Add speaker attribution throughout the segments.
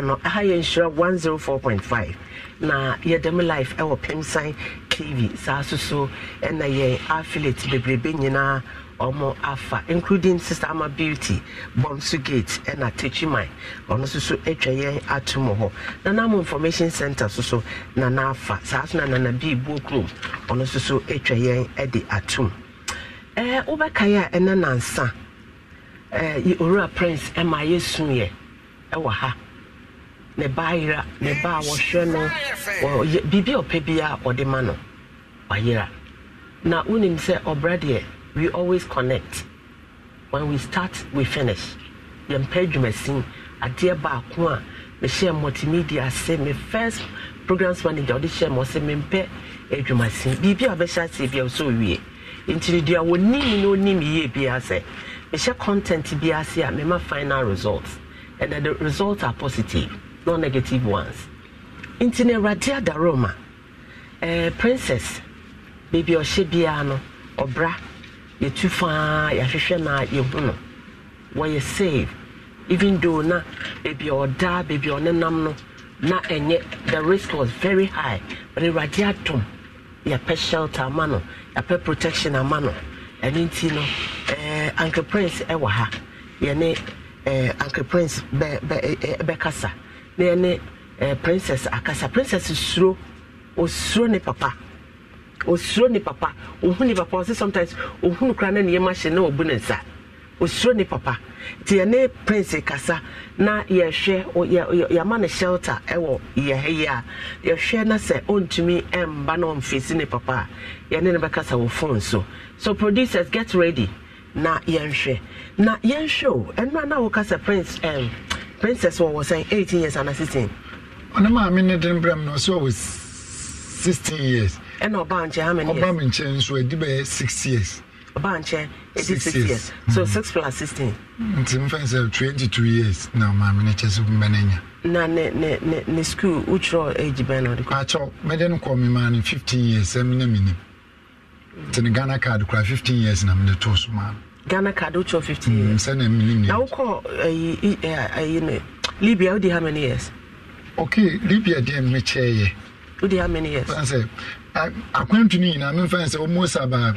Speaker 1: ano ɛha yɛ nhyira 104.5 na yɛdɛm life ɛwɔ pemsan tv saa so so ɛna yɛn affiliate bebrebe nyinaa ɔmo afa including sister ama beauty bonsu gate ɛna techimai ɔno so, so atwa yɛn ato mu hɔ nanamo information center so so nana afa saa so na nana bii buo kurom ɔno so, so atwa yɛn ɛde atom ɛɛ wobɛkae a ɛna nansa ɛɛ owura prince ɛma yɛ sumiɛ ɛwɔ ha ne ba yera ne ba wɔhwɛ no biribi ɔpɛ bi a ɔde ma no wayera na wonim sɛ ɔbra deɛ we always connect when we start we finish yɛmpɛ adwumasin adeɛ baako a mehyɛ multimedia se me first programs manager ɔde hyɛ ma ɔsɛ mempɛ adwumasin biribi a ɔbɛhyɛ aseɛ bia ɔsɛ owie nti deɛ wɔnim ne onim yie biara sɛ mehyɛ content biara se a mema final results and the results are positive no negative ones nti na awurade adaro ma eh, princess baabi ɔhyɛ biara no ɔbra yɛtu faa yɛahwehwɛ na yɛhu no wɔyɛ save even though na baabi ɔda baabi ɔnenam no na ɛnyɛ the risk was very high but awurade atom yɛpɛ shelter ama no yɛpɛ protection ama no ɛno nti no eh, uncle prince ɛwɔ ha yɛne eh, uncle prince bɛkasa bɛ, bɛ, bɛ, eh, eh, bɛ na ɛne eh, princess akasa princess suro osuro ne papa osuro ne papa ohun ne papa ɔsi sometimes ohun kura ne nneɛma hyɛ na ɔbu ne nsa osuro ne papa nti yɛne prince kasa na yɛhwɛ yɛama no shelter wɔ yɛha yi a yɛhwɛ na sɛ ɔntumi mba na ɔmfesi ne papa a yɛne ne bɛkasa wɔ phone so so producers get ready na yɛnhwɛ na yɛnhwɛ o ɛno na wokasa prince um, princess wɔ wɔ sɛn eighteen years
Speaker 2: ana sixteen. ɔno maame ne den brɛ mu na ɔsɛ ɔwɔ sixteen years.
Speaker 1: ɛna ɔbaa nkyɛn how many years. ɔbaa
Speaker 2: mi nkyɛn nso adi bɛyɛ six years. ɔbaa nkyɛn eighty six years
Speaker 1: so mm-hmm. six plus sixteen.
Speaker 2: nti n fɛn sɛ twenty two years na maame ne kyɛ sɛ mbɛ ne nya.
Speaker 1: na ne ne ne ne school wotwerɛ age bɛn na ɔde kɔ. akyɛw
Speaker 2: mɛde no kɔ mi maa ne fifteen years ɛmi na mi nim. nti ne ghana card kura fifteen years na mi de to so maa no
Speaker 1: ghana card wokyɛ 50
Speaker 2: years na
Speaker 1: wokɔ ayi no libia wodi how many
Speaker 2: years okay libia deɛ mekyɛɛyɛ wodi how many years sɛ akwantu no nyinaa memfa sɛ almost about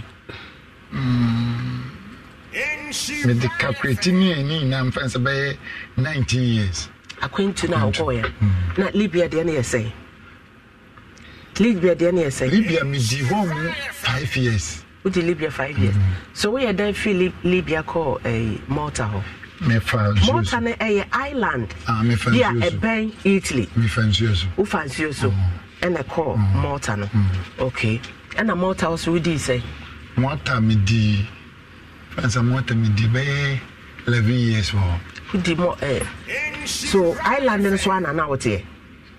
Speaker 2: mede calculate ne ne nyinaa mfa 19 years akwantu no now? wokɔɔyɛ mm. na libia deɛ ne yɛ sɛe libia deɛ ne yɛ sɛe libia
Speaker 1: medi hɔ mu years wodi libya five years mm-hmm. so woyɛ dan firi libya kɔ uh, eh, ah, malta hɔ mm-hmm. mm-hmm. malta no ɛyɛ island bi a ɛbɛn italy wofa nsuo so ɛna kɔɔ malta no okay ɛna malta hɔ so wodii sɛ
Speaker 2: malta medii fɛnsa malta medii bɛyɛ 11 years wɔ hɔ
Speaker 1: wodi mɔ eh. so island no so anana woteɛ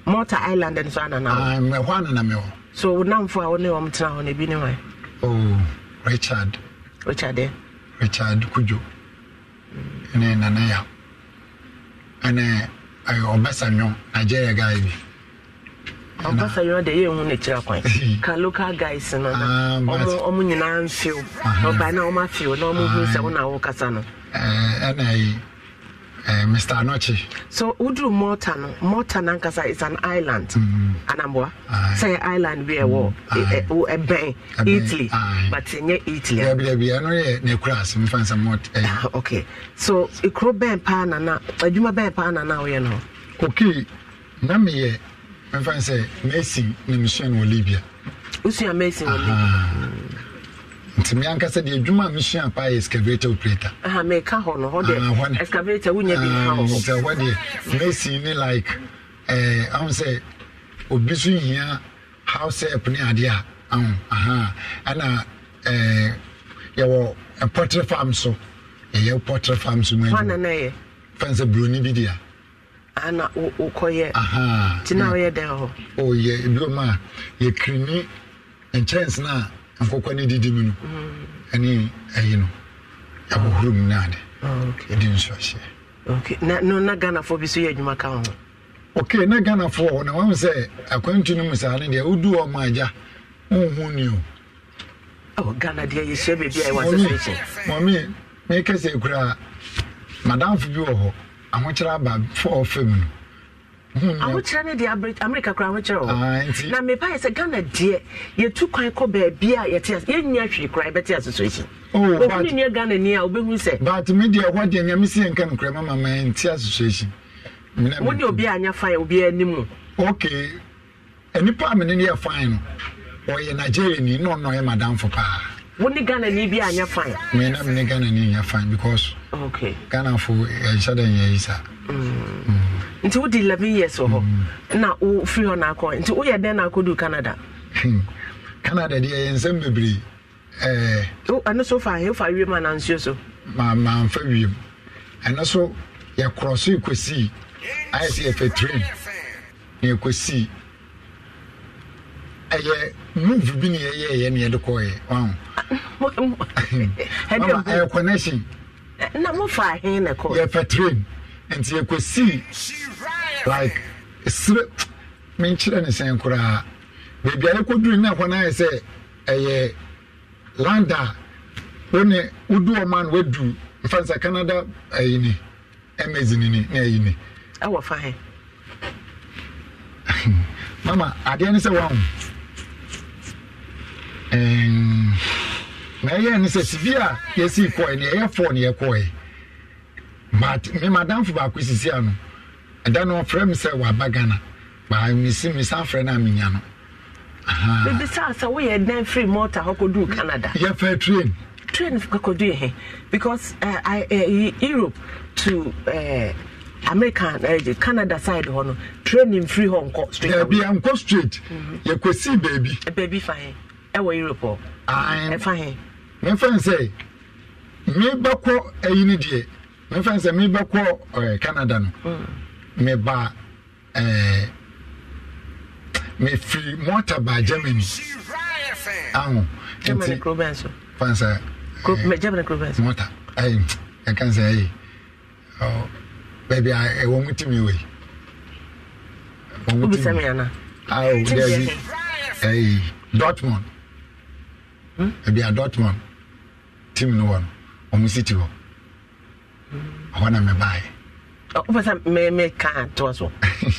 Speaker 1: malta island no so anana hɔ anana ah, me hɔ so wo namfo a wo ne wɔm tena hɔ no bi ne wan
Speaker 2: oh richard richard eh? richard kujo ne nana ya ɛne ɔbasanyo eh, nigeria guy bi
Speaker 1: ɔbasanyo ah, de yɛ hu ne kyerɛ kwan ka local guys no ɔmo nyinaa mfew ɔba na ɔmo ah, afew na ɔmo hu ah. sɛ wo na wokasa no
Speaker 2: ɛna eh, yi uh, eh, Mr. Anochi. So Udru Morta no
Speaker 1: Morta nankasa is an island. Mm. Anambwa. Aye. Say island be a mm. war. Mm. E, e, ben, Italy. Aye. But eh, nye Italy. Yeah, yeah,
Speaker 2: yeah. No cross. We find some sa mot.
Speaker 1: Eh. Ah, okay. So ikro ben pa na na adwuma eh, ben pa na na wo ye no. Okay.
Speaker 2: Na me find say Messi ne mission wɔ Libya. Usia Messi wɔ nti me ankasa deɛ adwuma a mesua paa yɛ excavator operator
Speaker 1: meka hɔ no hɔ deɛ excavator wonya bi hɔ ah, hɔ deɛ mesi
Speaker 2: ne like eh, ahu sɛ obi so hia house help ni adeɛ a aha ɛna eh, yɛwɔ eh, pottery farm so yɛyɛ pottery farm so mu adwuma fɛn sɛ buroni bi deɛ ana ah, wokɔyɛ nti na woyɛ dɛn hɔ ɔyɛ ebiom a yɛkirini nkyɛnse no a nkɔkɔ ne didi mu no ɛne ɛyi no yɛahohoro mu ah, no ade ɛdi nso ahyɛ na ghanafoɔ bi so ok na na sɛ akwantu no mu saa no deɛ wodu ɔ ma agya wonhu ni o oh, mɔme sɛ kura madamfo bi wɔ hɔ ahokyerɛ aba fɔɔ Mm-hmm. ahokyerɛ ne deɛ amerika kora ahokyerɛ wɔ ah, na mepa yɛ sɛ ghana deɛ yɛtu
Speaker 1: kwan kɔ baabi a yɛte ase yɛnnya hwee koraa yɛbɛte ase so akyi
Speaker 2: ɔhunu oh, nua ghana ni a wobɛhu sɛ but me deɛ ɛhɔ deɛ nyame sɛ yɛnka nokorɛma mama yɛnte ase so akyi wo ne obi a anyɛ fan obiaa anim okay nnipa a mene ne yɛ fan no ɔyɛ nigeria ni na ɔno ɔyɛ madamfo paa wo ne ghana ni bi anyɛ fan mena mene ghana ni nyɛ fan because okay. ghana fo ɛnhyɛ dɛ nyɛ yi saa mm. mm nti wodi 11 years wɔ hɔ mm. na wofiri
Speaker 1: hɔ naakɔ nti woyɛ dɛn na akɔdu canada
Speaker 2: hmm. canada deɛ yɛ nsɛm bebree eh, oh, ɛno so fa hefa wiem anansuo so mamfa wiem ɛno so yɛkorɔ so yɛkɔsii ayɛ sɛ yɛfɛ train na yɛkɔsii ɛyɛ move bi ne yɛyɛɛyɛ ne yɛde kɔɔyɛ hmm. ɛyɛ connection na mofa he ne kɔ yɛfɛ train nti yɛkɔsii like sere menkyerɛ ne sɛn koraa baabi a yɛkɔduru na hɔ no ayɛ sɛ ɛyɛ land a wo wodu ɔma no woadu mfa nsa canada ayi ni ɛmɛzi ni na ayi ni ɛwɔ fa he mama adeɛ ne sɛ na ɛyɛ ne sɛ sivi a yɛsii kɔɛ ne ɛyɛ fɔɔ ne yɛkɔɛ but me baako sisi ɛda na ɔfrɛ me sɛ waba ghana baa mesi mesa frɛ no a no
Speaker 1: bibisa sɛ train train kɔdu yɛ he because uh, I, uh, e- europe to uh, america uh, canada side hɔ no train mfiri hɔ nkɔ straightabi ɛnkɔ straight mhm. yɛkɔsii baabi eh, baabi fa he
Speaker 2: ɛwɔ europe hɔ he memfa sɛ mebɛkɔ ayini deɛ memfa sɛ mebɛkɔ uh, canada no mm meba ɛɛ eh, mefiri mɔta ba germany ahu nti fansa ɛɛ mɔta ayi ɛka nsɛ ayi ɔ baabi a ɛwɔ mu ti mi wei wɔn mu ti mi awo dɛbi ɛyi dortmund hmm? baabi a ah, dortmund team no wɔ no wɔn si ti hɔ ɔhɔ na mɛ baa yɛ
Speaker 1: wopɛ sɛ meka toa so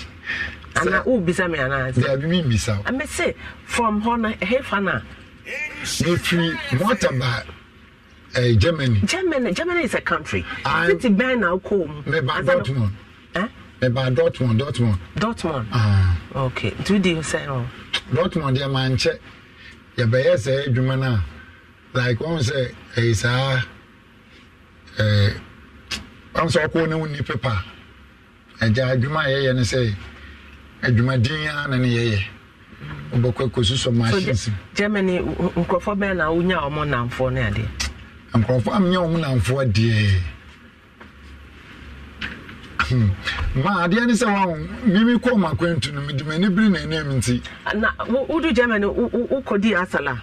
Speaker 1: ana wobisa me anaasɛbimibisa ah, me se from hɔ no ɛhe fa no a
Speaker 2: mefiri motaba Uh, eh, Germany. Germany. Germany is a country. I, City bɛn na okoo mu. Meba Dortmund. Eh? Meba Dortmund Dortmund. Dortmund. Ah. okay. Tu di sɛ o. Dortmund yɛ maa nkyɛ yɛbɛyɛ sɛ adwuma no a like wɔn sɛ ɛyɛ ɛɛ. wọn sọ onye ne wunni pepa agya adwuma a yɛyɛ ne sɛ adwumaden na ne yɛyɛ wobɛkɔ akɔsu sɔ machines
Speaker 1: germany nkurɔfoɔ bɛn na wonya ɔmo namfoɔ ne adeɛ
Speaker 2: nkurɔfoɔ amenya ɔmo namfoɔ deɛ hmm. ma adeɛ ne sɛ wawo mimi kɔ ma kwantu no mede m'ani bere ah, na anim ntị. na wodu germany wokɔdi asala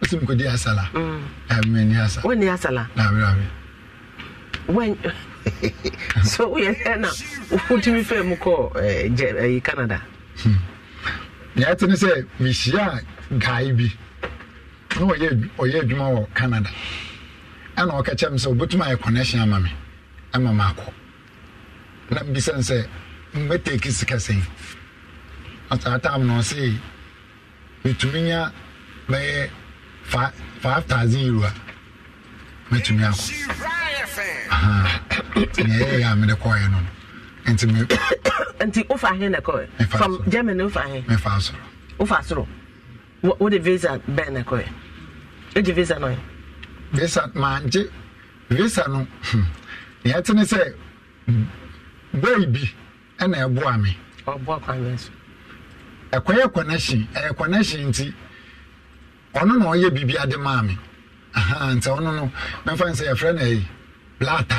Speaker 2: wosim kɔdi asala mm. ameni asala wonni asala na awerɛ
Speaker 1: awerɛ so woyɛ sɛ na wotumi fɛ mu kɔ canada
Speaker 2: neɛ te ne sɛ mehyia guy bi na ɔyɛ adwuma wɔ canada ɛna ɔka kyɛ m sɛ wobɛtumi ayɛ connection ama na mbisa n sɛ mbɛteki sika sɛn ɔsaa na ɔse metumi nya bɛyɛ 5000 mɛtumi akɔ neɛyɛ yɛ a mede kɔɛ no nti me nti wofa
Speaker 1: he na kɔɛ from germany wofa he mefa soro wofa visa
Speaker 2: bɛn na kɔɛ ɛgye visa no visa mangye visa no hmm, neɛ tene sɛ boy bi ɛna ɛboa me ɔboa kwame so ɛkɔyɛ connection ɛyɛ connection nti ɔno na ɔyɛ biribi ade maa me nti ɔno no mɛfa sɛ yɛfrɛ no ɛyi blata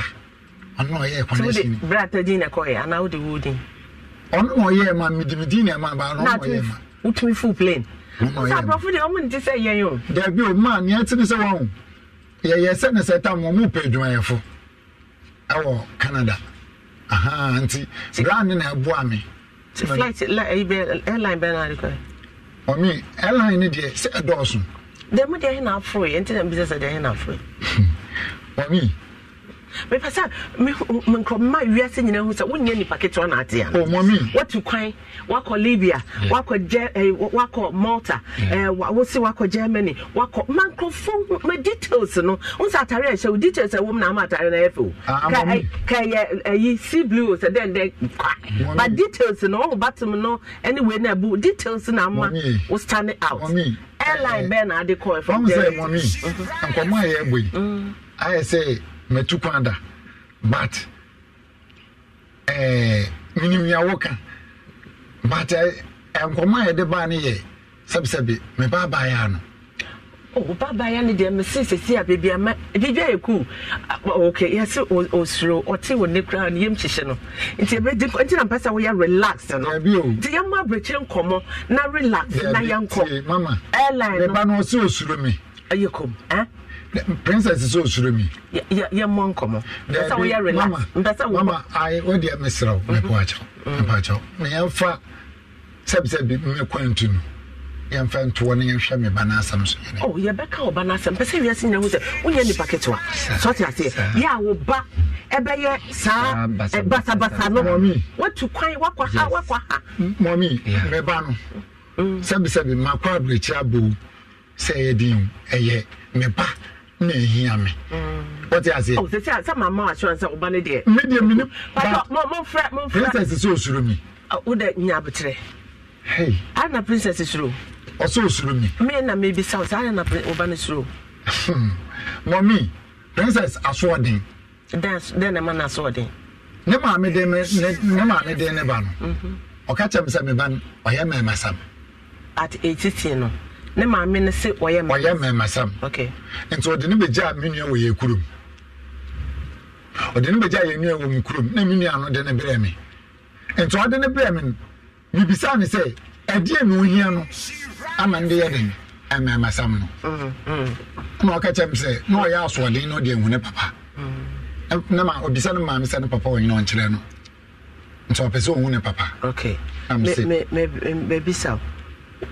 Speaker 2: ɔno na ɔyɛ connection blata din na kɔyɛ anaa wode wo din ɔno na ɔyɛ ma medimedin na ɛma baa ɔno ɔyɛ ma wotumi full plane sɛ aborɔfo deɛ ɔmo nte sɛ yɛn o daabi o maa neɛ te ne sɛ wɔn yɛyɛ sɛ ne sɛ tam ɔmo pɛ adwumayɛfo ɛwɔ canada nti brand na ɛboa me flight airline bɛɛ na adekɔ ɔme airline no deɛ sɛ ɛdɔɔso
Speaker 1: deɛ mu deɛ ɛhe na aforo yɛ nti na mbisa sɛ deɛ ɛhe na aforo yɛ. mami. mepɛ sɛ nkurɔma wiase nyina hu sɛ wonyɛ nipa ketewa na ate ana oh, watu kwan wakɔ libia eh, wakɔ malta eh, wosi wakɔ germany wakɔ ma nkurɔfo ma details no wo sɛ atare ɛhyɛ wo details a wɔm na ama atare no ɛfɛ o ah, ah, ka ɛyɛ ayi sea blue sɛ dɛn dɛ kwa but details no ɔho batom no ɛne wei no abu details na ama wo stane out airline eh, bɛɛ na ade kɔɛ fam sɛ mɔmi
Speaker 2: nkɔmɔ a yɛbɔ yi ayɛ sɛ mɛtu kwan da but ɛɛ eh, minimiawo kan but eh, nkɔmɔ a yɛde baa no yɛ sɛbisɛbi mɛ baa baa yɛ ano babaya ne deɛ mese sɛsi a baabi ama adidwa yɛ ku ok
Speaker 1: yɛse ɔsuro ɔte wɔ ne koraa no yɛm hyehyɛ no nti ɛbɛdi nti na mpɛ sɛ woyɛ relax no nti yɛma aberɛkyerɛ nkɔmmɔ na relax na yɛnkɔ airline no
Speaker 2: ɔsɛ ɔsuro me ɛyɛ kom eh? princess sɛ ɔsuro me yɛmmɔ nkɔmmɔ mpɛ sɛ woyɛ relax mpɛ sɛ woma wodeɛ meserɛ wo mepɛ akyɛw mepɛ akyɛw meyɛmfa sɛbsɛbi mekwantu no yɛmfa ntoɔ ne yɛhwɛ me ba no asɛm so oh, yɛbɛka ɔba no asɛm pɛ sɛ wiase nyina hu sɛ wonyɛ nipa ketewa sɛ ɔte aseɛ yɛ a
Speaker 1: wo ba ɛbɛyɛ saa eh, basabasa no watu kwan wakɔ ha
Speaker 2: wakɔ ha mɔmi meba no sɛbisɛbi mm. makɔ aberɛkyi aboo sɛ ɛyɛ din ɛyɛ meba na ehia mi. wọ́n ti àṣẹ. ọ̀ sẹ́sẹ́
Speaker 1: àṣẹ màmá assurance ọba ni díẹ̀.
Speaker 2: mi díẹ̀ mi ni. pàtó
Speaker 1: mo mo fẹ́ mo fẹ́. princess sọ òṣùrù mi. o de nya abutire. ana princess sọrọ ɔsoro soro mi. mi na mi bisa
Speaker 2: o saa na ɔba ne soro. mɔmi hmm. princess asoɔden. dance den na ma na asoɔden. ne maame den ne ne maame den ne ba no. Mhm. ɔka kyɛm sɛ mi ba no ɔyɛ mɛmasam. at eighteen no ne maame ne se ɔyɛ mɛmasam. ɔyɛ mɛmasam. okay. nti ɔde ne bɛgya mi nua wɔ yɛ kurom ɔde ne bɛgya yɛ nua wɔ mu kurom na mi nua no de ne brɛ mi nti ɔde ne brɛ mi no mi ne sɛ ɛdeɛ na ohia no ama ndị yɛ den ɛmɛɛma no na ɔka kyɛm sɛ na ɔyɛ asoɔden na ɔde ehu papa ne ma obisa ne maame sɛ ne papa ɔnyina ɔnkyerɛ no nti ɔpɛ sɛ ohun ne papa. okay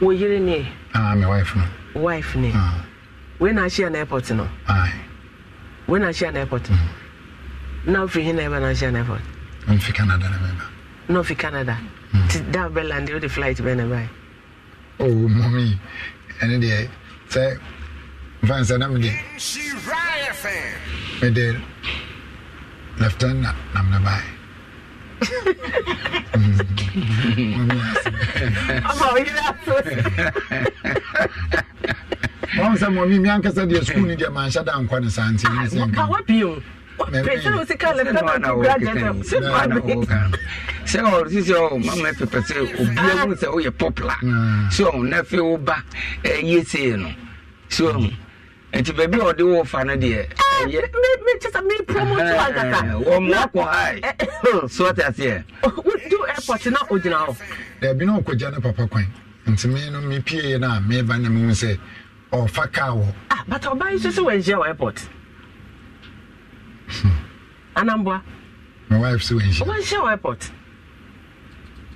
Speaker 2: wo yiri ne. aa ah, wife no.
Speaker 1: wife ne. wo na ahyia na airport no. wo na ahyia na airport no. na ofiri hin na ɛbɛ na ahyia na airport.
Speaker 2: nfi canada na
Speaker 1: ɛbɛ na ofi canada
Speaker 2: nti da bɛlande wode flight bɛ na bae o oh, mami ɛne deɛ sɛ mfane sɛ na mede mede leftan na nam na bae ɔm sɛ mami miankasa deɛ sukuu no deɛ manhyɛ da nkwa ne saa nti ne sɛ nka pẹ̀sẹ̀ ah. e, e o sì kálẹ̀ pẹ̀lú ọ̀nà òkè tẹ̀ ṣé wà ní. sẹ ọ sisi ọ mama
Speaker 1: pẹpẹ sẹ obi ẹwùn sẹ ọ yẹ pọpla sẹ ọ nẹfẹ ọ ba ẹ yẹ sẹ no sẹ ọ nti baabi a ɔde wo fa no deɛ wɔmmoakɔ hai so ɔte aseɛ
Speaker 2: daabi na ɔkɔgya ne eh, papa kwan nti me no mepieɛ no a meba ne mehu sɛ ɔfa kaa wɔ but ɔba yi so sɛ wɔanhyia wɔ airport Anambra. My wife so in Shell.
Speaker 1: Where's your airport?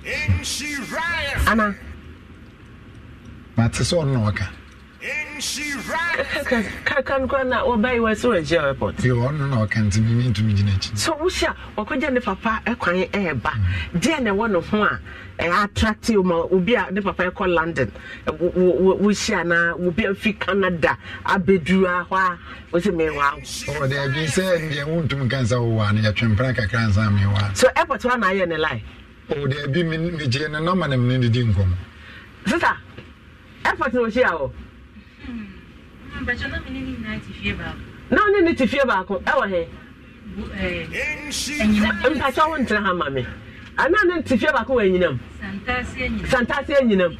Speaker 1: In Shiraya. Ma
Speaker 2: Matis or Noka.
Speaker 1: In Shiraya.
Speaker 2: Kakan Kwana or by where so in Shell airport. You are no can to me to me.
Speaker 1: So, Wusha, or could you papa mm. a quiet air one of one. attractive ma obi a ne papa ɛkɔ london wohyia ana obi a fi canada abɛduru a hɔ a wɔsɛ mewa daabi
Speaker 2: sɛ deɛ wontum ka nsa wowɔ a no yɛtwempra kakra nsa mewa
Speaker 1: so airport na anaayɛ ne line
Speaker 2: ne ne ne di airport hmm, na wɔhyia hɔ na ɔne ne fie baako ɛwɔ eh,
Speaker 1: wo ha ma ana ne nti fie baako wɔ anyinam
Speaker 3: santase anyinam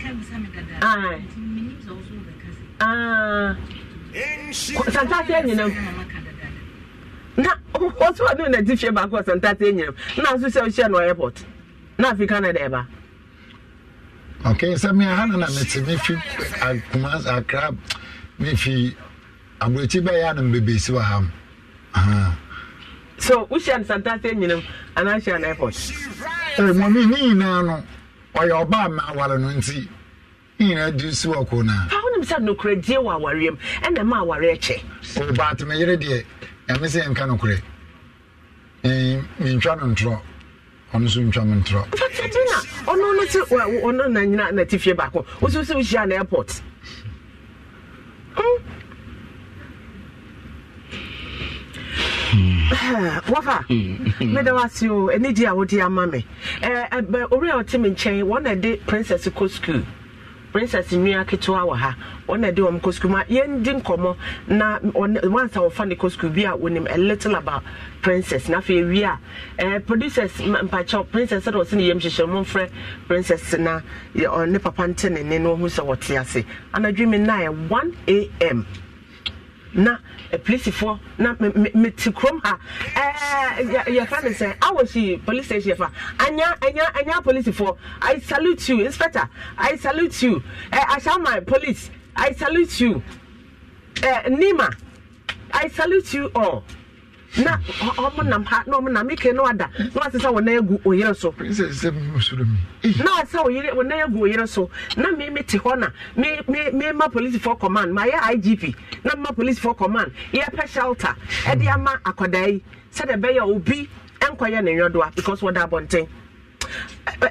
Speaker 1: santase anyinam na ɔso ɔno na ti fie baako wɔ santase anyinam na nso sɛ ɔhyɛ no airport na afi canada ɛba.
Speaker 2: okay sɛ me aha na na mete mefi akuma akra mefi aburokyi bɛyɛ a na mbebesi wɔ ha so wohyɛ no santase nyinam anahyɛ no airport mɔme ne nyinaa no ɔyɛ ɔbaa ma aware no nti ne nyinaa di si wɔ koo noa fa wonim sɛ nokoradie wɔ awareɛ m ɛna ma awareɛ kyɛ ɔbaate meyere deɛ ɛme sɛ yɛnka nokorɛ mentwa no ntorɔ ɔno nso ntwa me ntorɔ fatɛde
Speaker 1: na ɔno no te ɔno na nyina natifie baako wo so sɛ wohyia no airport hmm? Hmm. wafa hmm. meda wase o ɛne gye a wode ama me eh, eh, owura a ɔte me nkyɛn wɔna de princess kɔ school princess nua ketewa wɔ ha ɔna de wɔn kɔ school ma yɛndi nkɔmɔ na once a wɔfa ne kɔ school bi a wɔnim a little about princess na afei wi a ɛɛ eh, producers mpakyɛw princess ɛdɔ ɔsi ne yam hyehyɛ mo princess na ɔne papa nte ne ne na ɔho sɛ wɔte ase anadwo mi nnan yɛ one a.m. na polisifoɔ na mete kurom ha yɛfa ne sɛ awɔhyi police station yɛfa anya anya anya polisifoɔ i salute you inspector i salute you ashaman eh, police i salute you eh, nima i salute you all. na ọmụ na ha na ọmụ na m ike na ọda na ọsịsa wọ na-egwu oyere so na ọsịsa oyere wọ na-egwu oyere so na mmiri mi te hɔ na mmiri ma polisi for command ma yɛ igp na ma polisi for command yɛ pɛ shelter ɛde ama akwadaa yi sɛdeɛ bɛyɛ obi nkɔyɛ ne nyɔdoa because wɔda abɔnten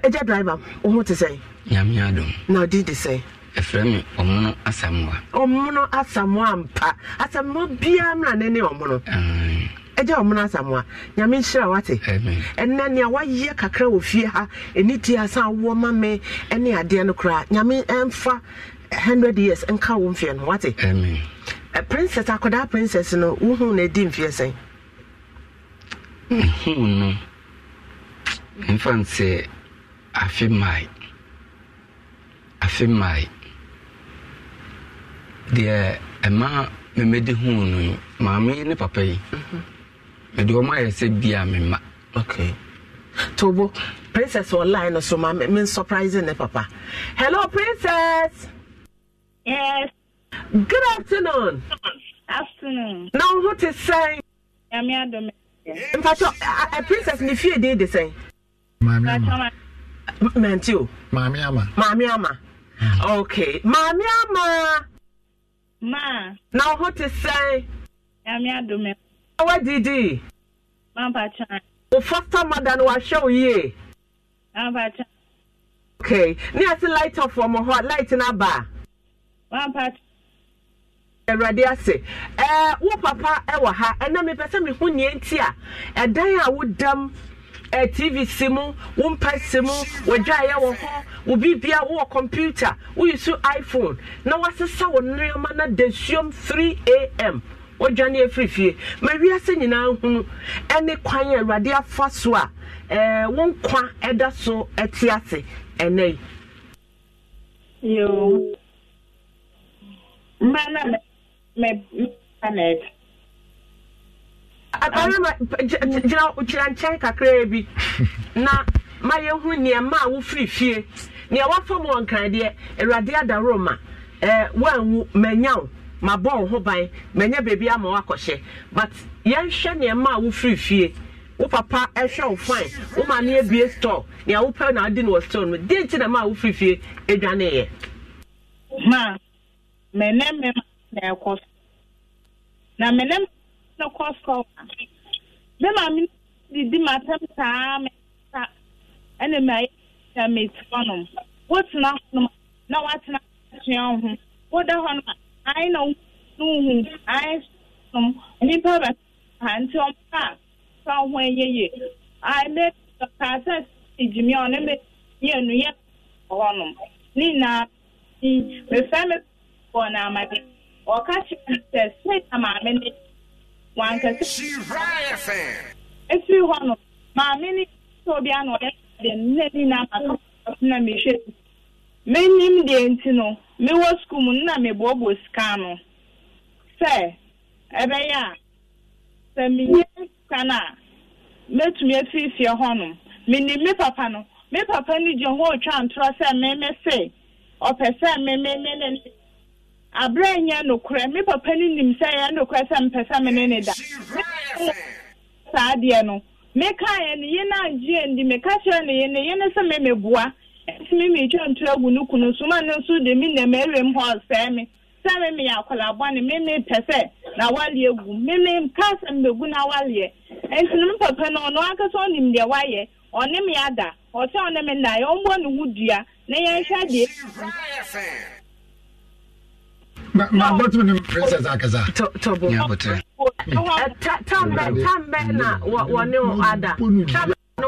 Speaker 1: ɛgya driver wo ho te sɛn nyame adom na ɔdi de sɛn ɛfrɛ me ɔmono asamoa ɔmono asamoa mpa asamoa biara mmra ne ne ɔmono ɛgya wɔn na asam a nyame nhyira wate ɛnna nea wayɛ kakra wɔ fie ha ɛni ti asa awoɔ ma me ɛne adeɛ no koraa nyame ɛnfa hundred years nka wɔn fie no wate ɛ princess akwadaa princess no wohun na edi mfie sɛn. nhun no nfa n sɛ afe mai. afe mmae deɛ ɛma memede huu no maame ne papa yi. Mm -hmm. mede ɔma ayɛ sɛ bia tobo princess online no so ma me surprise ne papa hello princess yes good afternoon
Speaker 4: afternoon
Speaker 1: na wo ho te sɛn
Speaker 4: nyame adome
Speaker 1: mpatɔ princess ne fie de de sɛn mante o maame ama maame ama mm. okay maame ama
Speaker 4: ma na wo ho te sɛn nyame adome awa didi. mampatsa. o foster mother ni wàá o yie. mampatsa. okay ní àti light off ọmọ hɔ light na ba. mampatsa.
Speaker 1: E awurade ase ɛɛ e, wo papa ɛwɔ e ha ɛna mi pɛ mi ho nea nti a ɛdan a wodam. ɛ tv si mu wo mpa si mu wɔdwa ayɛ wɔ hɔ wo biribia wowɔ kɔmputa woyi so iphone na wasesa wo nneɛma na da suom 3 am wɔdwane afiri ma wiase nyinaa hunu ne kwan a awurade afa so a wo nkwa ɛda so te ase
Speaker 4: ɛnɛ yi
Speaker 1: gyina nkyɛn kakraa bi na ma yɛhu nneɛma a wofiri fie nea wafa mu wɔ nkradeɛ awurade adaroma woanwu manyaw ma bɔ wo ho ban manya baabi ama wakɔhyɛ but yɛnhwɛ nneɛma a wofiri fie wo papa ɛhwɛ wo fine wo maame abie store nea wopɛ na ade no wɔ store no deɛ nti na ma a wofiri fie adwaneeɛ ma mene me
Speaker 4: na ɛkɔ so na mene me no kɔ so me maame didi matam saa me sa ɛne ma yɛ na meti hɔnom wotena hɔnom na woatena atua ho woda hɔnom a anyị nọ n'uhu anyị sọ nnipa bɛka nti ɔmpa fa ho ɛyɛ yie anyị mee kaasa ejimi a ɔne mmienu yɛ hɔnom ne nyinaa ti mefa me wɔ n'amadi ɔka kyerɛ sɛ sɛ maame ne wankasa efiri hɔnom maame ne sɛ obi a na ɔyɛ deɛ ne nyinaa ma ka ɔtena mehwɛ menim deɛ nti no mewɔ skul mu na meboɔbɔ sika no sɛ ɛbɛyɛ a sɛ menyɛ sika no a mɛtumi afiifie hɔ nom menim me papa no me papa no gye ho otwa ntorɔ sɛ meme se ɔpɛ sɛ mememe ne ne aberɛ nyɛ nokorɛ me papa no nim sɛ ɛyɛ nokorɛ sɛ mpɛ sɛ mene ne da saa deɛ no mekaeɛ no ye no angyee ndi meka kyerɛ ne ye ne ye ne sɛ memeboa ntumi mi twa ntu egu ne kunu so ma ne nso de mi nam ewe m hɔ mi sɛ mi mi yɛ akwadaa mi mi pɛ sɛ na wale egwu mi mi ka sɛ mi na wale nti ne mi papa no ɔno akasa ɔnim deɛ wayɛ ɔne mi ada ɔne mi ɔmbɔ na yɛn hwɛ deɛ.
Speaker 2: ma bɔtɔ na wɔne
Speaker 4: ada na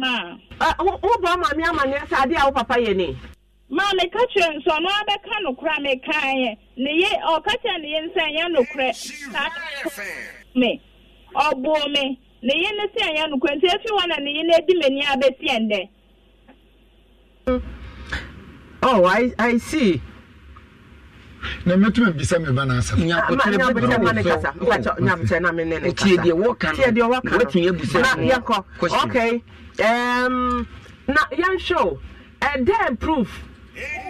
Speaker 4: ma. wobɔ maame amanneɛ sɛ adeɛ a wo papa yɛ ne ma meka kyerɛ nso ɔno abɛka nokora mekaeɛ ne ye ɔka kyerɛ ne ye nsɛ ɛnyɛ nokorɛ me ɔboo me ne ye ne sɛ ɛnyɛ nokorɛ nti ɛfi hɔ na ne ye no adi m'ani abɛsi na
Speaker 1: oh i i see
Speaker 2: na mɛtumi bisa mi ba n'asɛm. nyakutere bɛ bɛ bɛ ne kasa nkwatɔ nyamukyɛ na mi ne ne kasa. tie deɛ wɔka no tie deɛ wɔka no wɔtumi ebusa no na yɛkɔ okay
Speaker 1: um, na yɛn show ɛdɛn proof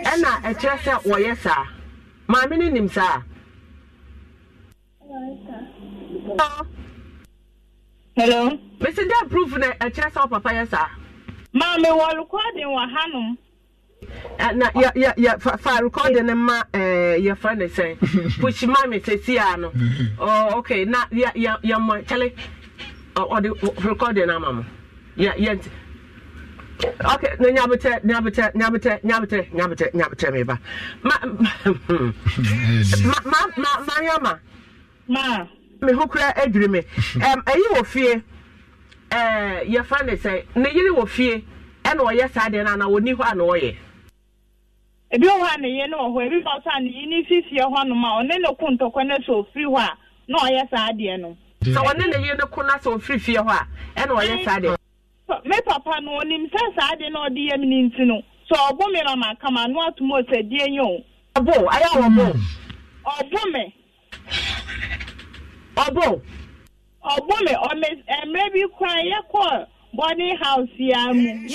Speaker 1: ɛna ɛkyerɛ sɛ wɔyɛ saa maame ne nim sa hello. mesi dɛn proof na ɛkyerɛ sɛ ɔpapa yɛ saa. maame wɔlukɔ den wɔ hanom. Ah, na ya ya ya fa rekɔdi ne ma ɛɛ yɛfrɛ ne sɛn pusi maami sɛsi a no ɔɔ mm-hmm. oh, ok na ya ya yɛ mɔ kyɛlɛ ɔdi rekɔdi n'ama mo yɛ ya nti ok na nyabutɛ nyabutɛ nyabutɛ nyabutɛ nyabutɛ nyabutɛ mi ba ma
Speaker 5: ma
Speaker 1: ma ma ma yɛ ma. ma. mi ho kura edwiri mi ɛm ɛyi fie ɛɛ yɛfrɛ ne sɛn ne yiri wɔ fie ɛna
Speaker 4: ɔyɛ saa deɛ na na wɔni hɔ a na ɔyɛ. ebi wɔ a no ebi wɔ a ne yie a ɔne na ko ntọkwa na so ofiri hɔ a na ɔyɛ saa adịe no. sɛ ɔne ne yie ne na sɛ ofiri fie hɔ a ɛna ɔyɛ saa adịe. me papa no onim sɛ saa adịe na ọ dị ya ne nti no sɛ ɔbɔ mi na ma kama ano atum ɔsɛ die nye o. Ọ bụ ɔbɔ. Ọ bụ. Ọ bụ mi ọ ɛmɛ bi kwan yɛ kɔ boarding house yɛ amu.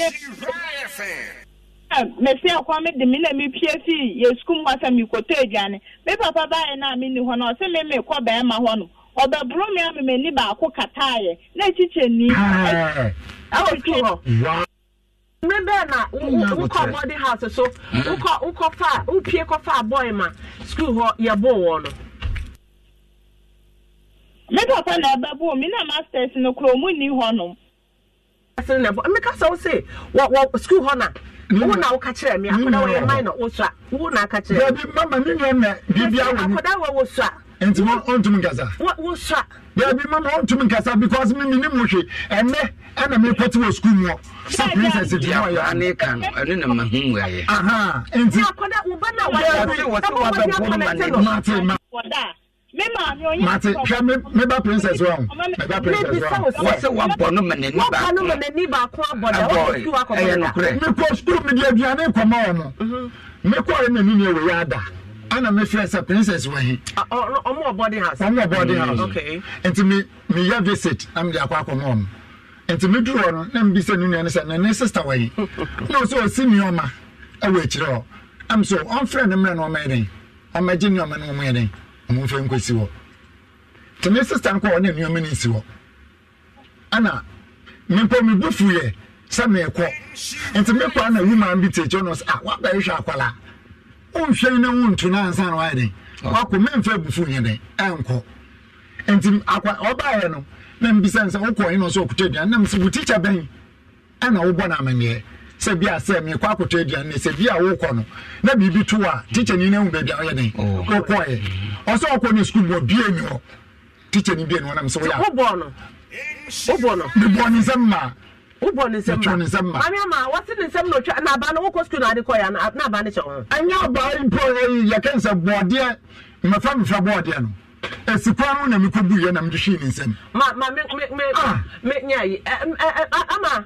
Speaker 4: Eh, mesi akwa mi di mi na mi pie fi yɛ sukuu mu asɛm ikoto aduane mi papa na mi e ni hɔ na ɔsi mi mi kɔ bɛrima hɔ no ɔbɛburo mi mi ni baako kata yɛ na ekyikyɛ ni. ɛɛ ɛwɔ
Speaker 1: na wokɔ bɔdi house so wokɔ fa kɔ fa ma
Speaker 4: hɔ yɛ no. papa na mi na masters no kuro mu ni hɔ nom. asiri na ɛfɔ mmeka sɛ wosɛ wɔ
Speaker 1: wɔ sukuu hɔ na wo na woka kyerɛ me akɔda wɔyɛ man na wosua wo na aka kyerɛ mama ne nua
Speaker 2: na biribi awɔ ni akɔda wɔ wosua nti mo ɔntum nkasa wosua dabi mama ɔntum nkasa because mi mi ni mo hwɛ ɛnɛ ɛna mi kɔte wɔ sukuu mu hɔ sɛ princess di awɔ yɛ ane kan ɛne na ma hu wɔ yɛ aha nti akɔda wo ba na wɔyɛ wɔte wɔte wɔbɛbɔ no ma ne ma te ma.
Speaker 4: mate hwɛ
Speaker 2: meba princess wrong meba princess wrong wɔ sɛ wabɔ no mene ni baakoɛyɛ nokorɛ mekɔ sukuu mede aduane kɔma wɔ no mekɔre na nini wei ada ana mefrɛ sɛ princess wɔ he ɔmɔ boarding house nti meyɛ visit na mede akɔ akɔma wɔ nti meduru hɔ no na mebisa no nua no sɛ nane sister wɔ he na ɔsɛ ɔsi mi ɔma ɛwɔ akyirɛ hɔ am so ɔmfrɛ no mmerɛ no ɔmɛyɛ den ɔmɛgye n'i no ɔmɛyɛ den Ọmụ mfe hɔ te sista nkɔ hɔ nneɛma no nsi hɔ ana mepɔ me bo sɛ meekɔ nti mekɔ ana bi no sɛ a akwala na wonto no ansa na wayɛ ah. wakɔ memfa bufu nyɛ den ɛnkɔ nti akwa no na mbisa n sɛ wokɔ ɔhe sɛ nam sɛ wo tikya bɛn ɛna wobɔ sɛ bi a sɛ mekɔ akɔtɔ aduane sɛ bi a wokɔ no na biribi to a tikyani no ahu baabi a woyɛ den wokɔɛ ɔsɛ wokɔ ne skul mu ɔbia ni hɔ tikyani bia ni wɔnam sɛ woyɛwobɔ no wobɔ no mebɔ ne nsɛm maa wobɔ ne nsɛm ma nsɛm ma mami ama wɔte ne
Speaker 1: nsɛm na otwa na aba no wokɔ sukuu na ade kɔ ya na aba ne kyɛ wɔn.
Speaker 2: ɛnyɛ ɔbaa mpo yɛkɛ nsɛ bɔɔdeɛ mmɛfa mmɛfa bɔɔdeɛ no esikwa no na mi kɔ bu yɛ na mi de hwii ne nsɛm.
Speaker 1: ma ma me me me me nyɛ ayi ɛ ɛ ama.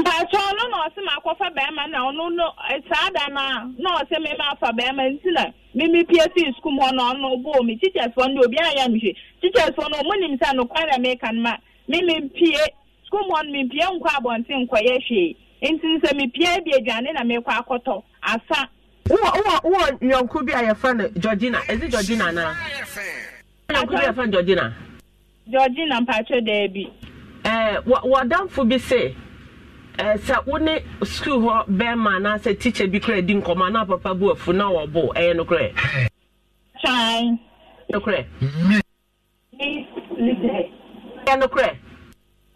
Speaker 4: mpatsɔ ɔno na ɔsi ma akɔfa bɛrima na ɔno no eh, saa da na na ɔsi mi ma afa bɛrima nti na mimi pie fi sukuu hɔ na ɔno bo mi teachers fɔ no obi ayɛ mi hwɛ teachers fɔ no ɔmo nim sɛ no kwan na mi ka no ma mimi pie sukuu hɔ no mi pie nkɔ abɔnten nkɔ yɛ hwee nti sɛ mi pie bi aduane na mi kɔ akɔtɔ asa. wọ wọ wọ nyɔnko bi a yɛfrɛ no georgina ezi georgina na nyɔnko bi a
Speaker 1: yɛfrɛ no georgina. georgina mpatsɔ dɛɛ bi. ɛɛ bi se. Eh, sɛ wo ne hɔ bɛrima anaasɛ bi kora di nkɔmmɔ na papa bu afu na wɔbo ɛyɛ nokorɛ
Speaker 4: nokorɛ nokorɛ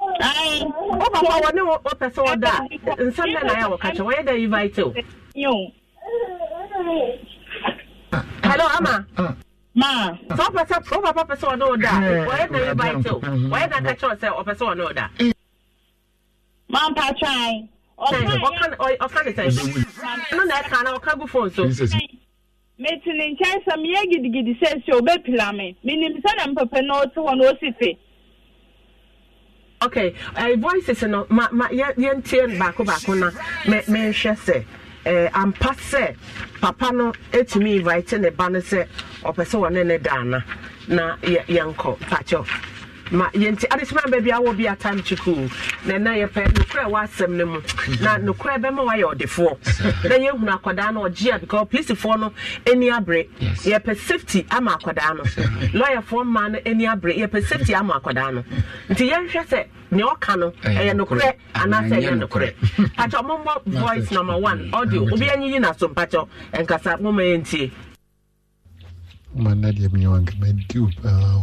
Speaker 4: wo papa wɔ
Speaker 1: wɔpɛ sɛ wɔda a nsɛm na wɔka kyɛ wɔyɛ dɛ invite hello ama ah. sɛ wopɛ sɛ wo papa pɛ sɛ wɔne eh, wɔyɛ dɛ eh, wɔyɛ ka sɛ sɛ wɔne wo
Speaker 4: ma mpacha anyị ọka ne na na ɔka gu phone so metene nkyɛn sɛ meyɛ gidigidi sɛ sɛ obɛpila me menim sɛ na mpɛpɛ na ɔte hɔ na ɔsi te okay eh, voices no ma
Speaker 1: ma yɛntie no baako baako na menhwɛ sɛ eh, ampa sɛ papa no ɛtumi invite ne ba no sɛ ɔpɛ sɛ wɔne ne daana na yɛnkɔ pakyɛ ma yɛnti adesima baabi awɔ bi atam kyikuu na ɛna yɛpɛ nokorɛ wɔ asɛm no mu na nokorɛ bɛma wayɛ ɔdefoɔ na yɛhunu akwadaa no ɔgye a because polisifoɔ no ani abere yɛpɛ safety ama akwadaa no lɔyɛfoɔ mmaa no ani abere yɛpɛ safety ama akwadaa no nti yɛnhwɛ sɛ nea ɔka no ɛyɛ nokorɛ anaasɛ ɛyɛ nokorɛ pakyɛ mommɔ voice number one audio obi anyiyi naso mpakyɛ ɛnkasa moma yɛntie
Speaker 2: ma na deɛ menyɛ wankama di paa uh,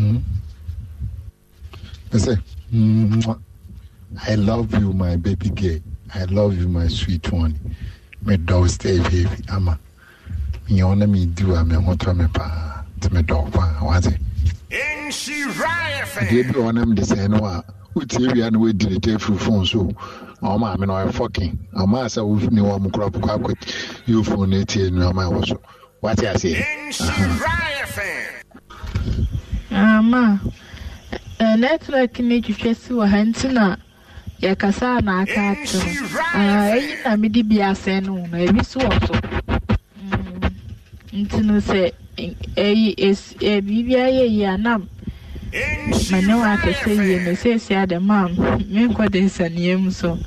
Speaker 2: I hmm? say, mm, I love you, my baby girl. I love you, my sweet one. My dog stay baby. Ama. Me want me do a me want to me pa to me dog pa. what's it?
Speaker 3: In she rife.
Speaker 2: Baby, one am the same one. wotie wia na wadirete afiri phone so ɔma ame na ɔyɛ fɔkin ɔma sɛ wofine wɔ m korɔ pokɔ akɔ You phone no atie nnuama ɛwɔ so wate aseɛ
Speaker 4: uh-huh.
Speaker 5: ama eh, eh, netwak na-etwitwa si wɔ ha nti na yɛkasa na aka ate no ah, eyi na mede bi asɛn no na ebi si wɔ so mm. nti no sɛ eh, eyi esi ebiribi ayɛ yi anam ma ne wa akɛse yie na esiesie adam a menkɔ de m so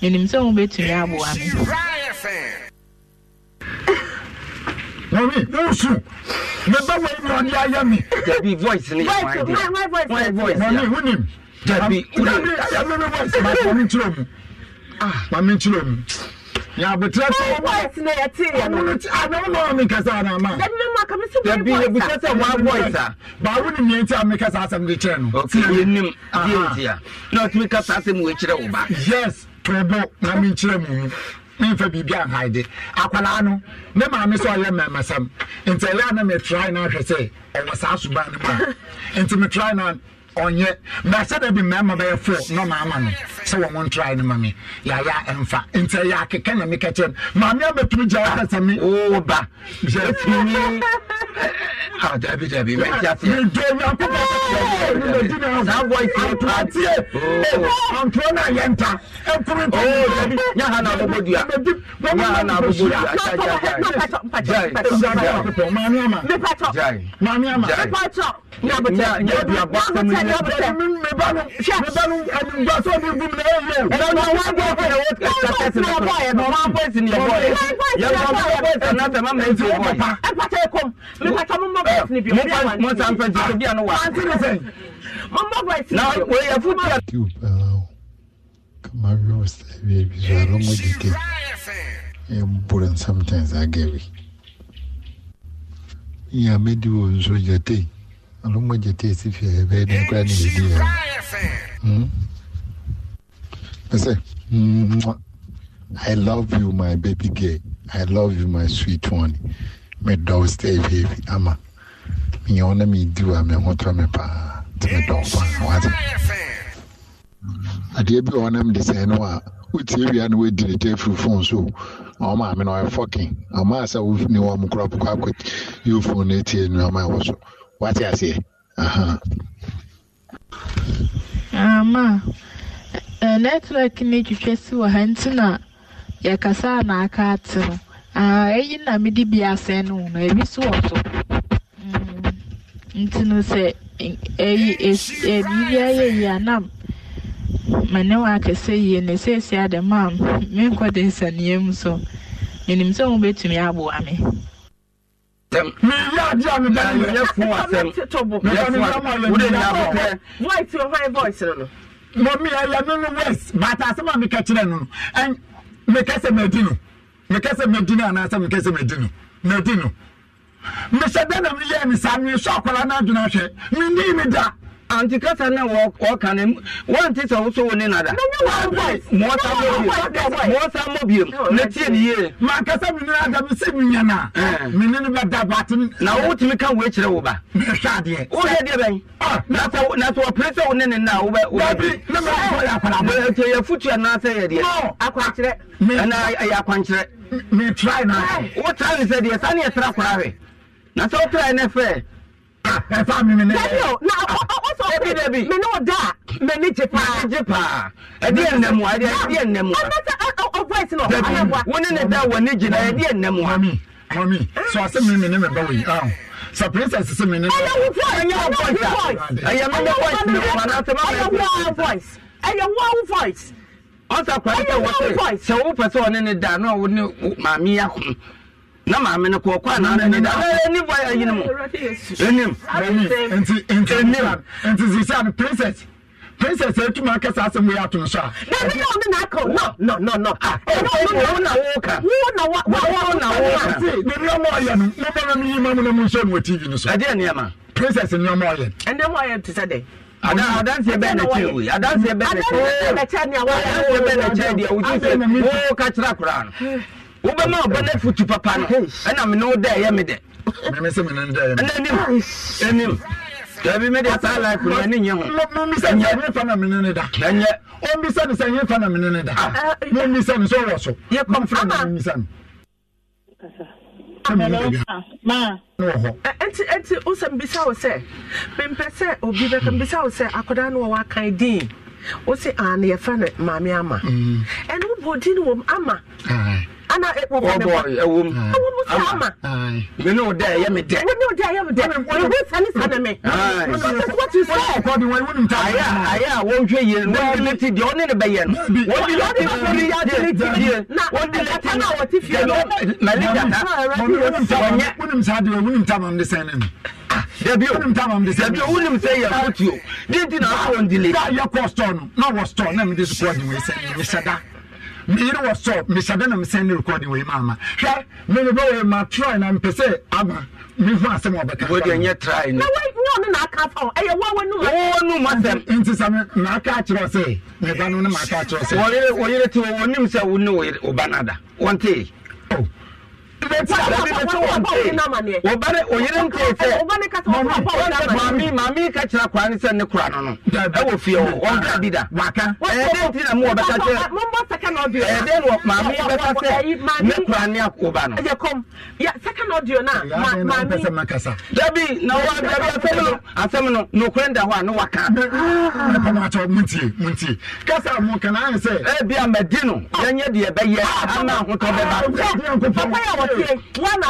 Speaker 5: menim sɛ wɔn betumi abụọ anyị.
Speaker 2: mami mo su mɛ bá wọ inú ọdí ayé mi. jẹbi voice ni wọn di
Speaker 1: wọn voice ya mami wúni
Speaker 2: jẹbi wúni ayé mi voice ma mami n tiro mu mami n tiro mu yà abotire sọ wọn voice na yẹ ti yẹ no anamu náà mi kasa ana ma
Speaker 1: jẹbi ebusa sẹ wọn voice a
Speaker 2: baawu ni miẹ ti a mi kasa asẹm de kyerẹ no. ok yẹn nim di o ti a na ọtí mi kasa asẹm wo ekyirẹ wo ba. yes pẹ̀lú na mi n kyerẹ mu mfa biribi anhaede akwadaa no ne maame sɛ ɔyɛ mmɛmasam nti ɛyɛ a na metrai no ahwɛ sɛ ɔwɔ saa suban no mu a nti metrai no ɔnyɛ bɛsɛ dɛ bi mmarima bɛyɛ fo na ɔma ama no sɛ wɔn ntra no ma mi yaya ɛnfa nti ɛyɛ akeka na mi kɛkyɛ no maame abɛtumi gya ɔka sɛ mi ɔba gya fii dabi dabi mɛ gya fii mi
Speaker 1: do ewia kó bá mi lè di na saa bɔ ife tu ati yɛ ɔntoro na yɛ nta ɛkuru nta yɛ oh, dabi nyaha na abobo dua nyaha na abobo dua gya gya gya gya
Speaker 2: maame ama maame ama na aduaba sɛmu yi. Mario's baby, so I don't want to take. I'm putting sometimes I get it. Yeah, maybe we should take ano mo gye te esi ne kura ne yɛ di yɛ pɛsɛ i love you my baby girl i love you my sweet one My dog stay baby ama mi yɛ ɔna mi di wa mi ho tɔ mi paa ti mi dɔw paa wadi adeɛ bi a ɔnam de sɛn no a wotie wia na wadi ne tɛ firi fon so ɔn maame na ɔyɛ fɔkin ɔmaa sɛ wofi ne wɔn mu kora pokɔ akɔ yɛ fon na wate aseɛ uh-huh.
Speaker 5: ama eh, network no twitwa si wɔ ha nti na yɛkasa na aka ate no ɛyi ah, na mede bi asɛn no no ebi so wɔ so mm, nti no sɛ ɛyi eh, ebi eh, yi anam ma ne wa akɛse yie na esiesie adɛ maa menkɔ de nsaneɛ mu so menim sɛ wɔn bɛtumi aboa me.
Speaker 1: asɛm meyɛ fo asɛm meyɛ fo asɛm wode nya botɛ
Speaker 2: voice wɔ hɔ voice no mɔmi ɛyɛ no no west but asɛm mi meka kyerɛ no no meka sɛ madi no meka sɛ madi no anaasɛ meka sɛ madi no madi no mehyɛ dɛ na meyɛ ne saa mehwɛ akwara no adwene ahwɛ menii me da anti kasa na ɔka ne wante sɛ wo so wo ne nada
Speaker 6: mɔsa
Speaker 2: mɔ biom na tie ne yie makasa mene ada me sɛ menyana a mene da bɛda bate na wowotumi ka wei kyerɛ wo ba deɛ. O
Speaker 1: wohwɛ deɛ bɛn na sɛ wɔpere sɛ wo ne ne na wobɛyɛfotu anaasɛ yɛdeɛ akwankyerɛ ɛna ɛyɛ akwankyerɛ metrae na wo tra ya sɛ deɛ sa ne yɛtra kora hwɛ na tura wotrae ne fɛ ɛfa mi mi ne.
Speaker 2: dabi o sa princess sisi mi ni. ɛyɛ wo voice ɛyɛ wo voice ɛyɛ mi ni voice mi fa na voice. ɛyɛ wo voice voice.
Speaker 1: ɔsɛ akɔrɔ sɛ wɔ sɛ sɛ wo pɛ sɛ ɔne ne da na ɔne maame akun
Speaker 2: na maame no kɔɔ kɔ anaa ne da ɛni bɔ ɛyin mu ɛnim nti nti ɛnim nti sisi abi princess princess ɛtuma akɛse asɛm yɛ ato nso a.
Speaker 1: dabi na ɔno na aka no no no no ɛna ɔno na wo na wo ka wo na wa wa wo na wo ka. ɛti biribi ɔmɔ ɔyɛ no mo bɛ mi yi ma mu na mu nhyɛ no wɔ tv no so. ɛdeɛ nneɛma. princess ni ɔmɔ ɔyɛ. ɛnɛmɔ ɔyɛ ti sɛ dɛ adanseɛ bɛɛ n'akyɛ wo adanseɛ bɛɛ n'akyɛ wo adanseɛ bɛɛ n'akyɛ deɛ o ti sɛ wo kakyira koraa no wobɛma ɔbɛne fotu papa
Speaker 7: no
Speaker 2: ɛna mene wo dɛ ɛyɛ me dɛ ɛnanim anim dabi mede saa life no ɛne nyɛ hoɛnyɛ ɔmbisa no sɛ yɛfa na mene ne da mombisa ah. no sɛ ɔwɔ so yɛkɔmfrɛ ah, na mombisa no
Speaker 1: nti wosɛ mbisa wo sɛ mempɛ sɛ obi bɛka hmm. mbisa wo sɛ akwadaa no wɔwɔ akan din wo se ane yɛfrɛ no maame ama hmm. ɛno wobɔ din wɔ m ama ana epo fún mi. ọbọ ẹwọ mu ẹwọ mu sá ma. mi ní o dẹ ẹ yẹ mi dẹ. mi ní o dẹ ẹ yẹ mi dẹ. ìwé sani sani mi. wọ́n ti sọ. wọ́n kọ́ di wọn ìwé nìta. ayé ayé àwọn ojú yẹn wọ́n ní ti di ọ́ ní ìbẹ̀ yẹn. wọ́n ní láti fi yá ti ti fiye. wọ́n ní láti fi yá ti fiye. mẹ́lí jata. wọ́n
Speaker 2: ní sá di wọn ìwé nìta ma ń dẹ́sẹ̀ ní. Debi o, debi o, wúni mi sẹ yẹ kúti o, di ti na sọ n dile. Ká yẹ kọ́ stọ̀ nù, náà wọ stọ̀ náà mi di sọ́ọ̀ di wọ́n ẹsẹ̀ ẹ̀yẹ ṣẹ́dá meyere wɔ sɔ mehyɛde na mesɛn ne recording wei maama hwɛ memebɛ wei ma try na mpɛ sɛ aba mehu asɛm ɔbɛkanti sɛ maaka akyerɛ sɛ meba no ne maaka akyerɛ sɛ wɔyere te wɔ wɔnim sɛ wo ne wo ba no ada wɔntee
Speaker 1: bɛ ti dabi bɛ ti wɔn ti o ba de o yiri ne kura nono ɛwɔ fie o wɔn ka waka ɛdɛ ti na mu wɔ bɛ ka
Speaker 4: kyerɛ ɛdɛ wɔ mami bɛ ka sɛ ne
Speaker 1: kura ni akoba no. na wa dabi asɛm no asɛm no n'okura da hɔ a ne wa kan. ne pa ma kyɛw mun tie kasa mun kana an sɛ. ɛbi a mɛ di no yɛn tie wọn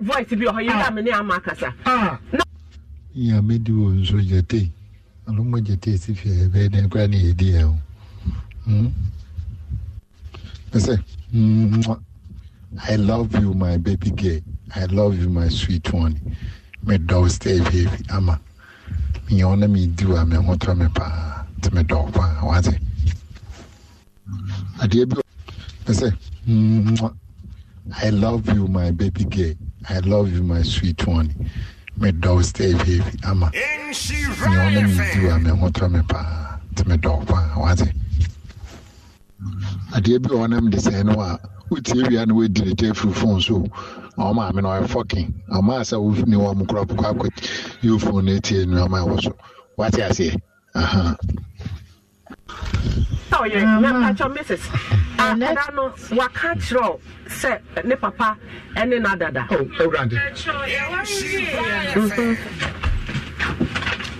Speaker 1: voice bi ọhọ yẹn dá mi ní àmà kasa.
Speaker 2: nso jate alomo jate si fi ẹ bẹẹ dẹ kura ni yedi ẹ o. pẹsẹ i love you my baby girl i love you my sweet one mi dọw stay baby ama. meyɛ wo na meediw a meho tɔ me paa nti medɔw paa wate adeɛ bi me sɛ i love you my baby girl i love you my sweet one medɔw stay baby ama meyɛ wo na meediw a meho tɔ me paa nti medɔw paa wate adeɛ bi wɔ nam de sɛ no a uh, wotie wia na wadi ne gya firi phone so ah, na ɔma ame na ɔyɛ fɔkin ɔma asa wofini wɔ mo kora pokɔ akɔ yɛ phone na etie nu ɔma ɛwɔ so wate aseɛ aha.
Speaker 4: ɔyɛ na mpakyɛ
Speaker 1: mrs ada no waka kyerɛ sɛ ne papa ne n'adada.
Speaker 2: ɔwurade.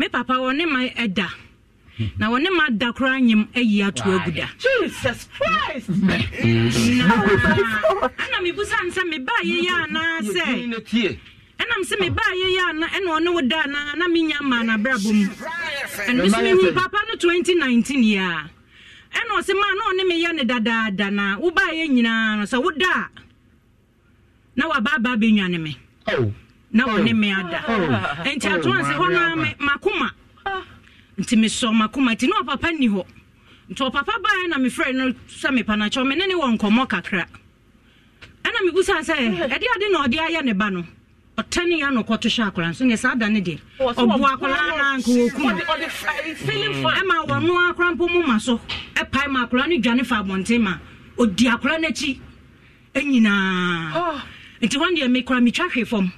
Speaker 3: me papa wɔne ma ɛda na wɔne ma da koraa nyim ayi ato agu da jesus christ ɛna mebusa n sɛ mebaa yɛyɛ anaa sɛ ɛnam sɛ mebaa yɛyɛ ana ɛna ɔne wo da anaa na menya ma nabrabɔ mu
Speaker 5: ɛno so mehu
Speaker 3: papa no 2019 yi a ɛna ɔsɛ ma na ɔne meyɛ ne dadaada na wobaayɛ nyinaa no sɛ woda a na wabaabaa bɛnwane me oh na oh. ɔne me ada oh. nti atoa sɛ hɔ no oh. makoma nti mesɔ makoma nti na ɔpapa nni hɔ nti ɔpapa baɛ na mefrɛ no sɛ mepanakyɛw me ne ne wɔ nkɔmmɔ kakra ɛna mebusaa sɛ ɛde ade na ɔde ayɛ ne ba no ɔtane ya na ɔkɔto hyɛ akwaraa nso nyɛ saa da ne deɛ ɔbo akwaraa na anka wɔkum ɛma wɔno akwaraa mpo mu ma so ɛpae ma akwaraa no dwane fa abɔnten ma ɔdi akwaraa ah. no akyi nyinaa nti wɔn deɛ mekora metwa hwe fam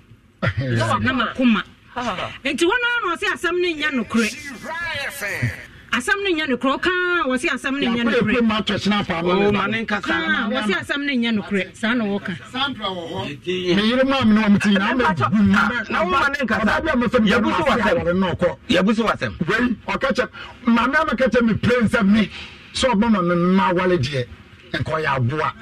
Speaker 3: koma nti wɔn ara na ɔsi asɛm ne nya nokorɛ asɛm ne nya nokorɛ ɔkaa wɔsi asɛm ne nya nokorɛ
Speaker 2: o ma oh, ne nkasa wɔsi asɛm
Speaker 3: ne nya nokorɛ saa na wɔka.
Speaker 2: meyere maa mi na wɔn ti nyinaa mɛ dugu mu ah, na wɔn ma ne nkasa yabusu wasɛm yabusu wasɛm. wɛyi ɔkɛkyɛ maame ama kɛkyɛ mi pere nsɛm mi sɛ ɔbɛn ma mi ma wale deɛ nkɔyɛ
Speaker 1: aboa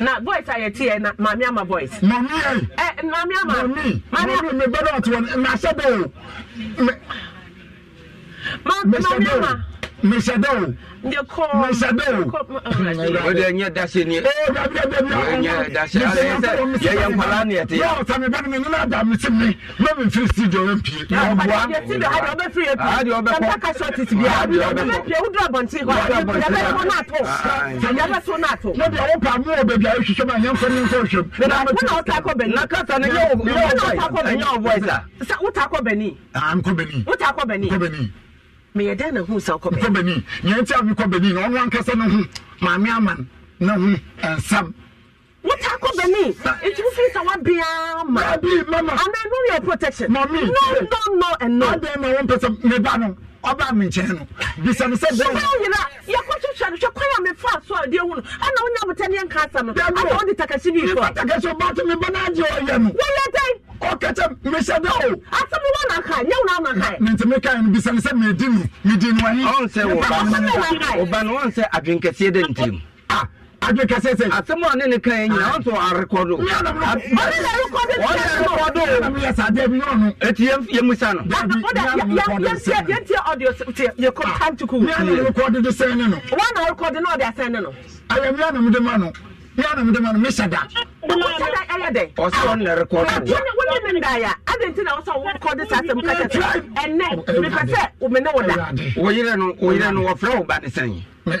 Speaker 1: na voice, ayɛ ti yɛ na maame ama boys. maame ayi. ɛ maame ama. maame maame mi bɛ dɔn wɔn na asɛ bɛ o. maame ama mehyɛdɛ o mehyɛdɛ o. o de nye dase ni ye. o da bi da bi da. o nye dase ale ye sɛ yɛyɛ nkɔla ni yɛ ti yan. n'o
Speaker 2: sami bɛ ni nina da mi si mi mɛ mi firi si jɔ n pie. n'a bɔ a yɛ ti bi hali o bɛ firi yɛ bi. hali o bɛ kɔ k'an ta ka sɔ ti ti bi yan. hali o bɛ kɔ o dura bɔnti kɔ a bɛ so n'a to a bɛ
Speaker 1: so n'a to. ne bi awo
Speaker 2: pa mu o bɛ bi a ye sisi ma yan fɛn ni n k'o sɛ. n'a n'aw ta kɔ bɛ ni. n'a ka sa ni y'o bɔ yen sa. n y'o bɔ yen
Speaker 1: sa. o meyɛ dɛn
Speaker 2: na hu sa wokɔ bɛni bɛni nyɛ nti a mekɔ bɛni na ɔno ankasa no ho maame aman na ho ɛnsam wota kɔ bɛni nti wofiri sɛ woabea ma anaa
Speaker 1: no yɛ protection mami no no no ɛno adɛn na wɔmpɛ sɛ meba no ɔba mi nkyɛn no bisami sɛ bɛn. sɛ bɛn yina yakɔtu twɛni hwɛ kwan a mi fa so a deɛ wunu ɛna wonya abotɛ ne nka asam no ɛna wɔn de takasi ni ifɔ. takasi o baatu mi bɛn adi ɔyɛ no. wɔyɛ tɛ. ɔkɛtɛ mehyɛ da o. asam wɔn na ka nyɛ wɔn na ka. ne ntoma
Speaker 2: ka yi bisami sɛ mi di nu mi di
Speaker 1: nu ayi. ɔn sɛ wɔ ɔba ni wɔn sɛ adwin kɛseɛ de ntirim. Ah, adwin kɛseɛ sɛ. asɛm a ne ne kan yɛ nyina ah. ɔn sɛ ɔrekɔdo. ɔne na wọn yẹ kó ọdún yẹ sàdé bi yọnu. eti yẹ yẹ musa nù. yẹn ti ọdiyo tiẹ yẹ kọ time to cool. mi àná yẹ kọ ọdún sẹ́yìn nínú. wọn náà kọ ọdún náà ọdún sẹ́yìn nínú. ayẹ mi àná mi dé ma nù mi àná mi dé ma nù mi sàdá. sàdá ẹyẹ dẹ. ọsẹ wọn nà rẹkọdù. wọn yẹ mi nda yà adi n ti na ọsọ wọn kọ ọdún sàtẹ mu kẹtẹ tẹ ẹnẹ mi pẹsẹ omi náà wọ da. wọ́n yẹrẹ
Speaker 2: nu wọ́n yẹrẹ nu
Speaker 1: wọ́n fẹ́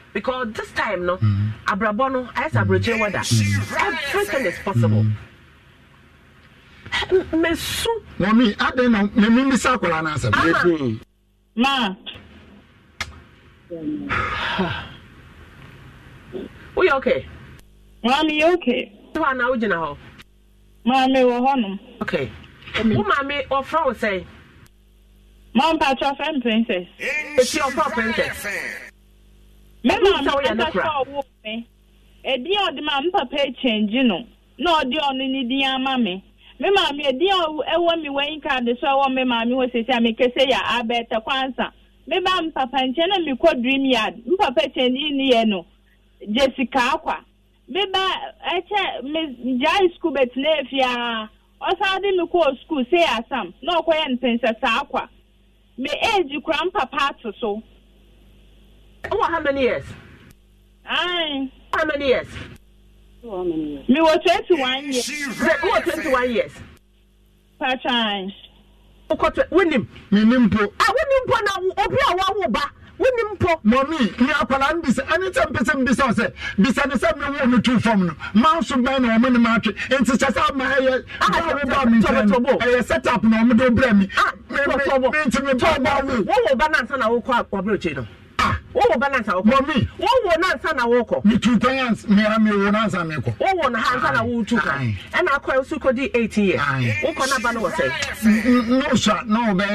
Speaker 1: because this time no mm-hmm. Abrabono, as ayɛ sɛ aburokye wada mm-hmm. everything is
Speaker 8: possible.
Speaker 2: Mm-hmm. mesu. mɔmi adan na mɛmi mi sa akɔla na asɛm. ma.
Speaker 1: woyɛ okay. maami yɛ okay. wo ana wo gyina hɔ. maami wɔ hɔ nom. okay. wo maami ɔfrɛ wo sɛn.
Speaker 4: mampatsɔ fɛn princess.
Speaker 6: esi ɔfrɛ princess.
Speaker 4: mema mekasa ọwụ me ọdịma echenji nọ na ọdị ya ama me me maame edi ewe mi wee nka adị so ọwọ me maame wee sisi kese ya abịa kwansa m mpapa nche na dream yard mpapa echenji ya nọ jessica meba eche bet na efi a adị se ya asam na ọkwa ya akwa eji mpapa atụ so. how many years? Aye. How many years? How many years? Me was
Speaker 1: 21 years. Who was 21 years? Pachan.
Speaker 2: wonim menim mpo a ah, wonim mpo na obi a wawo ba wonim mpo mɔmi me akwara no bisa ɛne sɛ mpɛ sɛ mbisa wo sɛ bisa ne sɛ mewo no tu fam no ma nso bɛn na ɔmo ne ma atwe nti kyɛ sɛ ma ɛyɛ ah, ah, me nkyɛn ɛyɛ setup na ɔmo de brɛ me
Speaker 1: menti mebɔ ba wo wowɔ ba no ansa na wọ́n balance awọ́kọ. mọ̀mí. wọ́n nansa na wọ́kọ. mi tu ten years mìíràn mi wọ nansa mi kọ. wọ́n na hansa na wọ́n tu
Speaker 2: kan. di eighteen years. ni n'o n'o bɛ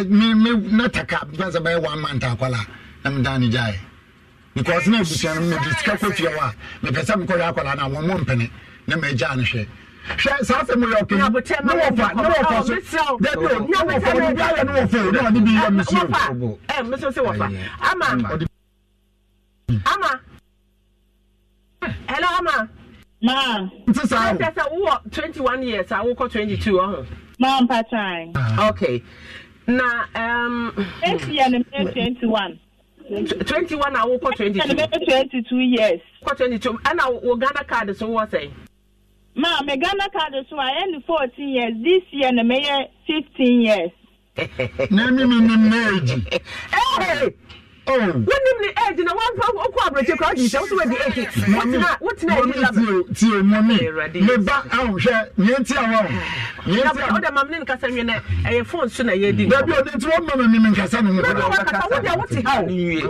Speaker 2: ne ta ka bɛ na mi taa ne busua no mi sika ko wa mi kɔ na wɔn mo ne ja ni ne wɔ fa ne wɔ fa so dɛbi o
Speaker 1: ama hello ama. maa nti saa o. sɛ wowɔ twenty one years a wokɔ twenty two Ma, maa mpa tan. okay na. Um, eight year ni mi twenty one. 21 na wokɔ
Speaker 4: Twenty two years kɔ 22 ɛna wo ghana card so wɔ sɛn ma me ghana card so I end fourteen years this year na mɛyɛ fifteen years na mi mi ni
Speaker 5: meeji
Speaker 4: Oh. wonim eh, eh, eh, ah, oh, oh. ne age na wamfa wokɔ
Speaker 1: aberɛkyɛ kora wode sɛ wo so wadi age wotena wotena ani labatie mɔmi meba ahohwɛ neɛnti awa wode mam ne nkasa nwene ɛyɛ phone so na yɛdi dabi
Speaker 2: ɔde nti wɔma ma meme nkasa ne nwekasa wode wote ha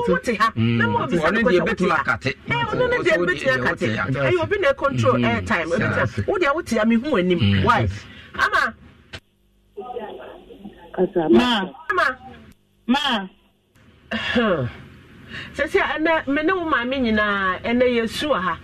Speaker 2: wote ha na ma obisa ne kɔsɛ wote ha ɔno ne deɛ bɛtumi akate ɛyɛ obi na control airtime wode wote
Speaker 1: ha mehu anim why ama ma ma sɛsɛ ɛnɛ me ne wo maame nyinaa ɛnɛ yɛsu wɔ ha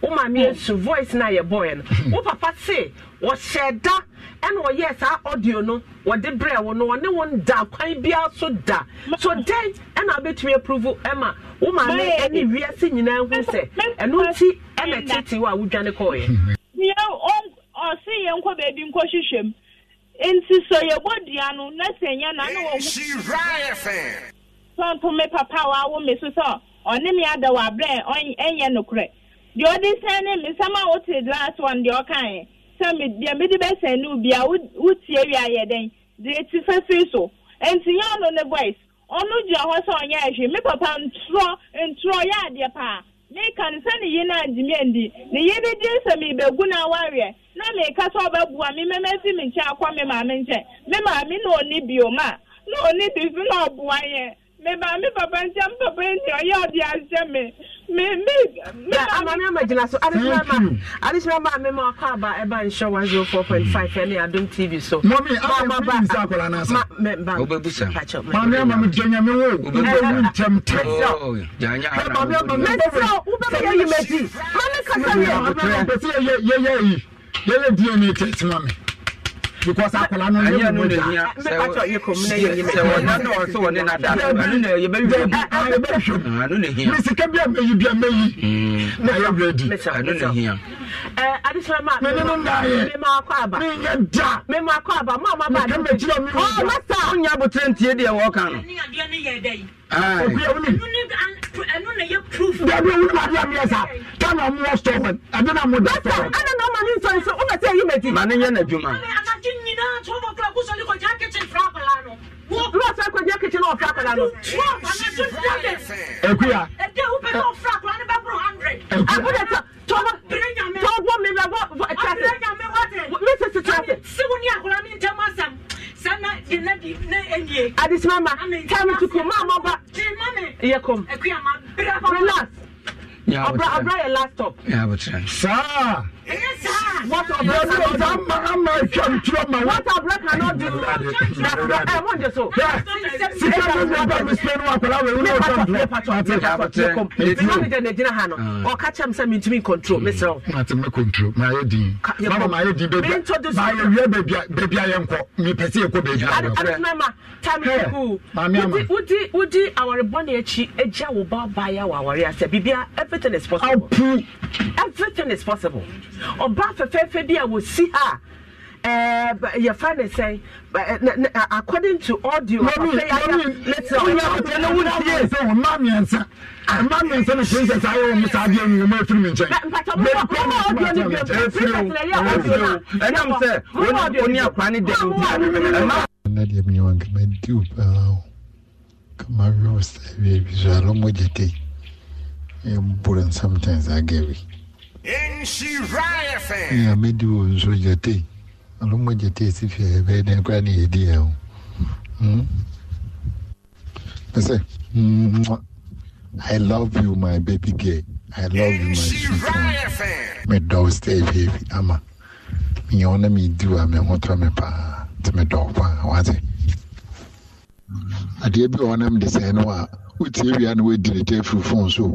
Speaker 1: wo maame hmm. yɛsu voice na a yɛbɔeɛ no hmm. wo papa se wɔhyɛ da ɛna ɔyɛ saa audio no wɔde brɛ wo no wɔne wo da kwan biara so da so dɛn ɛna wobɛtumi approve ɛma wo maame ɛne
Speaker 4: wiase nyinaa hu sɛ ɛno nti ɛna tete wo a wodwane kɔɔyɛ ɔse yɛnkɔ baabi nkɔhwehwɛ nti sɛ yɛbɔ dua no na sɛ ɛnyɛ na na wɔ asọ nto papa me so ɔne me ada wɔ abrɛ ɛnyɛ nokorɛ deɛ ɔde sɛn ne last one deɛ ɔkae sɛ deɛ ne a ayɛ dɛn deɛ ti so nti yɛ ɔno ne voice ɔno gyina hɔ sɛ ɔnyɛ papa ntorɔ ntorɔ na meka sɛ ɔbɛboa me mɛmɛfi me nkyɛn akɔ me maame nkyɛn na ɔni bio ma na ɔni bi na me ba me papa nti am papa nti ɔyɛ ɔdi ahyɛ me me me. ya amami ama gyina so adesina ma adesina ma mi ma ɔkọ aba
Speaker 1: ɛba nhyɛ one zero four point five ɛni adum tv so. mami ama mi bi nsa akɔla n'asa. ma ma o bɛ
Speaker 2: busa mami ama mi jɛ nyami wo o bɛ wu ntɛm tɛ. mɛ mami ama mi bɛ wuli o bɛ yɛ yi mɛ di mami kasa yɛ. mami ama mi bɛ se yɛ yɛ yɛ yi yɛ yɛ di yɛ ni kɛ ti ma mi because akwara no yɛ mu ja sɛ wɔna na ɔso wɔ ne nada ɛno na yɛbɛwie ɛno na hia sika bi a
Speaker 1: mɛyi bi a mɛyi na yɛ ready ɛno na hia eh, adesorama mene no ndaayɛ menyɛ da mema akɔ aba ma ma ba de meka mɛkyerɛ me ɔ masa wonya abotere ntie deɛ wɔka
Speaker 3: no obi awo ni ɛnu na yɛ proof. dabi owu ni maa di ami yɛ sa
Speaker 1: tan na mu wɔ sɔ wɔn ɛdi na mu da fɛ. ɛna na ɔma ni nsɔn nsɔn ɔna se yi na di. maa ni yɛ na di ma.
Speaker 3: anaki nyinaa tí wọn bɔ fila kó sɔli kɔ jaa kitchen fura kɔla nɔ.
Speaker 1: wọ́n sọ kɔ jaa kitchen náà fura kɔla nɔ. wọ́n fana tún fura kɛ. ɛkuya. ɛdí ewu bɛ n'o fura kɔla ne
Speaker 4: bɛ buru hundred.
Speaker 1: ɛkuya tɔ tɔbɔ tɔbɔ mi bɛ bɔ tɛ sana de na di na enye adis mama tell me to come mama ba je mama ye come e kwa ma bra relax
Speaker 2: yeah abra abra your yeah sir
Speaker 1: What a brother cannot do. Ama etwa nturo ma wa. What a brother cannot do. Dafuro ẹ mo de so. Sika mi mi ba mi sẹ́nu akwara wẹ̀ wúlò ọjọ́ mi. Mepatọ mepatọ mepatọ manager na gyina ha no ɔka kyɛm sɛ mentumi control mesrɛ mateme
Speaker 2: control mayɛ din
Speaker 1: mama mayɛ din bɛbiayɛwia
Speaker 2: baabi a yɛnkɔ mepɛ sɛ yɛkɔ baabiama
Speaker 1: tamewodi awarebɔne akyi agya wo baabaeɛ wɔ awareɛ asɛ biribia everything is possible everything is possible ɔbaa fɛfɛɛfɛ bi a wɔsi ha ɛɛ yɛfa ne sɛn according to audio ɔfɛ yaya ne sɛ ɔyɛ ɔtɛ ne wuli yie sɛ
Speaker 2: ɔmaa mmiɛnsa mmaa mmiɛnsa ne princess ayɛ wɔn saa adeɛ nwi wɔn efiri mi nkyɛn bɛn pɔnkɔ mi kyɛn efiri o ɛnam sɛ wɔn oni akwa ne dɛm ti a mmaa. nadeɛ mi wɔn kama di o paa o kama wi o sɛ wi ebi so alo mo gye te yɛ mboro nsɛm tɛn saa gɛwi ɛyɛ mɛdi nso gyate aloma gyate si fie ɛbɛyɛ dɛn koraa ne yɛdi yɛ ho hmm? ɛsɛ hmm, i love you my baby girl i love you my sweet medɔw stay baby ama meyɛ wo na medi wɔ a me ho tɔ me paa nti medɔw paa wate adeɛ bi wɔ hɔ na mede sɛe no a wotie wie a na woadi ne ta afiri fon so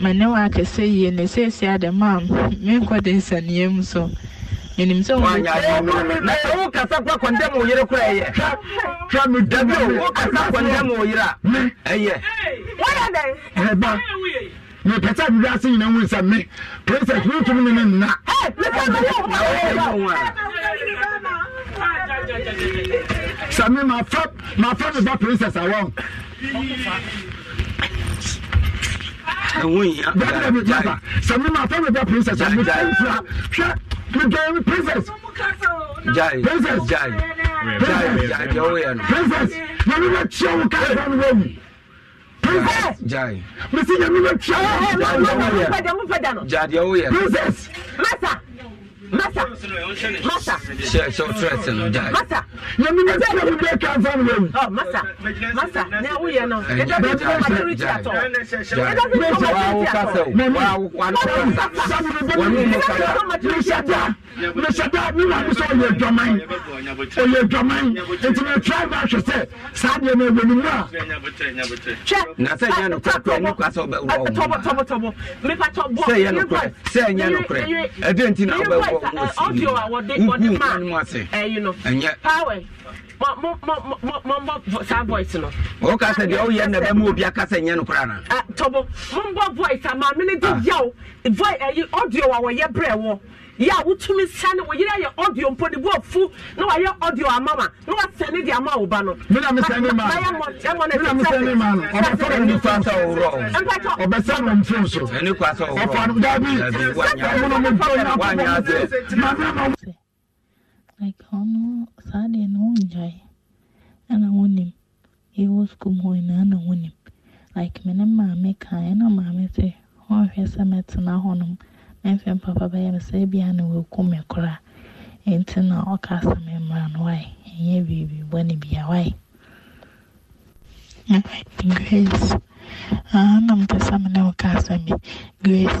Speaker 5: ma ne wa akɛse yie na esiesie ade maa mi nkɔ de nsaniya mu so enim sɛ wɔn ti. na
Speaker 1: ewu kasa kɔ kɔndɛm wo yere kura ɛyɛ
Speaker 2: twa mi dabi o wo kasa kɔndɛm wo yere a ɛyɛ. wɔyɛ dɛ. ɛba na kasa bi ase nyina hu sɛ me princess mi tumi ne ne nna. sami ma fɛ ma fɛ mi ba princess awɔ bẹẹ
Speaker 1: princess masa masa
Speaker 4: masa
Speaker 1: nyamunibɛ nyamunibɛ kan fam yɛ mu. masa masa ne awo yɛ no e da bi to maturity atɔ e da bi to maturity atɔ mɛmi ɔlɔdi sabu de bɛ mi e da bi to maturity atɔ
Speaker 2: mesɛda ne maame sɛ ɔyɛ adwaman ɔyɛ adwaman nti metwa ba hwɛ sɛ saa deɛ no ɛwɔ ne mu
Speaker 1: a twɛ tɔbɔtɔbɔtɔbɔ mepatɔ bɔ sɛ ɛyɛ nokorɛ sɛ ɛnyɛ nokorɛ ɛdeɛ nti na wobɛwɔ ọdịọ a ọdị ọdị maa ẹyị nọ pawe mɔmbɔ saa voice uh, no. o ka sɛ deɛ o yɛ mu obi aka sɛ nyɛ no kora na. Uh, tɔbɔ voice uh, a maame ne ah. de yaw voice yɛ a wotumi sane wo yerɛ yɛ audio mpo de boafu na wayɛ audio ama ma na wasɛne de ama wo ba no ɔbɛsɛ
Speaker 2: no mfirim soro
Speaker 5: like ɔno saa deɛ no wongyae ɛna wonim yɛwɔ sukuu mu hɔ nyinaa na wonim like me ne maame kaeɛ na maame sɛ ɔnhwɛ sɛ mɛtena hɔnom mfɛm papa bɛyɛ me sɛ ebia na waku me koraa nti na ɔka asɛm mmra no wae ɛnyɛ biribi bɔne bia wae grace ah, na mepɛ sɛ me ne wo ka asɛm grace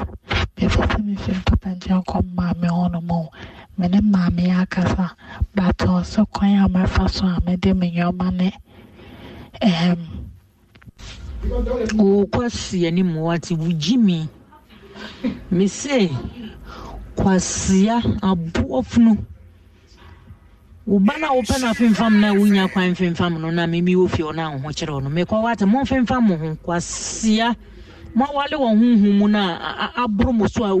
Speaker 5: mepɛ sɛ mefiri papa nkyɛn kɔ maame hɔ no mu me ne maame yɛ akasa but ɔsɛ kwan a mɛfa so a mede me nyɔma
Speaker 9: ne ɛɛm ehm, wɔkɔ si anim wate wogyi me mese kwasia aboɔfunu woba no a wopɛ no afemfam no a wonya kwan femfam no na memi wɔ fie ɔno a wo ho kyerɛ no mekɔ wate momfemfam mo ho kwasia moawale wɔ honhom mu no a aboro mo so a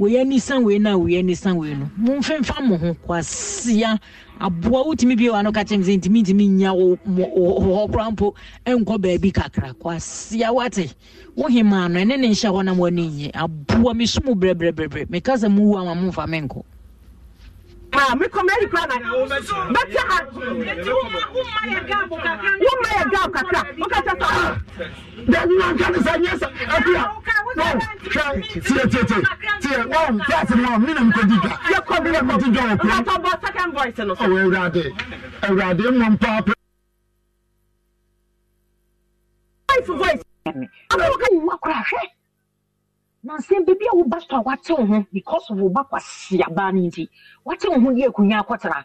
Speaker 9: woyɛ san wei no a woyɛ nisan wei no momfemfam mo ho kwasia aboa wotumi bio ano ka kyɛm sɛ ntumi ntumi nya hɔ kora mpo nkɔ baabi kakra kwasea wate wo hemaa no ɛne ne nhyɛ hɔ nam w'ani aboa mesu mu brɛbrɛbrɛbrɛ meka sɛ muwu ama momfa menkɔ Ah, me comedy plan bɛtɛ ha
Speaker 1: woma yɛ gaw kakra wokata sa dabiwanka ne sa nyɛ sa afia hwɛ tiɛ tiɛ tiɛ tiɛ wɔn class no wɔn minam kɔ didwa yɛkɔ bi yɛkɔ didwa wɔ kuro ɔtɔ bɔ second voice no ɔwɔ awurade awurade mmɔ mpaa pɛ
Speaker 9: voice voice ɔbɛwɔ ka yi wa kora hwɛ nansɛm baabi a woba so a wate wo ho because of woba kwasi abaa no nti wate wo ho de akonnwa akɔtena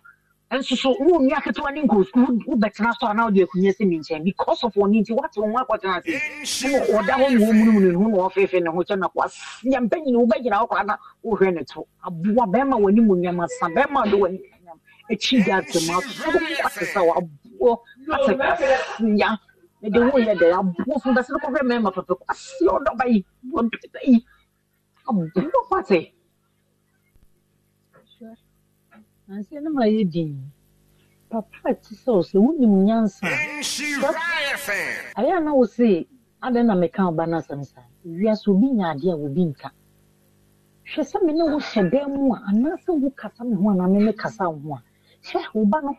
Speaker 9: nso so wo nua ketewa ne nkɔ sukuu wobɛtena so anaa wode akonnwa sɛ mi nkyɛn because of ɔne nti wate wo ho akɔtena ase ɛna ɔda hɔ ne wɔmunumunu ne ho na ɔfeefe ne ho kyɛ na kwasiya mpa nyina wobɛgyina hɔ koraa na wohwɛ ne to aboa bɛrima w'anim onyam asa bɛrima de w'anim onyam akyi gya atɛm aso wate sɛ waboɔ ate kwasiya mede wo yɛ dɛ abofo bɛsɛ no kɔhwɛ mɛma pɛpɛ kwasi ɔdɔba yi ɔdɔba yi abofo kwate anse no ma yɛ din papa ti sɛ ɔsɛ wonim nyansa ayɛ na wo se adɛn na meka ɔba no asɛm saa wiase obi nya adeɛ a obi nka hwɛ sɛ me ne wohyɛ dan mu a anaasɛ wokasa me ho anaa me mekasa wo ho a hwɛ wo ba no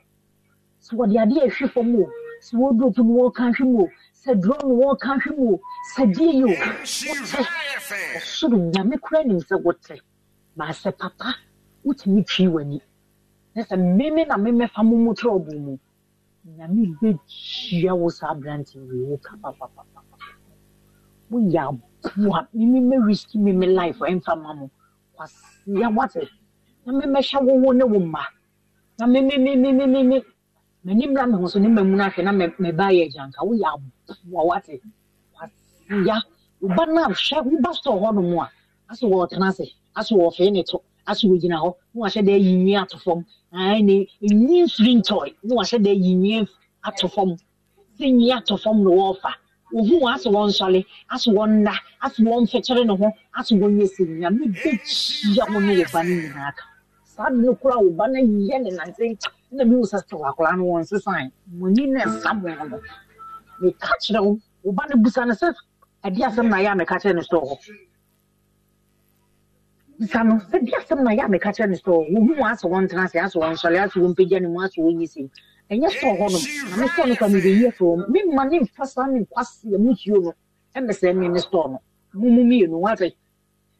Speaker 9: sɛ wɔde adeɛ ahwi fam o sɛ wardrobe no wɔka hwe mu o sɛ duro no wɔka hwe mu o sɛ die yi o wɔtɛ ɔsoro nyame kora nim sɛ wɔtɛ baasɛ papa wotumi twi w'ani na sɛ mmeme na mmemɛfa mo mu trɔbo mu nyame bɛkyia wo saa aberante wei wo ka papapapa woyɛ aboa meme mɛriski meme life ɛmfa ma mo kwasea wate na memɛhyɛ wo wo ne wo mma na memememememe m'ani mmira me ho so ne mamu no ahwɛ na me ba yɛ agyanka woyɛ aboa wate waseya woba no ahwɛ woba sɔ hɔ no mu a ase wɔɔtena ase ase wɔɔfee ne to ase wɔgyina hɔ ne wahyɛ dɛ ayi nwi ato fam ne nwi mfiri ntɔe ne wahyɛ dɛ ayi nwi ato fam sɛ nwi ato fam na wɔɔfa ohu wɔn ase wɔn nsɔle ase wɔn nna ase wɔn mfɛkyere ne ho ase wɔn yɛ sɛ nyame bɛkyia wɔn ne yɛ fa ne nyinaa ka saa de no kura wo ba na yɛ ne nante na bi wo sɛ sɛ wakora no wɔn sesan wɔni na ɛsa bɔn no meka kyerɛ wo wo ba no busa no sɛ ɛde asɛm na yɛ a meka kyerɛ no sɛ hɔ bisa no sɛ de asɛm na yɛ a meka kyerɛ no sɛ hɔ wɔhu wɔn asɛ wɔn tena ase asɛ wɔn nsɔre asɛ wɔn pagya ne mu asɛ wɔn nyi sɛm ɛnyɛ sɛ hɔ nom na me sɛ no ka mede yie fɛ wɔ mu me mma ne mfa saa ne nkwaseɛ mu tuo no ɛmɛ sɛ me ne sɛ no mumu mmienu wate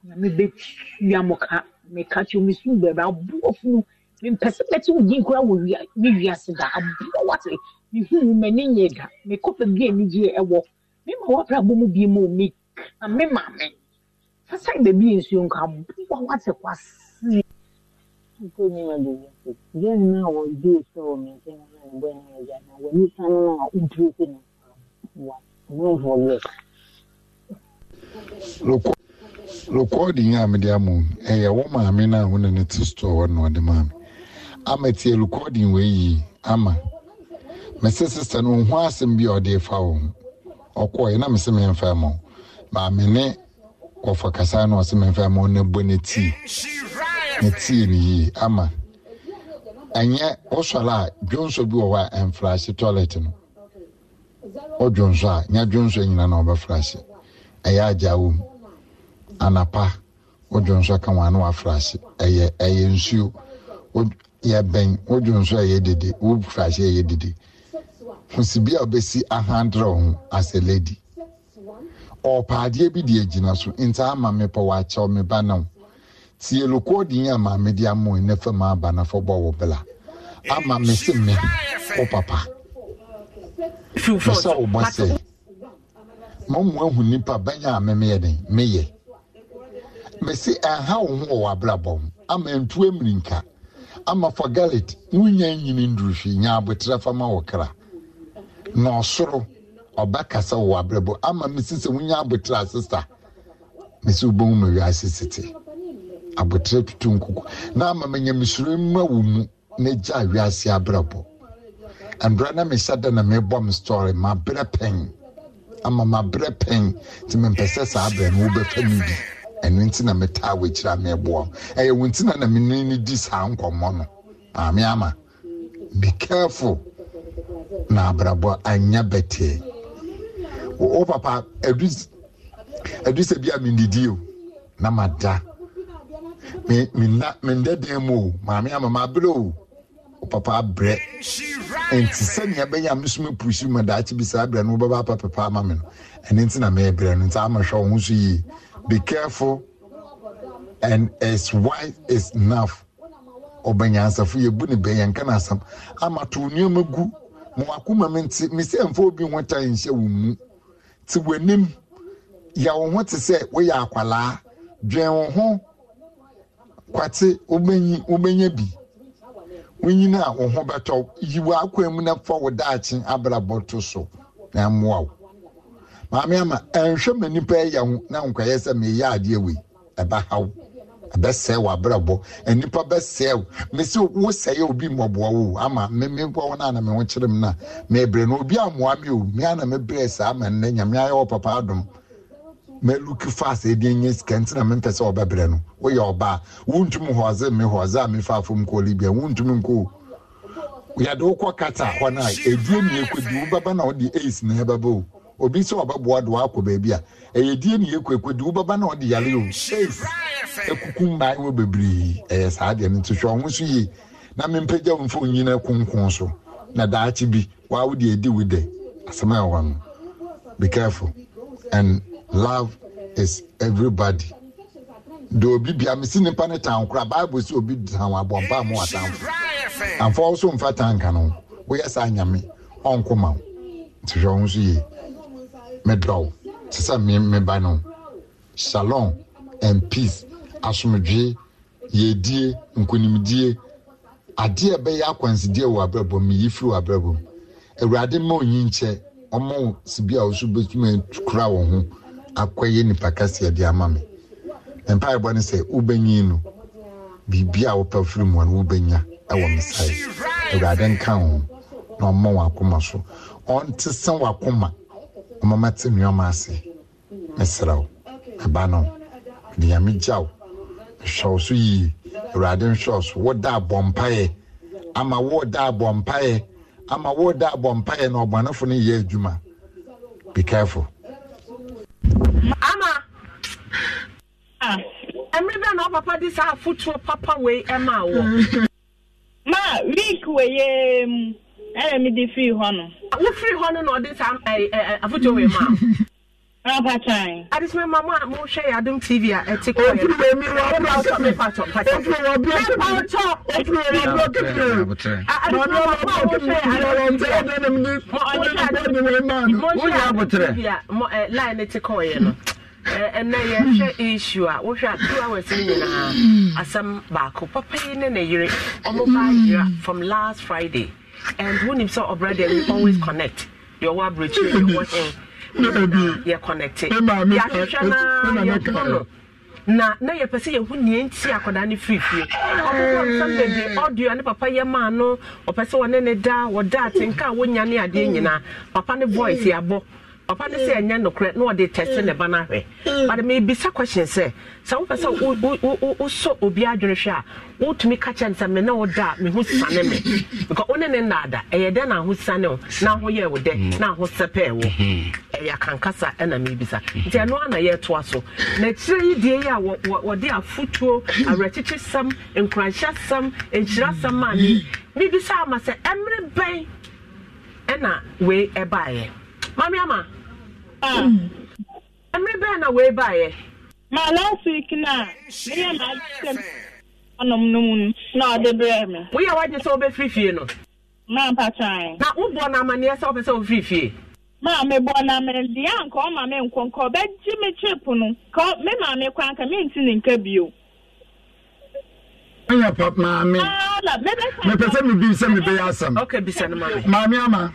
Speaker 9: na mebɛtua mo ka meka kyerɛ me sum baabi aboɔfo mu mempɛ sɛ mɛte wo din koraa wɔ wia ne wiase da aboa wate mehu wo m'ani nyɛ da mekɔfa bi a anigyeɛ ɛwɔ mema woabrɛ abɔ mu bie mu me ka me maame fa sɛe baabi nsuo nka aboa wate kwasee ko ni ma gbogbo ṣe jẹ́ ní náà wọ́n gbé ìṣe omi jẹ́ ní náà ìgbẹ́ ní ọjà náà wọ́n ní sanu náà ó dúró sí ní wà ní ìfọ̀gbẹ́.
Speaker 2: rekɔɔdin a mede ama mu ɛyɛ wɔ maame na a wo ne ne te store na ɔde maa ama tie rekɔɔdin wei yi ama mese sista no ɔho asɛm bi a ɔde fa wo ho ɔkɔɔyɛ na mese memfa ma wo maame ne kɔfa kasa na ɔse memfa ma wo na bɔ ne tii ne tii no yie ama ɛnyɛ wosɔre a dwonso bi wɔ hɔ a ɛmfrahye toilet no ɔdwonso a nyɛ dwonso nyina na ɔbɛfrahye ɛyɛ agya wɔ mu anapa wodwo nso ka wane wafrase ɛyɛ ɛyɛ nsuo yɛbɛn wodwo nso ɛyɛ dede wofrase ɛyɛ dede fosibi a wobɛsi ahandrɛ ho asɛ lady ɔpaadeɛ bi deɛ gyina so ntaa ama mepɔ wakyɛw me ba no tie din a maame de ne aba bɔ bela ama me se me wo papa mesɛ wobɔ sɛ mamu ahu nnipa bɛnya a den meyɛ mesi ɛha eh, wo ho wɔ oh, w'abrabɔ mu ama ntua mmirinka ama fa galit wonya nyini nduruhwi nya abotire fama wɔ kra na ɔsoro ɔbɛkasa wɔ w'abrabɔ ama mesi sɛ wonya abotire asesa mesi wobɛhu ma wiase sete abotire tutu nkuku, na ama manyamesuro mma wɔ mu na gya wiase abrabɔ ndora na mehyɛ dɛ na mebɔ me story mabrɛ pɛn ama mabrɛ pɛn nti mempɛ sɛ saa brɛ no wobɛfa no bi ɛno nti na metaa wɔakyira me ɛboa ɛyɛ wo nti na na mene no di saa nkɔmmɔ no maame ama be careful na abrabɔ anyɛ bɛtee wo papa adu sɛ bi a mendidi o na mada menda dan mu o maame ama ma mabrɛ o wo papa abrɛ nti sɛnea bɛyɛ a meso mepusi mu daakye bi saa abrɛ no wobɛba apa papa ama me no ɛno nti na meɛbrɛ no nti amahwɛ wo ho so yie be careful and as wise as enough ɔbɛnyansafo yɛbu ne bɛn yɛnka n'asɛm ama to nneɛma gu ma wakoma mi nti mesɛ mfa obi ho ta nhyɛ wo mu te w'anim yɛ wo ho te sɛ woyɛ akwalaa dwen wo ho kwate wobɛnyi wobɛnya bi wonyina a wo ho bɛtɔ yi wɔ akwan mu na fa wo daakye abrabɔ to so na mmoa wo maame ama ɛnhwɛ ma nipa ɛyɛ ho na nkɔyɛ sɛ meyɛ adeɛ wei ɛbɛ haw ɛbɛsɛe wɔ abrɛbɔ nipa bɛsɛe wo mesi wo sɛe obi mmɔboa wo ama me me nkɔ wɔn a na me ho kyerɛ mu na mebrɛ no obi amoa mi o mea na mebrɛ saa ama nnɛ nyame ayɛ wɔ papa adom mɛluki fast ɛdi nye sika ntina mempɛ sɛ ɔbɛbrɛ no woyɛ ɔbaa wontumi hɔze me hɔze a mefa afom kɔ libia wontumi nkɔ yɛde wokɔ kata hɔ no a ɛduro mmiɛ kɔdi wobɛba na wode ace na ɛbɛba o obi sɛ wɔbɛboa do wakɔ baabi a ɛyɛ die ne yɛkɔɛkɔ de wobɛba na ɔde yare o safe ɛkuku mmaa wɔ bebree ɛyɛ saa deɛ no nti hwɛ so yie na mempagya wo mfa onyina konkon so na daakye bi waa wode ɛdi wo dɛ asɛm a be careful and love is everybody de obi bia mesi nipa ne tan kora bible sɛ obi tan abɔmpa mu watamfo amfa wo so mfa tanka no woyɛ saa nyame ɔnkoma wo nti hwɛ wo so yie medrɔw te sɛ me meba no shalom and peace asomdwe yɛdie nkonimdie adeɛ ɛbɛyɛ akwansideɛ wɔ abrabɔ mu yi firi wɔ abrabɔ mu awurade ma onyi nkyɛ ɔmo sibi a ɔso bɛtumi kura wɔn ho akɔyɛ nipa kɛseɛ de ama mi mpaebɔ ne sɛ wobɛnyi no biribi a wɔpɛ firi mu no wobɛnya ɛwɔ misae awurade nka ho na ɔmo wɔn akoma so ɔnte sɛn wɔn akoma ɔma ma te nneɛma ase mesrɛ wo ɛba no nyame gya wo hwɛ wo so yie awurade nhwɛ wo so woda abɔ mpaeɛ ama woda abɔ mpaeɛ ama woda abɔ mpaeɛ na ɔbɔnefo no yɛ adwuma be careful. ama
Speaker 4: ɛmɛ bɛ na ɔpapa de saa afotuo papa wei ɛma wɔ ma week wɔ yɛ mu. Mm, ɛyɛ mi di firi hɔ no. wo firi hɔ no na ɔde saa ɛɛ ɛɛ afoto wei ma. Rapatan. Adesima mamu
Speaker 1: a mo hwɛ yɛ Adum TV a ɛti kɔ yɛ. Ofuru bɛ mi wa bi ase. Mepatɔ mepatɔ. Ofuru wa bi ase. Mepatɔ. Ofuru wa bi ase. Adesima mamu a mo hwɛ yɛ Adum TV a. Mo ɔde na mi di. Mo ɔde na mi di. Mo ɔde na mi di. Mo ɔde na mi di. Mo ɔde na mi di ɛnɛ yɛhwɛ issue a wohwɛ a two hours no nyinaa asɛm baako papa yi ne ne yere ɔmo baa yera from last friday and when you saw brother we always connect your wa bridge your wa him yɛ connected yɛahwehwɛ na yɛhono no na na yɛpɛ sɛ yɛho nea nti akwadaa no firi fie ɔbɛbɔ nsɛm bebree ɔdua ne papa yɛ maa no ɔpɛ sɛ wɔne ne da wɔda atenka a wɔnya ne adeɛ nyinaa papa ne voice yɛabɔ papa ne sɛ mm. ɛnyɛ nokorɛ na ɔde tɛse ne ba no ahwɛ mm. but mebisa question sɛ sɛ wopɛ sɛ wosɔ obi adwene hwɛ a wotumi ka kyɛ no sɛ me wo da a meho sane me because wo ne ne nnaada ɛyɛ dɛ na ho sane wo na ho yɛ wo dɛ mm. na ho sɛpɛɛ wo mm-hmm. ɛyɛ akankasa ɛna mebisa nti ɛno ana yɛtoa so na yi die yi a wɔde afotuo awerɛkyekye sɛm nkuranhyɛ sɛm nhyira sɛm maa ne mm-hmm. mebisa ama sɛ ɛmmerɛ bɛn ɛna wei ɛbaeɛ mame ama mmiri ah. bẹ́ẹ̀ na wee baayɛ.
Speaker 4: ma last week na ne yɛ ma adi ɔnum no mu na ɔde brɛ mi. woyɛ wagye sɛ wobɛfiri fie no. maa mpa kyan. na wobɔ na amanneɛ sɛ wopɛ sɛ wofiri fie. maa mi bɔ na mi deɛ anka ɔma mi nkɔ nkɔ ɔbɛgye mi chip no ka mi maame kɔ anka mi nti ne nka bio.
Speaker 2: ɛyɛ pa maame mepɛ sɛ mebi sɛ mebɛyɛ asɛm maame ama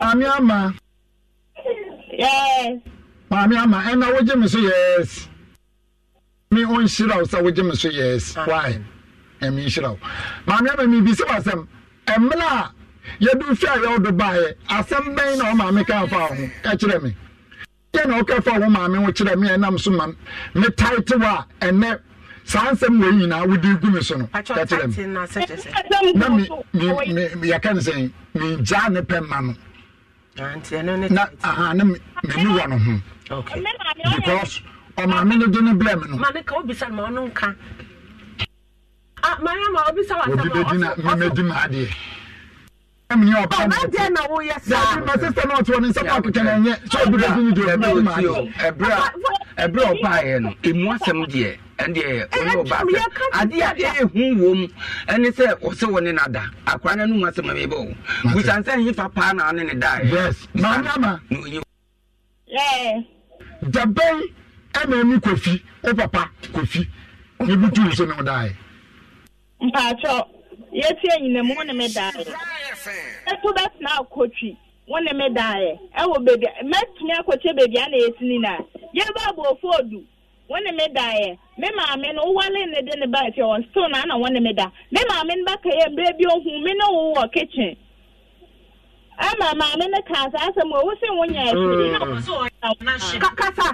Speaker 2: maame ama Yes. Maame ama ɛna wogye me so yes. Me ɔnhyira wo sa wogye me so yes. Ah. Why? Ɛmi nhyira wo. Maame ama mi bi sɛ wasɛm. Ɛmmerɛ a yɛde fi a yɛwɔ do baeɛ asɛm bɛn na ɔmaame ka afa ho ka kyerɛ me. Yɛ na ɔka fa wo maame ho kyerɛ me ɛnam so ma me taete wɔ a ɛnɛ saa nsɛm wɔ nyinaa wodi gu mi so no ka kyerɛ mi mi mi yɛka ne sɛn mi gyaa ne pɛ ma no na aha ne mani wɔ no ho because ɔmaame no de ne blɛ me no
Speaker 1: obi bɛdi na
Speaker 2: memɛdi ma adeɛ ɛmne ɔpamma sister no ɔte wɔ ne nsɛm akeka na ɛnyɛ sɛ obi bɛdi ne deɛ ɔbɛdi ma adeɛ
Speaker 1: ɛberɛ ɔpaeɛ no ɛmu asɛm deɛ ɛdeɛ ɔne ɔbaaka adeɛ a ɛhu ɛne sɛ ɔsɛ wɔ ne nada akwara no anum asɛm ɛbɛbɛ o busan sɛ nyi
Speaker 2: na ɔne ne yes maame ọ dabɛn papa kofi ne bi ne ho daeɛ
Speaker 4: mpatsɔ yɛtie ɛto bɛtena ɛwɔ mɛtumi akɔkyɛ na na yɛbɛ wani me da yɛ me maame no wowale ne de ne ba fie wɔ still na ana wɔne me da me maame no baka yɛ mmerɛ bi ohu ne wo wɔ kitchen ama maame no kaa saa asɛm a wosi na nya kasa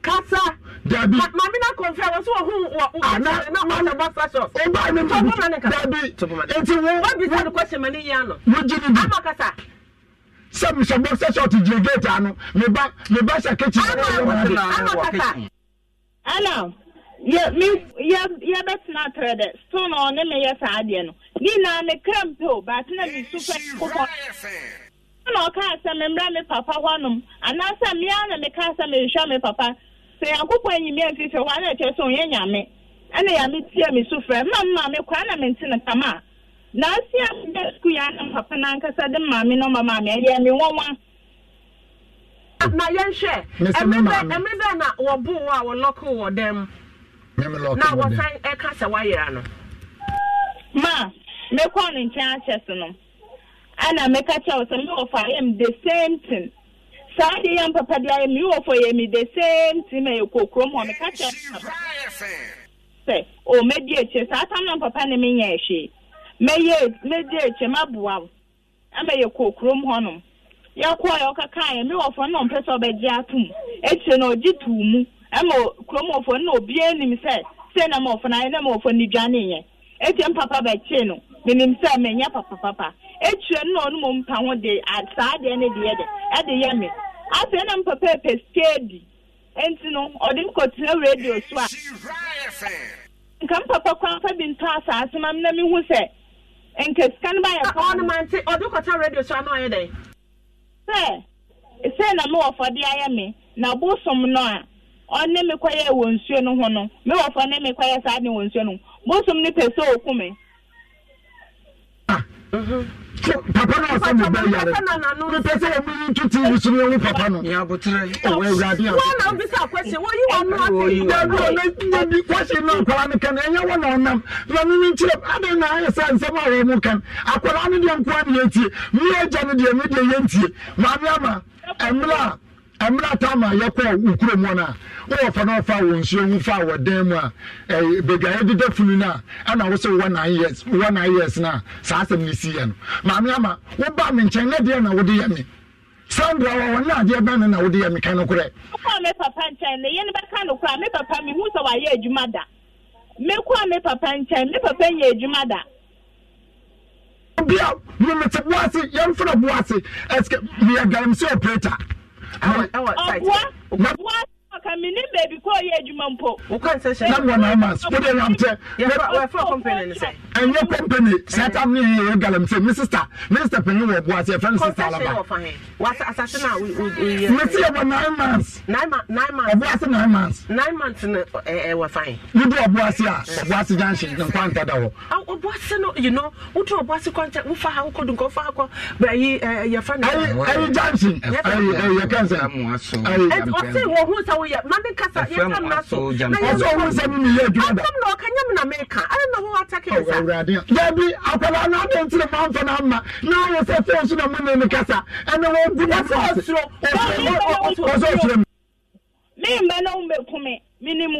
Speaker 4: kasa dabi maame no akɔmfɛ wɔ so
Speaker 1: ne bi
Speaker 2: sɛ mesɛ bɔ sɛ sɛ ɔte meba sɛ
Speaker 4: ana yɛbɛtena atrɛ dɛ stone a ɔne meyɛ saa adeɛ no nyinaa mekra mpɛ o baate na mesu pɛ kokɔ na ɔkaa sɛ memmra me papa hɔnom anaasɛ mmea na mekaa sɛ mehwehwɛ me papa sɛ nyankopɔn anyimi amfifi hɔ a na ɛkyerɛ sɛ ɔyɛ nyame ɛna yɛame tie me su frɛ ma mma me koraa na mente no kama a naasia meda sukuu yɛ ana papa no ankasa de maame no ma maame ɛyɛ me wɔwa Eh, na yɛnhwɛ ɛmɛ bɛ na wɔbo wɔ a wɔlɔko wɔ dɛm na wɔsan ɛka sɛ wayera no ma mekɔɔ ne nkyɛn akyɛ so no ɛna meka kyɛ wo sɛ mewɔfo a yɛm de same thing saa mpapa de ayɛ yɛ me ma kurom hɔ meka kyɛ sɛ o mɛdi akyire saa tam na mpapa ne menyɛ mɛyɛ mɛdi akyire maboa ama kurom yɛkɔɔ yɛ ɔkakaeɛ me wɔfoɔ no na ɔmpɛ sɛ ɔbɛgye atom akyire no ɔgye too mu ɛma kurom wɔfoɔ no na obiara nim sɛ sei na ma ɔfoɔ no ayɛ na ma ɔfoɔ no dwaneeɛ ɛkyɛ m papa bɛkyee no menim sɛ menyɛ papapapa akyire no na ɔno mɔ mpa ho de saa deɛ ne deɛ de ɛde yɛ me afei na mpapa ɛpɛ sika di no ɔde me radio so a nka mpapa kwan fa bi ntɔ asase ma me na mehu sɛ nka no bayɛ ɔno ma ɔde kɔta radio so a na dɛn sɛ sɛ na mewɔ fɔde ayɛ me na bosom no a ɔne me kɔyɛ wɔ nsuo no ho no mewɔ fɔ ne me kɔyɛ saa ne wɔ nsuo no bosom no pɛ sɛ ɔku me
Speaker 1: ah, mhm. papa náà sọ mi bẹ yàrá pípẹ́ sẹ́ omi yìí tún ti wusu ní ewu papa nù. ní abotire ọwọ́ ẹwúrẹ́ adé àbúrò. wọ́n náà
Speaker 3: bisa
Speaker 2: kwẹ́sì wọ́n yí wọn náà sí. dàbí ọ̀nà ìyẹn bí náà kọ́ra ní kẹ́ni ẹ̀yẹ wọn náà nam na mímí n adé náà ayẹ sẹ́ nsẹ́m àwọn ọmọ kan akọ́ra ni diẹ nkọ́ ni yẹn tie mi yẹ gya ni diẹ mi diẹ yẹn tie maame ama ẹ̀mìlá. mmerɛ tama yɛkɔ wo kurom hɔ no a wowɔfa no ɔfa wo nsuo wu fa wɔ dan mu a badwaeɛ deda funu no a ɛna wo sɛ wowɔ nine years no a saa asɛm no siiɛ no maame ama woba me nkyɛn na deɛ na wode yɛ me sandra wɔ wɔn adeɛ bɛn no na wode yɛ me ka no korɛ
Speaker 4: wokɔa me papa nkyɛn na yɛ no bɛka no koraa me papa mehu sɛ wayɛ adwuma da mekɔa me papa nkyɛn me papa nyɛ adwuma da bia memete boase yɛmfrɛ
Speaker 1: boase ɛsɛ meyɛ galamsɛ operator How, uh, how,
Speaker 4: ka mi ni beebi kɔ yɛ adwuma mpo. o
Speaker 1: ka n sɛ sɛ. na wɔn ama o de na n tɛ. yɛfɔ yɛfɔ
Speaker 2: kɔmpani ni sɛ. ɛ n ye kɔmpani sɛta mi ye galamse mi sista mi sista pɛni wɔ buwase fɛn sista alaba. kɔmpani wɔ
Speaker 1: fan yɛ wa asase na o yɛ. mi si yɛ wɔ nine months. nine months nine months. ɔbuwase nine months. nine months ni ɛ ɛ wɔ fan yɛ.
Speaker 2: ni bi ɔbuwase a ɔbuwase jansi nkwan ta da wɔ.
Speaker 1: ɔbuwase no you know o tɛ ɔbuwase kɔnkyɛn o fa ha o kɔ dun kɔ fa ha kɔ bɛyi ɛ yɛfɔ ni. ayi ayi jansi ayi ayi
Speaker 2: kɛnsɛn. ayi ɔsi wɔ
Speaker 1: hun sa woyɛ mame kasa yɛka mna
Speaker 4: so na yɛsɛwo sɛ
Speaker 1: memeyɛ adwuma da na ɔka nyɛ mena meka ɛne na wo atake sa dabi akwada no ade ntire mamfa no ama na ayɛ sɛ fɛn so na mone ne kasa ɛne wɔbu no ɔsɛ ɔsoro
Speaker 4: memba na wombɛkume menim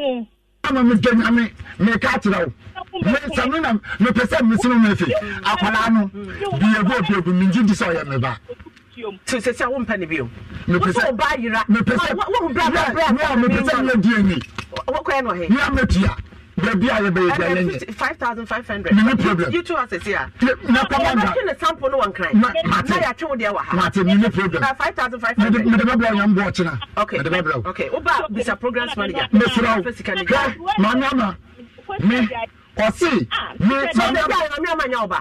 Speaker 2: ama mefɛ nyame meka kyerɛ wo mesɛno na mepɛ sɛ mesene me afi akwada no biabuabiabu mengye di sɛ ɔyɛ meba sɛ sɛ wompɛ ne bio wosɛ ɔba yera wohu brabrabrabmepɛsɛ
Speaker 1: wokɔɛ no he meamɛtua baabi a yɛbɛyɛ bi ayɛ nyɛ. five thousand five hundred. mi ni problem. you two asese a. na pama na. yàtò ne sampo ne wọn kran. na mate na yàtò de wa ha. mate mi ni problem. na five thousand five hundred. mede bɛ bila
Speaker 2: yan bɔ ɔkyina. okay mede bɛ bila o. okay
Speaker 1: o ba bisa programs manager. n bɛ sira o hɛ maame ama
Speaker 2: mi ɔsi
Speaker 1: mi. sɛ ɔdi a yɛrɛ mi ama nya ɔba.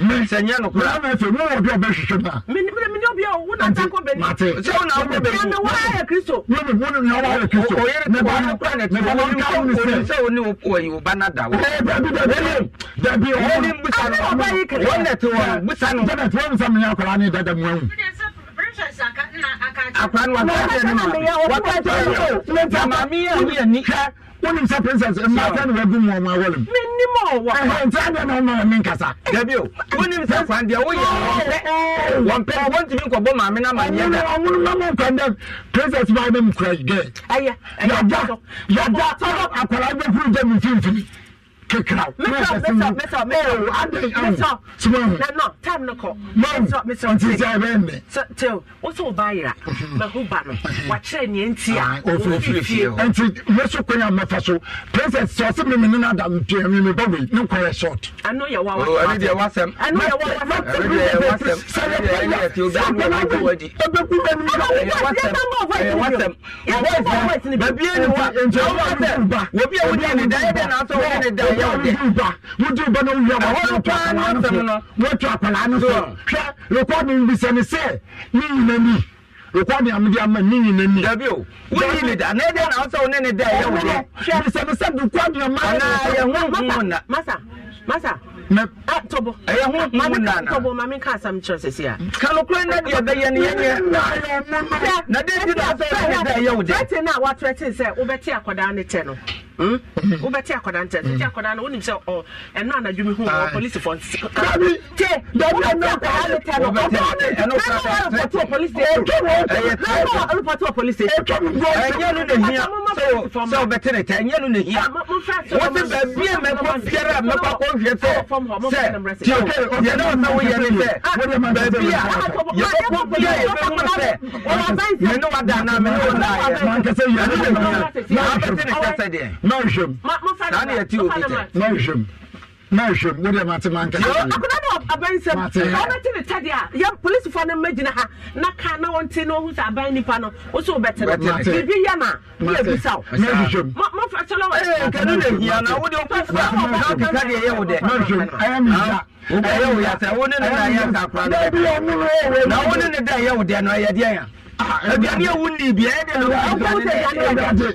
Speaker 1: sɛ nyɛ nokora mɛ fɛ mu wɔ bi ɔbɛhwehwɛ da mene obi a wo na ta kɔ bɛni sɛ wo na wo bɛni na wo ayɛ kristo wo me wo ne wo ayɛ kristo ne ba no kora ne te wo ne ka wo ne sɛ sɛ wo ne wo kɔ yi wo ba na da wo eh da bi da bi da bi wo ne busa no wo ba yi kere wo ne te wo busa no da da te wo
Speaker 2: busa me akora ne wonim sɛ princess mmata ne wagu mu ɔmo
Speaker 1: awɔlem mennim ɔwɔ ɛhɛ nti adɛ na ɔma me nkasa dabi o wonim sɛ kwan deɛ woyɛ wɔmpɛ
Speaker 2: wɔntumi nkɔbɔ maame na maneɛ da ɔmo no mama nkwan dɛ princess baa bɛ mu kura gɛ ɛyɛ yɛda yɛda akwaraa bɛfuru gya me mfimfini kakra nti mɛso kwan a mɛfa so princess sɛ ɔse meme ne no ada mpia meme bɔbɔi ne nkwa yɛ short
Speaker 1: ɛbɛku bɛnmbaabi ne wa obi a wodi ne da ɛdɛ na asɔ wodi ne da
Speaker 2: yɛ wode ba wode ba na wowie wɔtwa akwalaa no so hwɛ rekɔde mbisɛ ne sɛ ne nyina ni rekɔde amede ama ne nyina ni dabi o
Speaker 1: woyi ne da na ɛdeɛ na wo sɛ wo ne ne da ɛyɛ wode hwɛ ne sɛ ne sɛ rekɔde ama ɛyɛ ho ho na masa masa tɔbɔ ɛyɛ ho mun nana tɔbɔ maame ka asam kyerɛ sisi a. kanokura na deɛ bɛyɛ ni yɛn yɛ na den ti na fɛn fɛn da ɛyɛ o de. bɛti na watɔ ɛti sɛ wobɛti akɔdaa ne tɛ no wobɛti akɔdaa ne tɛ titi akɔdaa no wonim sɛ ɔ ɛno anadwumi hu wɔ polisifoɔ nti. dabi te dabi ɛno akɔdaa ne tɛ no ɔbɛti ɛno kasa sɛ ɛtɔ polisi ɛtɔ ɛyɛ tɛ ɛtɔ ɛtɔ polisi ɛtɔ ɛnyɛ no ne hia sɛ ɔbɛti ne tɛ ɛnyɛ no ne hia wɔte baabi a mɛkɔ fiara mɛkɔ akɔ nhwɛ tɛ yɛne wo sɛ woyɛ ne sɛ baabi a yɛbɔkɔ bia yɛbɛhu sɛ mene wada anaa mene wo naayɛ
Speaker 6: mankasɛ
Speaker 2: yɛne bɛhia na wobɛte ne sɛ sɛdeɛ na wohwɛm
Speaker 1: saa ne yɛte obi tɛ
Speaker 2: na wohwɛm na ohwɛ deɛ mate ma nkasa mi. akɔda
Speaker 1: na ne tɛdeɛ a yɛ polisifoɔ no mmɛgyina ha na ka na wɔn ti na sɛ aban nipa no o so bɛtɛ no biribi yɛ na ne yɛ bisa o. na ohwɛ mu. mo na o de yɛ o dɛ. ɛyɛ mi ya. wo ne ne da yɛ nka kura wo ne ne da yɛ o dɛ na ɛyɛ a ni ewu ni ibi ɛyɛ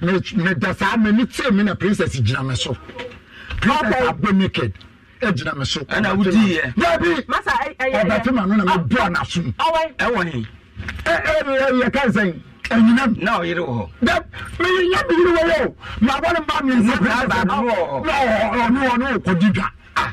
Speaker 2: Me meda saa m'ani tee mi na princess gyina me so princess abɔ naked e gyina me so ɛna wodi yɛ dabi ɔbɛte ma no na mebɔ n'asom ɛwɔ he yɛ ka sɛn ɛnyinam na ɔyere wɔ hɔ dɛ meyinya biyiri wɔ yɛ o mabɔ no ma miɛnsa princess
Speaker 1: ɔno ɔno ɔkɔdi dwa ah.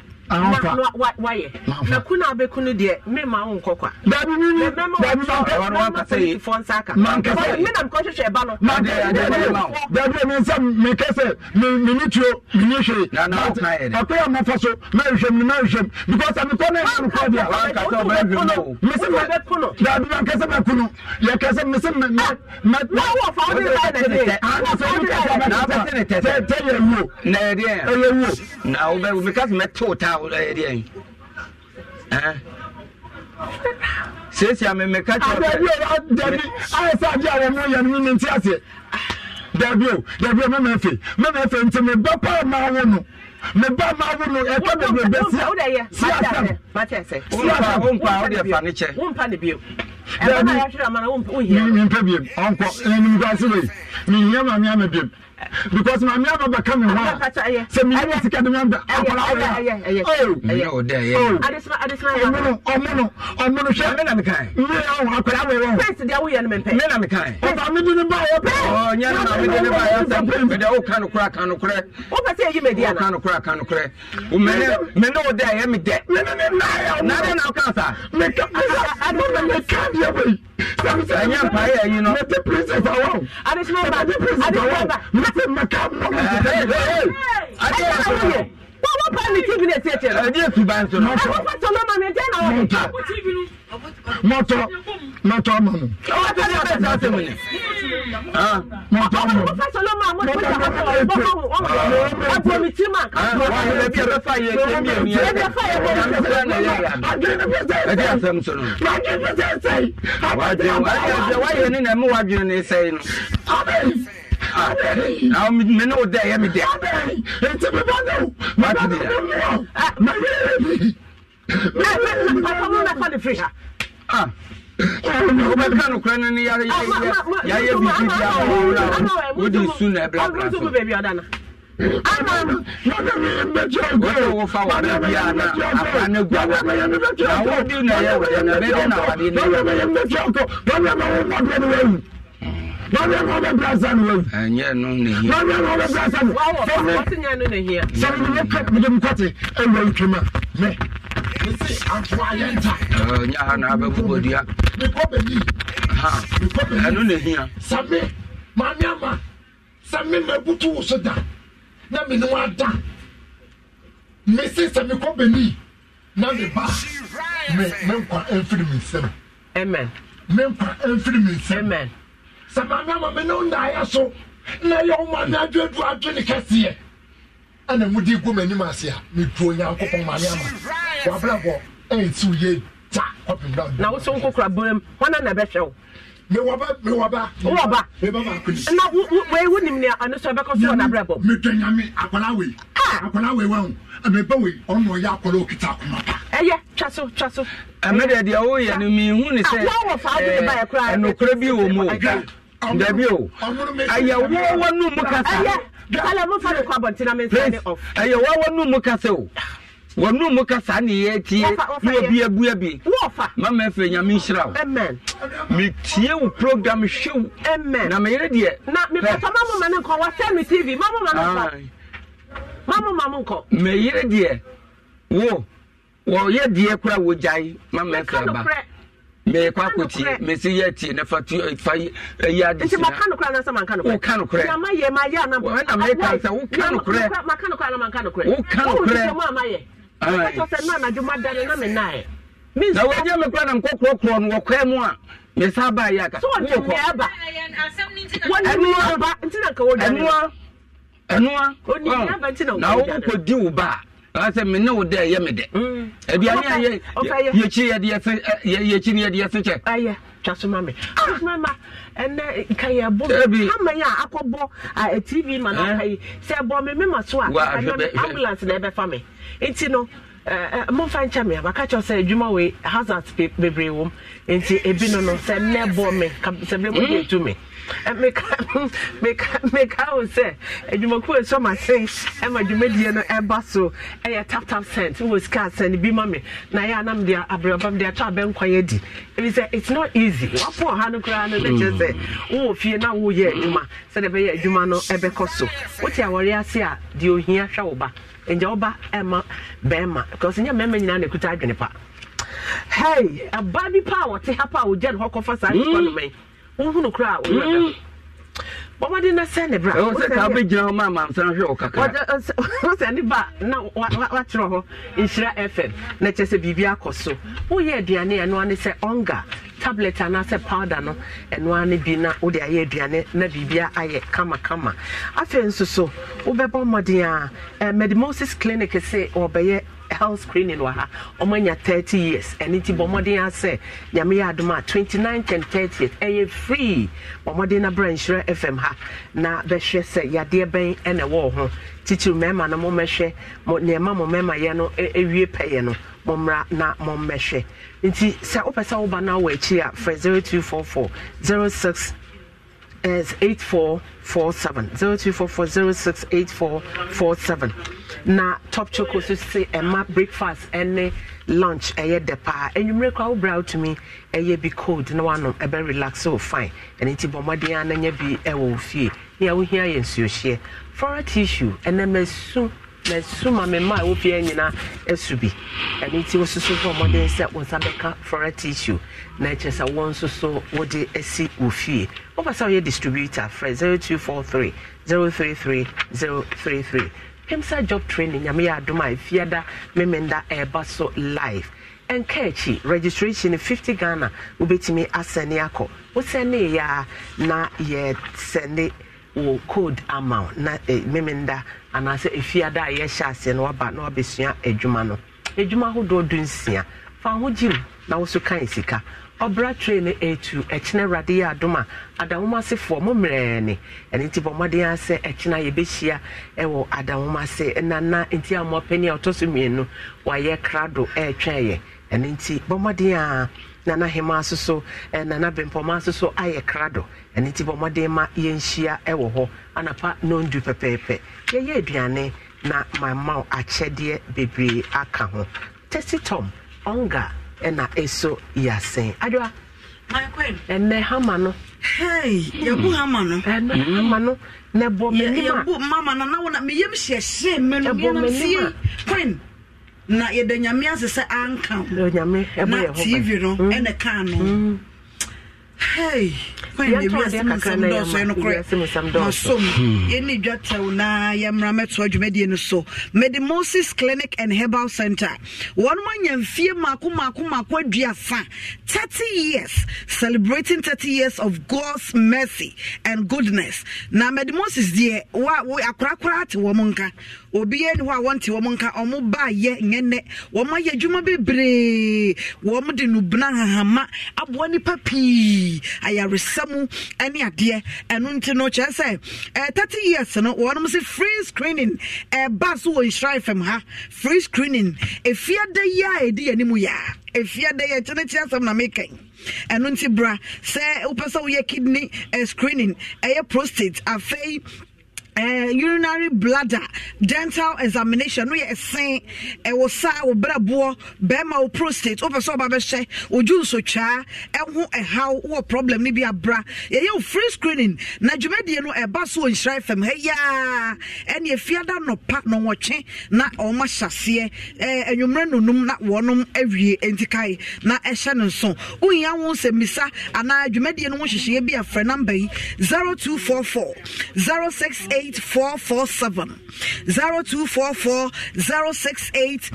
Speaker 1: wayɛ na ku na abɛku no deɛ mema wo nkɔ kwa menam kɔhwehwɛ ɛba no
Speaker 2: daabi me nsɛ meka sɛ mene tuo menye hwee ɛkɔ a mafa so mahwehwɛm no mahwehwɛm because mekɔ no ɛnokɔ deɛ mesɛ daabi manka sɛ maku no yɛka sɛ mesɛ tɛyɛ wuo ɛyɛ
Speaker 1: wuo meka sɛ mɛtewo taa wọ́n yẹ
Speaker 2: díẹ̀ yìí siesie a mɛmɛ ka kyerɛ. dabi o dabi ayɛ sɛ adi a wɔn mo yɛ no mi ti aseɛ dabi o dabi o mɛmɛ fɛ mɛmɛ fɛ nti mɛ ba pa ma wo no mɛ ba ma wo no ɛtɔ bebree bɛ sia
Speaker 1: sia sam sia sam. wo mpa o deɛ fa ne kyɛ. wo mpa ne bio. dabi
Speaker 2: mi mpɛ biem ɔnkɔ ɛnum gba se wei mi nyɛ maame ama biem because maame ababa ka mi hɔ a sɛ mi yi sika de mi abda akɔla ɔyɛ ɔyɛ
Speaker 1: ɔyɛ adesima adesima yɛ ɔmono ɔmono ɔmono hwɛ mi na mi kan mi yɛ ɔn akɔla mi yɛ ɔn pɛnsi de awuyɛ ni mi pɛ mi na mi kan ɔba mi di ni ba yɛ pɛ ɔ nyɛ na mi di ni ba yɛ sɛ pɛ de o kan kura kan kura o pɛ se eyi mi di yan kan kura kan kura mɛ ne mɛ ne o de yɛ mi dɛ mɛ ne ne na yɛ ɔmono na de na o kan sa mɛ ka mi ka mi ka mi ka mi ɛnyɛ mpaeɛ ɛyi no mete prison fa wɔ adesinoba adesinoba mete maka mɔ mete tɛ ɛyɛ ɛyɛ ɛyɛ wọ́n pa mi tv ní etí etí rẹ̀. ẹ̀dí èsì bá ń sọ náà. àwọn fọ́tò ló mọ̀ mi ẹ̀dí ẹ̀nà wọ̀ mi. mọ́tò mọ́tò mọ̀ mi. ọwọ́ tó ní ọbẹ̀ sáà sẹ́mu ni. mọ́tò mọ̀ mi. àwọn fọ́tò ló mọ̀ àwọn tó ń
Speaker 2: sàkóso ọ̀rọ̀ bọ́ fún wọn. ọ̀pọ̀ mi
Speaker 1: tí mà ká tó.
Speaker 2: wọ́n mi bẹ́ẹ̀ fà yẹ kí mi ẹ̀mí ẹ̀. ẹ̀dí
Speaker 6: fà yẹ kí mi ẹ̀mí ẹ̀. ẹ̀dí
Speaker 1: àṣẹ na me ne wo dɛ ɛyɛ me dɛ nti meba ne wo meba ne wo mmerɛ ma yɛyɛ bi papa mo mɛfa ne firi ha
Speaker 2: wobɛka nokora no ne yɛyɛ biribia wɔwora wode su na ɛbrabra so wote wo fa wɔna bia na
Speaker 1: afa no gua na wode na ɛyɛ wɛɛ no bɛdɛ na
Speaker 2: wadeɛ no lọ́wọ́ yẹn kọ́ bẹ bẹ̀rẹ̀ sẹ́nu wọ̀nyí. ẹ̀yẹ nù nìyí. lọ́wọ́ yẹn kọ́ bẹ bẹ̀rẹ̀ sẹ́nu. sẹ́nu sẹ́nu ló kọ́ mi jẹ́mi kọ́tì ẹ̀ wọ ìtwe ma
Speaker 1: mẹ́. ẹsẹ̀ àfọ ayé ń ta.
Speaker 2: ọ̀ nyà hàn náà bẹ bú bọ̀ díà. mi yìí. mi kọ́ yìí. ẹnu nìyí. sami maami ama sami mẹ butu wusu da na mi ni wa da mi sami kọ́ bẹ yìí na mi ba mi mi nkwa ẹnfiri mi nsẹm. amen. mi nkwa ẹnfiri mi nsẹm. amen sɛ maame ama me ne wo ndaeɛ so na ɛyɛ wo maame adwadu adwene kɛseɛ ɛna mudi gu m'anim ase a medu onyankopɔn maame ama wabrɛbɔ ɛnsi wo yɛ da kɔpem da na wo so nkokora bram hɔna na ɛbɛhwɛ wo mewaba mewaba na wei wonim nea ɔno so ɛbɛkɔ so wɔ nabrɛbɔ medwa nyame akwala wei akwala wei wa meba wei ɔno ɔyɛ akwala okita akoma pa ɛyɛ twa so twa so ɛmɛ deɛ woyɛ no mehu ne sɛ ah,
Speaker 1: bi wɔ mu
Speaker 2: dabi o ayɛ wɔwɔ nu mu kasa
Speaker 1: ayɛ wɔwɔ nu mu kasa o wɔnu mu kasa ne yɛ tie ne obi abua bi mama efe nyame nhyira wo mi tie wo program hwew na mi yɛrɛ deɛ na mi pɛtɛ mamu ma ne nkɔ wa sɛ mi tv mamu ma ne nkɔ mamu ma mu nkɔ mi yɛrɛ deɛ wo wɔyɛ deɛ kura wo gyae mama efe ba mɛkɔ akotie mɛsi yɛ tie na fa tu eh, fa ɛyɛ eh, adi sira nti maka nukurɛ anasa maka nukurɛ woka nukurɛ yama yɛ ma yɛ anam ɛna mɛ ka nsa woka nukurɛ maka nukurɛ anam maka nukurɛ woka nukurɛ wɔn mu ama yɛ ɛkɔtɔ sɛ nua anadu ma da ne na mɛ na yɛ na wɔn nyɛ mɛkura na nkɔkurɔkurɔ no wɔkɔɛ mu a mɛsa ba yɛ aka wɔn kɔ ɛnua ɛnua ɛnua na wɔn kɔ di wo ba a asɛ me ne wo dɛ ɛyɛ me dɛ mm. aduane a yɛkyi ne yɛde yɛse kyɛ twasoma me twasoma ma ɛnɛ nkayɛ bɔ ama yɛ a akɔbɔ tv ma na eh? aka yi sɛ ɛbɔ me mema so a ɛnɛ ambulance na ɛbɛfa me nti no momfa nkyɛ me abaka kyɛ sɛ adwuma wei hazard bebree wom nti ebi no sɛ nnɛ bɔ me sɛ berɛ mu yɛtu mm. me Eh, meka wo sɛ adwumakuo ɛsɔ mase ma dwumadie no ɛba so ɛyɛ taptap cent wowɔ sika asɛne bi ma me na ɛyɛ anam de abrɛbam de atɔ abɛnkwan adi ɛbi sɛ it's not easy wapo ɔha no koraa no nɛkyɛ sɛ mm. wowɔ fie na woyɛ adwuma sɛde ɛbɛyɛ adwuma no ɛbɛkɔ so wote awɔre ase a deɛ ohia hwɛ wo ba ɛnyɛ wo ba ɛma bɛrima because nyɛ mmarima nyinaa na ɛkuta adwene pa hey ɛba bi pa a wɔte ha pa a wogya ne hɔ kɔfa saa nipa no mm. wohunu kora a woyɛ mm. bɔmmɔden na sɛ ne bra ɛwɔ sɛ kaa bɛgyina hɔ ma amansan hwɛ wo kakrawosɛ ne ba na wakyerɛ hɔ nhyira fm na kyɛ sɛ biribi akɔ so woyɛ aduane ɛnoa ne sɛ ɔnga tablet anaasɛ powder no ɛnoa ne bi na wode ayɛ aduane na biribia ayɛ kamakama afei nso so wobɛbɔ mmɔden a medimosis clinic se wɔbɛyɛ health screening wɔ ha ɔmo anya thirty years ɛne ti bɔ ɔmɔden asɛ nyame yɛ adum a twenty ninth and thirtieth ɛyɛ free ɔmɔden na brɛ nhyerɛ fm ha na bɛhwɛ sɛ yadeɛ bɛn ɛna ɛwɔ ho titiri mɛɛma no mo mɛhwɛ mo nneɛma mo mɛɛma yɛ no ɛwie pɛyɛ no mo mmra na mo mmɛhwɛ nti sɛ wopɛ sɛ woba na wɔ akyi a fɛ zero two four four zero six is 8447 0244068447 na top choco so si Emma breakfast ɛne e lunch ɛyɛ e dɛ paa enyimire kora wo bra wotumi ɛyɛ e bi cold na wanom ɛbɛ relax so fine ɛne ti bɔ mmɔden a n'anya bi ɛwɔ ofie ne a wohia yɛ nsuohyeɛ flora tissue ɛnɛmɛ sun na suma ma me mma a wofie nyinaa asu bi ɛno nti wososo bɔ mmɔden sɛ wo nsa bɛka flora tissue na ɛkyerɛ sɛ wo nso so wode asi wo fie wopɛ sɛ woyɛ distributor frɛ 0243 033 033 pimsa job training yamia yɛ adom a ɛfiada memenda ɛreba so live ɛnka registration 50 ghana wobɛtumi asɛne akɔ wosɛne yɛ a na yɛsɛne wɔ code ama na eh, memenda anaasɛ efiada a yɛhyɛ aseɛ na waba na wabɛsua adwuma no adwuma ahodoɔ do nsia fa ho gyim na woso kan sika ɔbra train no etu ɛkyinɛ awurade yɛ adom a adanwoma asefoɔ mo mmerɛɛ ne ɛne nti bɔ mmɔden asɛ ɛkyinɛ yɛbɛhyia ɛwɔ adanwomase ase na na nti a mo a ɔtɔ so mmienu wayɛ krado ɛɛtwɛn yɛ ɛne nti bɔ mmɔden a. nana hema nso so nana eh, bempɔma nso so ayɛ krado ɛno nti bɔ mmɔden ma yɛnhyia wɔ hɔ anapa nondu pɛpɛɛpɛ yɛyɛ aduane na mama akyɛdeɛ bebree aka ho tesitom ɔnga ɛna ɛso yɛasɛn adwa
Speaker 8: ɛnɛ hama no yɛbu hama no ɛnɛ hama no na ɛbɔ a yɛbu mama no na wɔn na meyam hyɛhyɛ mmenu yɛnam fie na yɛda nyame ase sɛ anka na tv no mm. ɛne mm. ka no hei masom hmm. yɛne dwa tɛw na yɛmmra mɛtoa dwumadie no so mede moses clinic and herbal center wɔnom anya mfie maako maako maako fa 30 years celebrating 30 years of god's mercy and goodness na mede moses deɛ akorakora ate wɔ m nka obiara ni hɔ a wɔnte wɔn nka wɔn baayɛ nyɛnɛ wɔn ayɛ adwuma bebree wɔn de nubena hahama aboa nipa pii ayaresɛm ne adeɛ ɛno nti no kyerɛ sɛ ɛɛ thirty years no wɔn si free screening ɛɛba so wɔ nhyira fam ha free screening efiada yi a yɛdi yɛn anim yaa efiada yɛ kyerɛkyerɛ asɛm na mekan ɛno nti bra sɛ wopɛ sɛ woyɛ kidney screening ɛyɛ prostate afei. Eh, urinary bladder dental examination no yɛ ɛsen ɛwɔ sa wo brɛboɔ bɛrima wo prostate wopɛ sɛ ɔba bɛhyɛ oju nsotwaa ɛho ɛhaw wɔ problem no bi abra yɛyɛ wo free screening na dwumadie no ɛba so wɔ nhyira fam ha yaa ɛne afiada nɔpa nɔwɔtwe na ɔma hyɛseɛ anwummerɛ nonum na wɔnom awie ɛnti kae na ɛhyɛ no nso wohia wo sɛ mmisa anaa dwumadie no ho hyehyeɛ bi a frɛ number yi 0244 068 02447 0244 068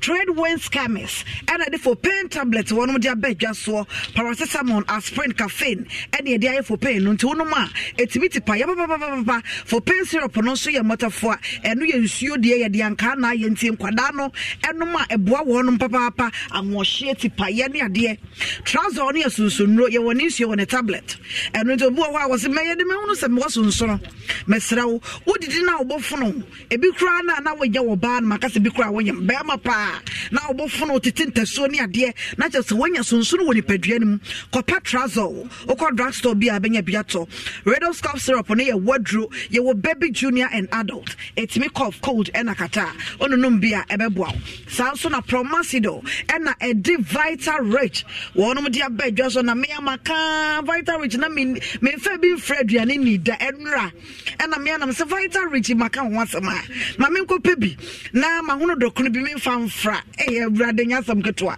Speaker 8: trade wind scammers and a for pain tablets. one of their bed just so paracetamol aspirin caffeine and the idea for pain until no ma it's me tipa for pain syrup no so your mother for and we ensure the air the ankana yentim quadano and no ma a boa one papa um, and wash it tipa yenny idea trouser on your susun no your one is your tablet and into boa was a mayor the moon nso no mesrɛ wo wodidi no a wobɔfono ebi koraa no a na woyɛ wɔ baa no makasɛ bi koraa woyɛ bɛrima paa na wobɔfono tete ntasuo ne adeɛ na kyɛ sɛ woanya sonsono wɔ nipadua no mu kɔpa trasol wokɔ drugstore bi a bɛnya bi atɔ redo scalp syrup no yɛ waduro yɛwɔ baby junior and adult ɛtumi cough cold ɛna kata a ɔnonom bi a ɛbɛboa wo saa nso na promacido ɛna ɛde vital rich wɔnom de aba adwa so na meamaka vital rich na memfa bi mfrɛ aduane nida nwura ɛna me anam sɛ vital rich maka ho asɛm a ma menkɔpɛ bi na mahono dɔkono bi memfa mfra ɛyɛ awurade nyɛ asɛm ketewa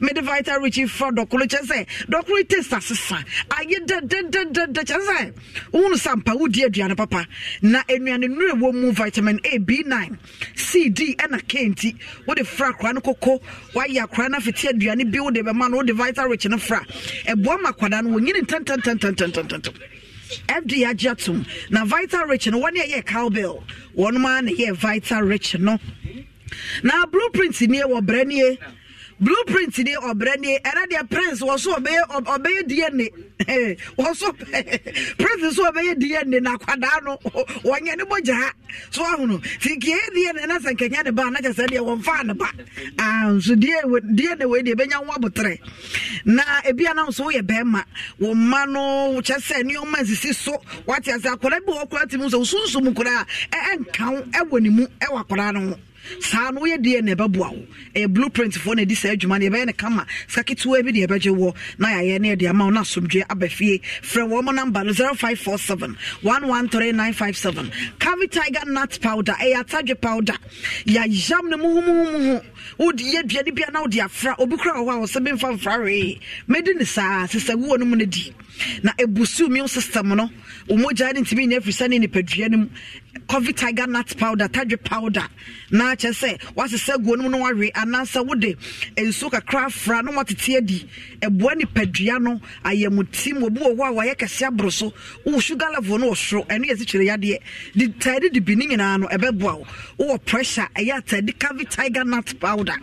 Speaker 8: mede vital rich fa dɔkono kyɛ sɛ dɔkono test asesa ayɛ dɛdɛdɛdɛdɛ kyɛ sɛ wohunu sɛ mpa wodi aduane papa na anuane nnura wɔ mu vitamin a b9 cd ɛna k nti wode fra akora no koko woayɛ akora no afete aduane bi wode bɛma no wode vital rich no fra ɛboa ma akwadaa no wɔnyini ntɛntɛntɛntɛntɛntɛntɛm fda agye atom na vital rich no wɔne ɛyɛ cowbell wɔnom a na ɛyɛ vital rich no na blueprint nie wɔ brɛ nie blueprint de ɔbrɛ ne ɛna deɛ prince wɔ so ɔbɛyɛ ɔbɛyɛ dna wɔ so prince so ɔbɛyɛ dna na akwadaa no wɔnyɛ ne bɔgya so ahono ti kie dna na sɛ nkɛnyɛ ne ba na kyɛ sɛ deɛ wɔmfa ne ba ah, nso dna wei deɛ ɛbɛnya ho abotire na ebi anam so woyɛ bɛrima wɔn mma no kyɛ sɛ nneɛma nsisi so wate ase akwadaa bi wɔ akwadaa ti mu sɛ osunsun mu koraa ɛnka ɛwɔ ne mu ɛwɔ akwadaa no ho. saa no woyɛ deɛ na ɛbɛboa wo ɛyɛ blueprint foɔ na ɛdi saa adwuma no yɛbɛyɛ no kama sika ketewa bi ne yɛbɛgye wɔ na yɛayɛ ne yɛde ama wo no asomdwe aba fie frɛ wɔ mo number no 0547 113957 cavi tiger nut powder ɛyɛ atadwe powder yɛayam no muhumuhumuhu wode yɛ aduane bia na wode afra obi kora wɔ hɔ a wɔ sɛ memfa mfra wee mɛdi ne saa sesɛ wuo no mu no di na ɛbusu immune system no ɔmogya no ntumi nya afiri sɛ ne nipadua no mu coffee tiger nut powder tadwe powder na kyɛ sɛ woasesɛ guo no mu no wawe anaasɛ wode nsuo kakra fra na watete adi ɛboa nipadua no ayɛ mu tim obi wɔ hɔ a wayɛ kɛse aboro so wowɔ sugar level no wɔ soro ɛno yɛ sikyerɛ yadeɛ de taade de bi ne nyinaa no ɛbɛboa wo wowɔ pressure ɛyɛ ataade coffee tiger nut powder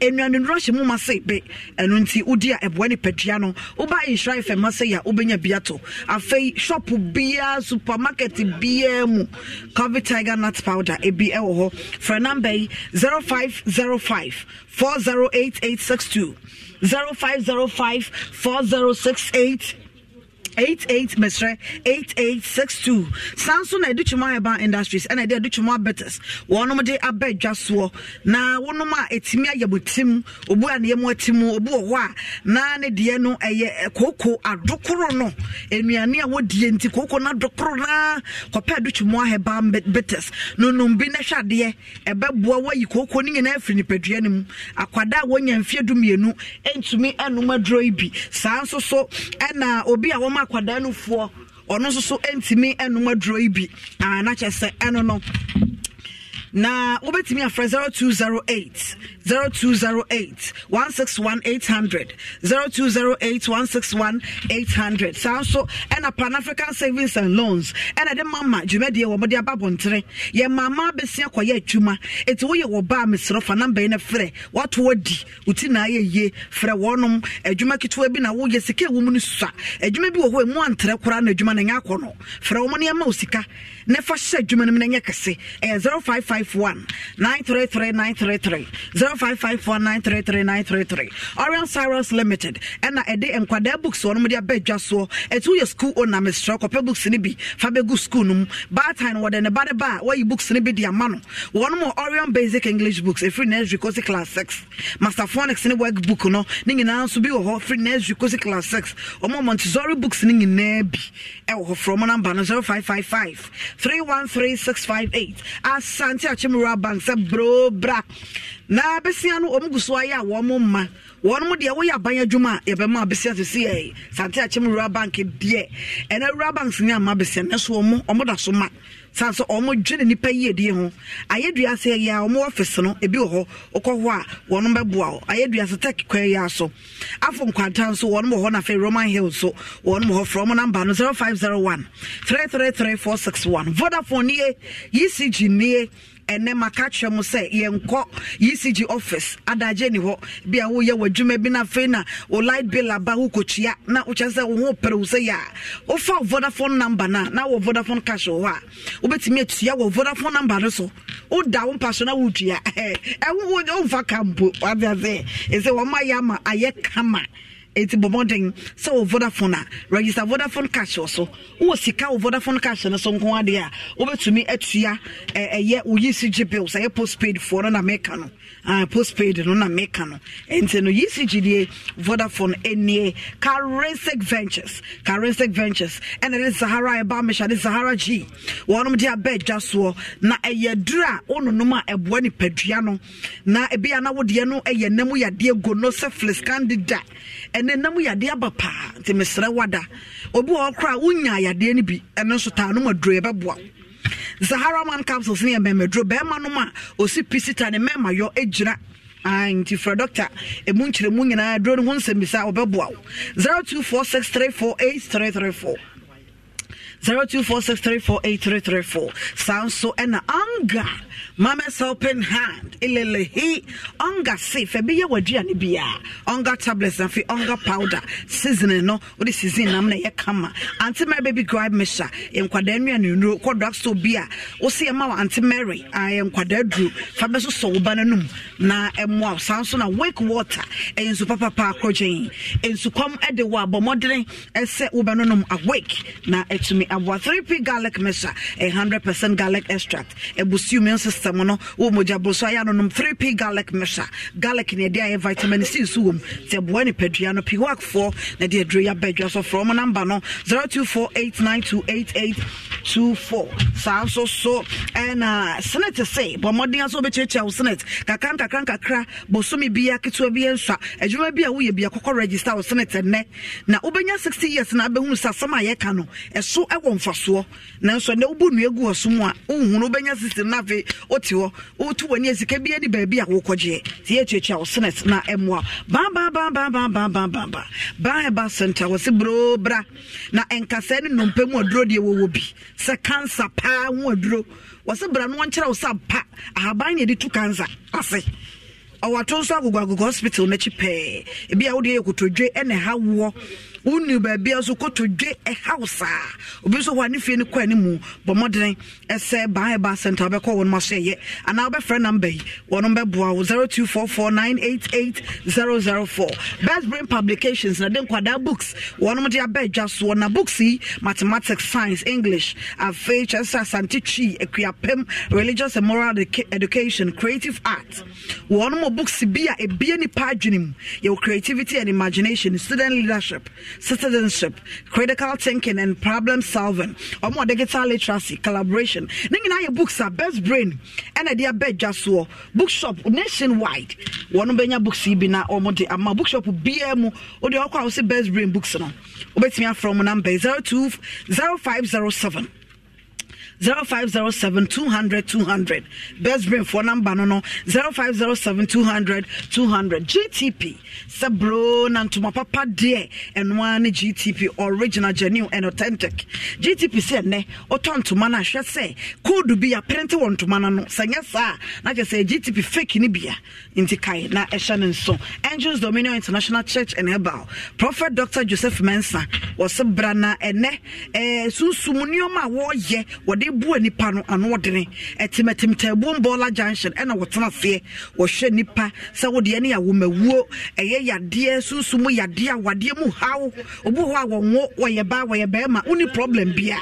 Speaker 8: enu ɛnuanenuro hyɛ mu ma se be ɛno nti wodi a ni nipadua no woba nhyira fɛma sɛ ya wob wobɛnya bi ato afei shop biara supermarket biara mu covid tiger nut powder ebi ɛwɔ e hɔ frɛ number yi 0505 408862 0505 4068 88 mesrɛ 8862 saa nso na ɛde chuma herbal industries ɛna ɛde ɛde chuma betters wɔnom de aba adwa soɔ na wonom ma ɛtumi ayɛ mo obu a ne yɛmu obu wɔ a na ne deɛ no ɛyɛ kooko adokoro no nnuane a wɔdie nti kooko no adokoro naa kɔpɛ ɛde twuma herbal betters no bi na hwɛ adeɛ ɛbɛboa wɔyi kooko no nyinaa afiri nipadua no mu akwadaa a wɔnya dumienu ntumi ɛnum aduro bi saa so ɛna obi a wɔn akwadaa no foɔ ɔno nso so ntumi num aduro yi bi anakyɛ sɛ ɛno no na wobɛtumi afrɛ 0208 0208 161 800 0208 161 800 saa nso ɛna pan african savings and loans ɛna de mama dwumadie wɔ mode aba abɔntere yɛ mama bɛsia kɔyɛ adwuma ɛti woyɛ wɔ baa meserɛ fa namba yi no frɛ woato adi wo ti na ye yie frɛ wɔnom adwuma ketewa bi na woyɛ sika ɛwɔ mu no sua adwuma bi wɔ hɔ ɛmu antrɛ koraa na adwuma no ɛnyɛ akɔ no frɛ wɔ mo nneɛma wo sika na fa hyɛ adwuma no mu no ɛnyɛ kɛse ɛyɛ 055 0551 933 933 0551 933 933 Orion Cyrus Limited ɛna ɛde nkwadaa books wɔn mo de abɛdwa soɔ ɛtu yɛ school owner mesrɛ kɔpɛ books ne bi fa bɛgu school no mu baatan wɔde ne ba ne ba a wɔyi books ne bi de ama no wɔn mo Orion basic English books efiri nursery kɔsi class six master phonics ne work book no ne nyinaa nso bi wɔ hɔ firi nursery kɔsi class six wɔn Montessori books ne nyinaa bi ɛwɔ hɔ three one three six five eight. asante. akyeakyem rural bank brobra na abɛsia no ɔm gu so ayɛ a wɔn mma wɔn deɛ woyɛ aban adwuma a yɛbɛma abɛsia si ɛyɛ sante akyem bank deɛ ɛnna bank ne ama abɛsia ne so wɔn wɔn da so ma san wɔn dwe nipa yie die ho ayɛdua yɛ a wɔn ɔfis no ebi wɔ hɔ hɔ a wɔn tech kwan yɛ aso afɔ nkwanta nso wɔn wɔ hɔ n'afɛ roman hill wɔ ɛnɛ maka kyerɛ mu sɛ yɛnkɔ ecg office adagye ni hɔ a woyɛ w'adwuma bi na afei na wo light bill aba wokɔtua na wokyɛ sɛ wo ho pere sɛ yɛ a wofa vodaphone number no a na wɔ cash wɔ hɔ a wɔ number no so woda wo mpa so na wotua ɛwo womfa ɛsɛ ayɛ kama eti bɔbɔden sɛ wɔ vodafone a register vodafone cash wɔ so wɔ sika wɔ vodafone cash no so nko adeɛ a wobɛtumi atua eh, ɛyɛ wo usage bills ɛyɛ postpaid foɔ no na meka no uh, postpaid no na meka no nti no UCG deɛ Vodafone ɛnie Karesic Ventures Karesic Ventures ɛna de Sahara ɛba amehyɛ de Sahara G wɔnom de abɛ adwa soɔ na ɛyɛ duro a wɔnonom a ɛboa nipadua no na ebi a na wodeɛ no ɛyɛ nam yadeɛ gonosyphilis candida ɛnɛ nam yadeɛ aba paa nti mesrɛ wada obi wɔ hɔ wonya yadeɛ no bi ɛno nso taa no aduro yɛbɛboa Zahara man capsules ne yɛ bɛmɛduro bɛrima nom a ɔsi pisita ne mɛma yɔ gyina nti frɛ dɔkta ɛmu nkyerɛmu nyinaa duro no ho eight three three four 0246348334 Sounds so. And anger, mamas open hand elelehi ɔnga se fa bɛyɛ w'aduane biaa ɔnga tablets fi ɔnga powder seasoning no wode season nam na ɛyɛ kama ante mary baby gribe mesha nkwadaa nnuane nnuro kɔ drugstore bi a wo se ɛma wɔ ante mary I am duro fa bɛso sɔ wo na ɛmmoa sounds so na wake water ɛyɛ nsu papapa akorɔgyen nsukɔm de wɔ abɔ mmɔdene ɛsɛ wobɛnonom awake na atumi aboa 3p garlic mixture a 100% garlic extract ɛbusu immune system no wɔ mogya boro so ayɛ anonom 3p garlic mixture garlic ne ɛde ayɛ vitamin c nso wɔ mu nti ɛboa nipadua no pii wakfoɔ na ɛde aduro yɛ aba adwa so frɛ ɔmo namba no 0248928824 saa nso so ɛna senate se bɔ mmɔden nso wobɛkyerɛkyerɛ wo senate kakra nkakra nkakra bosome bia ketewa bia nsua adwuma bi a woyɛ bia kɔkɔ register wo senate nnɛ na wobɛnya 60 years na abɛhunu sɛ asɛm a yɛka no ɛso ɛwɔ mfasoɔ nanso ɛnɛ wobɔ nnua gu ɔso mu a wohunu wobɛnya system no afei wote hɔ wotu w'ani a sika bi adi baabi a wokɔgyeɛ nti yɛatuatua wo senet na ɛmmoa baabaabaabaabaabaabaaba baa ɛba wɔ se brobra na ɛnkasɛɛ ne nnompa mu aduro deɛ wɔwɔ bi sɛ kansa paa ho aduro wɔ se bra no wɔnkyerɛ wo sa pa ahaban ne yɛde tu kansa ase nso agogo agogo hospital n'akyi pɛɛ ebi a wode yɛ kotodwe wonu baabi nso kɔtɔ dwe ɛhaw saa obi nso hɔ a ne fie no kɔ anim bɔ mmɔden ɛsɛ ban ɛban center wobɛkɔ wɔn ma so ɛyɛ anaa wobɛfrɛ namba yi wɔn bɛboa wo four. best brain publications na de nkwadaa books wɔn de abɛ adwa soɔ na books yi mathematics science english afei kyerɛ sɛ asante twi akuapem religious and moral education creative Arts. wɔn mo books bi a ebie nipa adwene mu yɛwɔ creativity and imagination student leadership citizenship critical thinking and problem solving more digital literacy collaboration ne nyinaa yɛ books a best brain ɛna ɛde abɛ dwa soɔ bookshop nationwide wɔn bɛnya books yi bi na ɔmo de ama bookshop biara mu o de ɔkɔ a wɔsi best brain books no wɔbɛtumi afrɔ mo number zero two zero five zero seven. 0507 200 200 best brain for number no no 0507 200 200 GTP sabro nantuma papa deɛ ɛnoa ne GTP original genuine and authentic GTP sɛ ɛnɛ ɔtɔ ntoma no ahwɛ sɛ koodu bi aprɛnte wɔ ntoma no no sɛ nyɛ saa na kyɛ GTP fake ne bia nti na ɛhyɛ ne nso Angels Dominion International Church and Herbal Prophet Dr. Joseph Mensa was a brana na ɛnɛ eh, sunsum nneɔma a wɔyɛ ebua nipa no ano ɔdene ɛtɛmɛtɛm tɛɛbuo mbɔɔla junction ɛna wɔtena seɛ wɔhwɛ nipa sɛ wɔde ɛne awomawuo ɛyɛ yadeɛ sunsun mu yadeɛ awadeɛ mu haw obi hɔ a wɔnwo wɔyɛ baa wɔyɛ bɛrima wɔn problem bia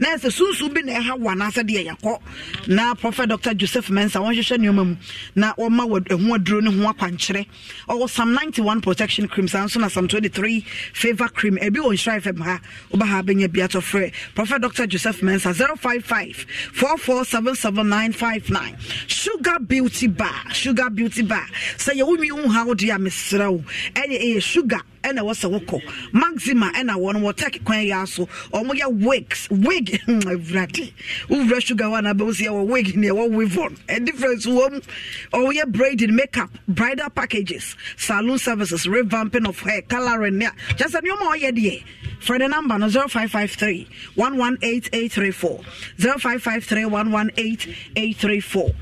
Speaker 8: na ɛsɛ sunsun bi na ɛha wɔ anaasɛ deɛ yɛkɔ na prɔfɛt dr joseph mensa wɔn hyehyɛ nneɛma mu na wɔma wɔ ɛho aduro ne ho akwankyerɛ ɔwɔ sam ninety one protection cream saa nso na sam twenty three favour cream ebi wɔ nhyira fm ha ɔba ha abɛnya bi atɔ frɛ prɔfɛt dr joseph mensa zero five. 08055 4477959 sugar beauty bar sugar beauty bar sɛ yɛwo nwi wo ha wo deɛ a mesrɛ wo ɛyɛ ɛyɛ sugar ɛna ɛwɔ wokɔ maxima ɛna wɔn wɔ tech kwan yɛ aso ɔmo yɛ wigs wig hmm, awurade wowura sugar wɔ anaa bɛwɔ sɛ yɛwɔ wig ne ɛwɔ wivon a difference wɔ mu ɔmo braiding makeup bridal packages saloon services revamping of hair colouring nea kyɛ sɛ nneɛma ɔyɛ deɛ for the number no 0553 118834 0553 118834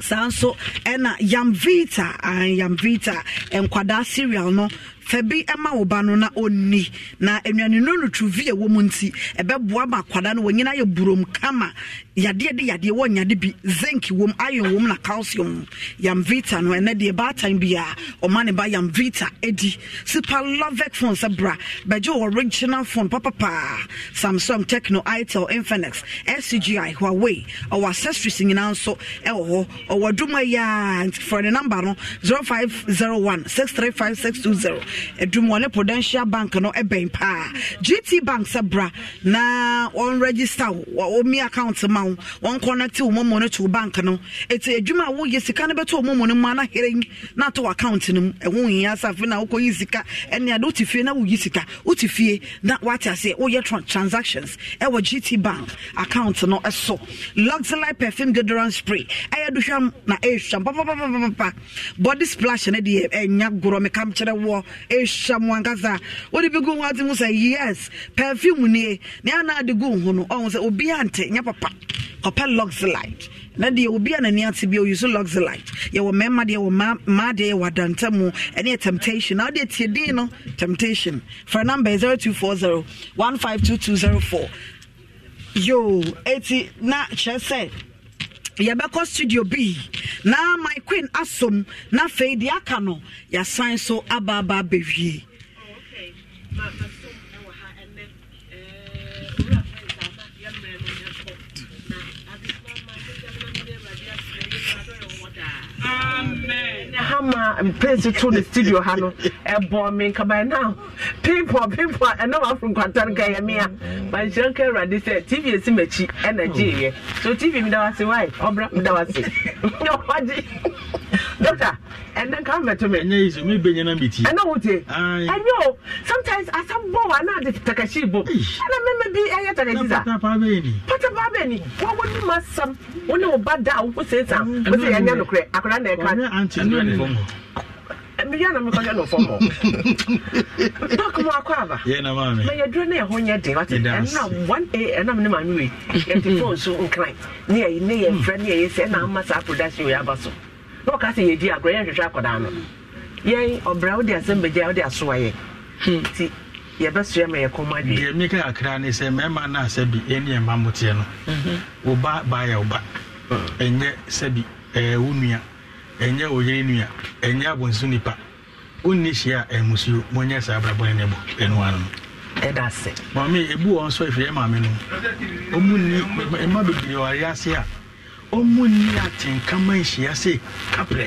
Speaker 8: saa nso ɛna yamvita yamvita nkwadaa serial no fa bi ma wo ba no na ɔnni na anuane no notruvi a ɛwɔ mu nti ɛbɛboa ma akwadaa no wɔnyina yɛ burom kama yadeɛ de yadeɛ wɔnyade bi zinc wom iron wom na calcium yam vita no ɛnɛ deɛ baatan biara ɔma ne ba yam vita edi superlovic phone sɛ bra bɛgye original phone papapaa samsung techno itel infinix scgi huawei ɔwɔ accessories nyinaa nso ɛwɔ hɔ ɔwɔ dwuma yi a nti fɔre ne namba no zero five zero one six three five six two zero adum ɔne prudential bank no bɛn paa gt bank sɛ bra na wɔn register wɔmi account ma wo wɔn connect wo mɔmɔ no to bank no ɛti adwuma a woyɛ sika no bɛtɔ mɔmɔ no mu anaheren na ato account no mu ɛho hia sɛ afei na wokɔyi sika ɛne ade wote fie na woyi sika wote fie na wate aseɛ woyɛ transactions ɛwɔ gt bank account no ɛso luxury perfume deodorant spray ɛyɛ duhwam na ɛyɛ hwam papapapapa body splash no deɛ ɛnya gorɔ meka kyerɛ woɔ ɛhyɛ mo ankasa wode bi gu ho ate mu sɛ yes perfume nie ne ana de gu ho no ɔhu sɛ obia nte nyɛ papa kɔpɛ luxelite na deɛ obi a n'ani ate bi oyi so luxelite yɛwɔ mmarima deɛ wɔ mmaa deɛ yɛwɔ adanta ɛne yɛ temptation na ɔde tie din no temptation for number zero two four zero one five two two zero four yo eti na kyerɛ sɛ yɛbɛkɔ studio b na my queen asom na afei deɛ aka no yɛasan so abaaba abɛwie oh,
Speaker 1: hama mpɛnsi to the studio ha no ɛbɔ me nka by now pimpɔ pimpɔ ɛna waforo nkwanta no ka yɛ mea manhyira nka awurade sɛ tv ɛsi m'akyi ɛna gyeeɛ so tv meda wase wae ɔbra meda wase ɔgye doctor and then come to me. Enye isu mi benye na mbiti. Ena wote. Enyo sometimes asambo wa na de takashi bo. Ena meme bi eye takashi za. Pata
Speaker 7: pa be ni.
Speaker 1: Pata pa be ni. Wa woni masam. Woni oba da wo sensa. Wo se enye no kre. Akora na e ka. Enye anti no ni fongo. meyɛ na mekɔyɛ no fɔmɔ dɔk mu akɔ aba
Speaker 7: mɛyɛ
Speaker 1: duro na ɛho nyɛ one a ɛnam ne maame wei yɛte phone so nkran ne yɛyɛ frɛ ne yɛyɛ sɛ ɛna ama saa production wei aba so na ɔka sɛ yɛdi agorɔ yɛn hwehwɛ akɔdaa no yɛn ɔbra wode asɛm bɛgya wode asoa yɛ hmm. nti yɛbɛsoɛ ma yɛkɔm adwe deɛ
Speaker 7: meka kakra ne sɛ mmarima no asɛ bi ɛne ɛma moteɛ no mhm. wo ba baayɛ wo ba hmm. ɛnyɛ sɛ bi wo nua ɛnyɛ oyere nua ɛnyɛ abonso nipa wonni hyia a ɛmusuo monyɛ saa abrabɔne ne bɔ ɛnoa no ɛda sɛ maame ɛbu wɔ nso ɛfiri ɛmaame no ɔmu ni ɛma bebree ɔare ase a ɔmo ni atɛnkama nhyia sɛ kaprɛ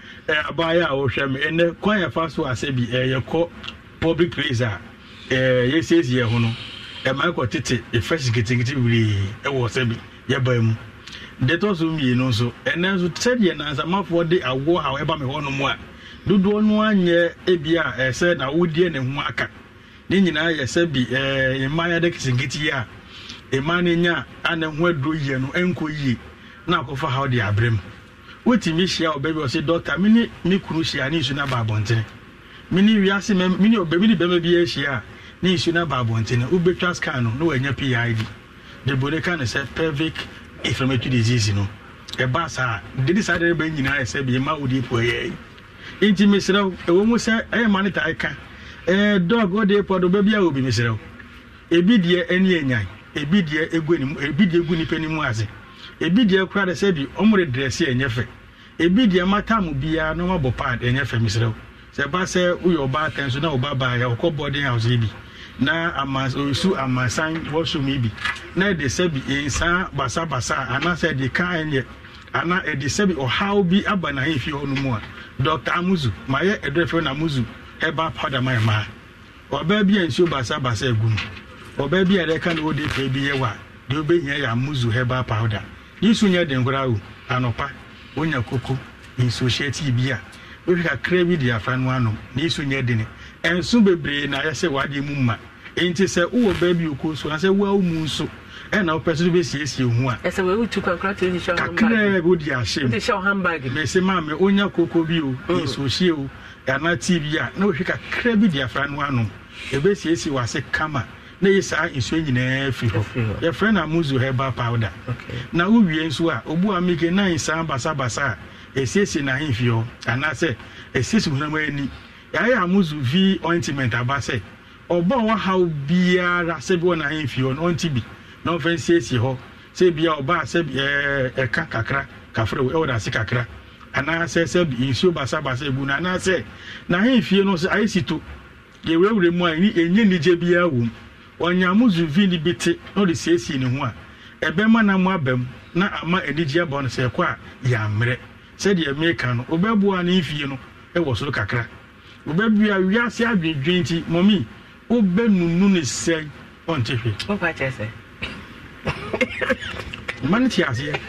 Speaker 7: Eh, abaayewa a ah, wɔhwɛ me ɛnɛ kwan yɛ fa so asɛ bi ɛyɛ kɔ public place a ɛɛ yɛsiesie yɛ ho no ɛma kɔ tete efɛsi kitikiti wili ɛwɔ sɛ bi yɛba mu deto so mmienu nso ɛnɛ nso sɛdeɛ nansamafoɔ de awoɔ a ɛba mi hɔ nom a dodoɔ no anyɛ ebi a ɛsɛ na wodie ne ho aka ne nyinaa yɛ sɛ bi ɛɛ mmaa yɛ de kitinkiti yɛ a mmaa no nya a ne ho aduro yie no ɛnkɔ yie na akɔfa ha de abrɛ wotumi hyia ɔbaa bi ɔsɛ dɔkta mi ne hyia ne nsu naba abɔntene mi ne wiase mɛ mi ne ɔbaa mi bi ne nsu scan na pid debo ka ne sɛ pelvic inflammatory disease no ɛbaa saa saa deɛ nyinaa bi ma ɛyɛ yi nti ɛwɔ mu sɛ ɛyɛ ma ne ta ɛka ɛɛ dɔg do obi ebi deɛ ebi deɛ egu ebi deɛ kura de sɛ bi ɔmo de dɛrɛsi ɛnyɛ fɛ ebi deɛ ma taamu biara na ɔmo abɔ pad ɛnyɛ fɛ misrɛw sɛ ba sɛ woyɛ ɔbaa tɛn so na ɔba baa yɛ ɔkɔ bɔden house yi bi na ama osu amasan wɔsom yi bi na ɛde sɛ bi nsa basabasa anaasɛ ɛde ka ɛnyɛ ana ɛde sɛ bi ɔhaw bi aba n'ahen fie hɔ no a dɔkta amuzu ma yɛ ɛdɔ fɛ na amuzu ɛba powder ma yɛ maa ɔbaa bi a nsuo basabasa egu mu ɔbaa bi a yɛde ka na ɔde fɛ bi yɛ wa deɛ ɔbɛnyɛ yɛ amuzu herbal powder yesu nyɛ den koraa o anɔpa wonya koko nsuohyɛ tii bi a wohwɛ kakra bi de afra no anom na yesu nyɛ dene ɛnso bebree na ayɛ sɛ wadeɛ mu ma enti sɛ wowɔ baa bi okoo so anasɛ woa wo mu nso ɛna wopɛ so bɛsiesie ho a kakra wode ahyɛm mɛsɛ maa me ɔnya koko bi o mm. nsuohyie o anaa tii bi a na wohwɛ kakra bi de afra no anom ɛbɛsiesie wɔ ase kama na ɛyɛ saa nsuo nyinaa fi hɔ yɛfrɛ na muzu herba powder na wowie nso a obu a mike na saa basabasa a na ɛsiesie n'ahemfie hɔ anaasɛ ɛsiesie honam ani yɛayɛ a muzu v ointment aba sɛ ɔbɔ a wahaw biara sɛ bi wɔ n'ahemfie hɔ no ɔnti bi na ɔmfa nsiesie hɔ sɛ bia ɔba a sɛ ɛka kakra kafra ɛwɔ daase kakra anaasɛ sɛ nsuo basabasa egu no anaasɛ n'ahemfie no sɛ ayɛ si to yɛwurawura mu a ɛnyɛ nigye biara wɔ mu ɔnyamu zuvi ni bi te na ɔde siesie ne ho a ɛbɛma na mo abam na ama anigye aba no sɛ ɛkɔ a yɛammerɛ sɛdeɛ meka no wobɛboa ne mfie no ɛwɔ soro kakra wobɛbia wiase adwendwen nti mɔmi wobɛnunu ne sɛe ɔnte hwee ma no te aseɛ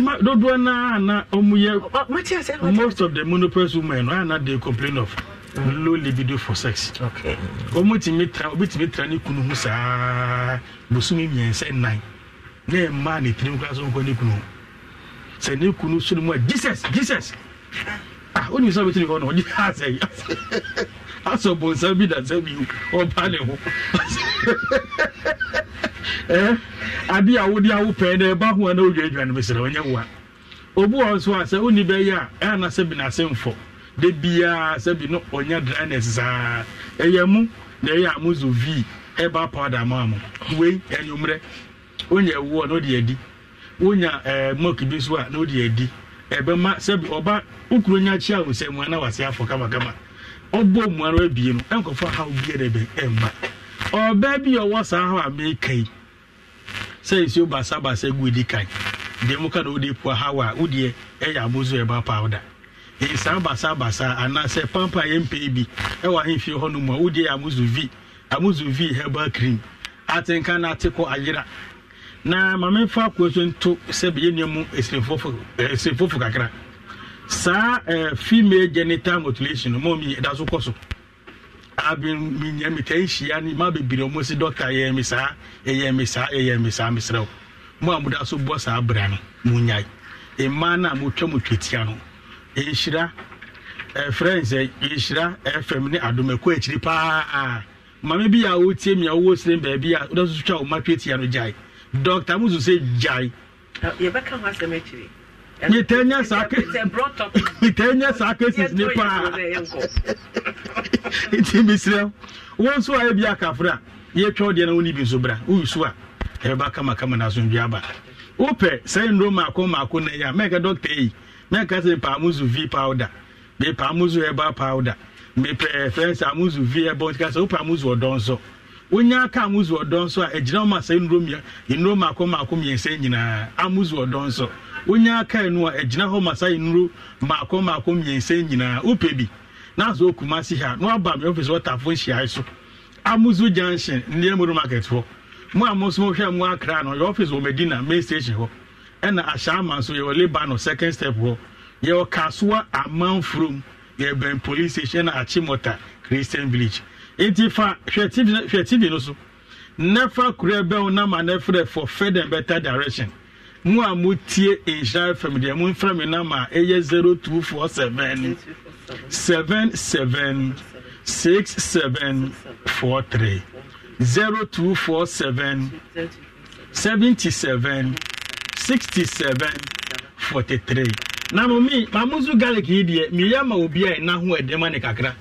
Speaker 7: ma dodoɔ naa na ɔmuyɛ most of the monopers women ana they complain of low libido for sex ɔmotumi tra obitumi tra ne kunu ho saa bosome mmiɛnsa nnan na ɛma ne tirim kora so nkɔ ne kunu sɛ ne kunu so no mu a jesus jesus ah wonim sɛ wobɛtumi hɔ no ɔgye asɛ asɔ bonsam bi dansa bi ɔba ne ho eh? ade a wode awo pɛɛ na ɛba ho a na wodwaadwa no bɛsrɛ ɔnyɛ wo a obi wɔ nso a sɛ wonni bɛyɛ a ɛana sɛ bi na asɛmfɔ de biara sɛbi no ɔnya dryness saa ɛyɛ mu na ɛyɛ amozo v ɛba powder ma mo wei ɛnwumrɛ wonya ɛwoɔ na ɔde adi wonya eh, milk bi nso a na ɔde adi ɛbɛma sɛbi ɔba okuro nya akyi a ɔsɛ mua na wase afɔ kamakama ɔbɔ mua no no na ɔbaa bi ɔwɔ saa a meka yi egu edi kan deɛ mo ka na a wodeɛ ɛyɛ amozo saa basa basa anaasɛ pampa yɛmpɛ bi ɛwɔ e ahemfie hɔ no a wodie amuzu v amuzu v herbal cream atenka no ate kɔ ayera na mamemfa akoa so nto sɛ bɛyɛ nnua mu e, kakra saa e, female genital mutilation no ma miyɛ da so kɔ so abiminya metaa nhyia ne ma bebree ɔmo si dɔkta yɛɛ me saa ɛyɛɛ me saa ɛyɛɛ me saa meserɛ wo mo a da so bɔ saa bra no monyae mmaa no a motwa mo twetia no yɛhyira ɛfrɛ n sɛ yɛhyira fm ne adom ɛkɔ akyiri paa mame bi a wotie mi a wowɔ sere baabi a wodɛ soso twa wo ma twetia no gyae dɔkta musu sɛ gyae yɛbɛka ho asɛm akyiri metanya saa cases ne paa nti mesrɛ wo nso a ɛbi akafrɛ a yɛtwa wodeɛ na woni bi nso bra wowisu a ɛbɛba kamakama na asomdwe aba wopɛ sɛ nnuro maako maako na ɛyɛ a mɛka dɔkta yi na nka sɛ paamuzu v powder me paamuzu herbal powder me pɛɛfɛ eh, sɛ amuzu v ɛbɔ nka sɛ wo paamuzu ɔdɔ nso wonya aka amuzu ɔdɔ nso a ɛgyina ɔma sɛ nnuro nnuro mako mako mmiɛnsa nyinaa amuzu ɔdɔ nso wonya aka ɛnu a ɛgyina hɔ ma nnuro mako mako mmiɛnsa nyinaa wopɛ bi n'azɔ okuma si ha na waba mi ɔfisi ɔtafo nhyia so amuzu junction ndeyɛ motor market hɔ mo a mo nso mo hwɛ mo akra no yɛ ɔfisi wɔ medina main station hɔ ɛna ahyɛama nso yɛwɔ lebanon second step hɔ yɛwɔ kasoa amanfurom yɛbɛn police station na akyemɔta christian village nti fa hwɛ tv hwɛ tv no so nefa kura bɛn na ma nefrɛ for further and better direction mu a mo tie nhyira fm deɛ mo nfrɛ mi nama a ɛyɛ zero two four seven seven seven six seven four three zero two four seven seventy seven. 6743 na momi mamoso garlic yi deɛ meyɛ ma obi a ɛna ho ɛdɛma ne kakra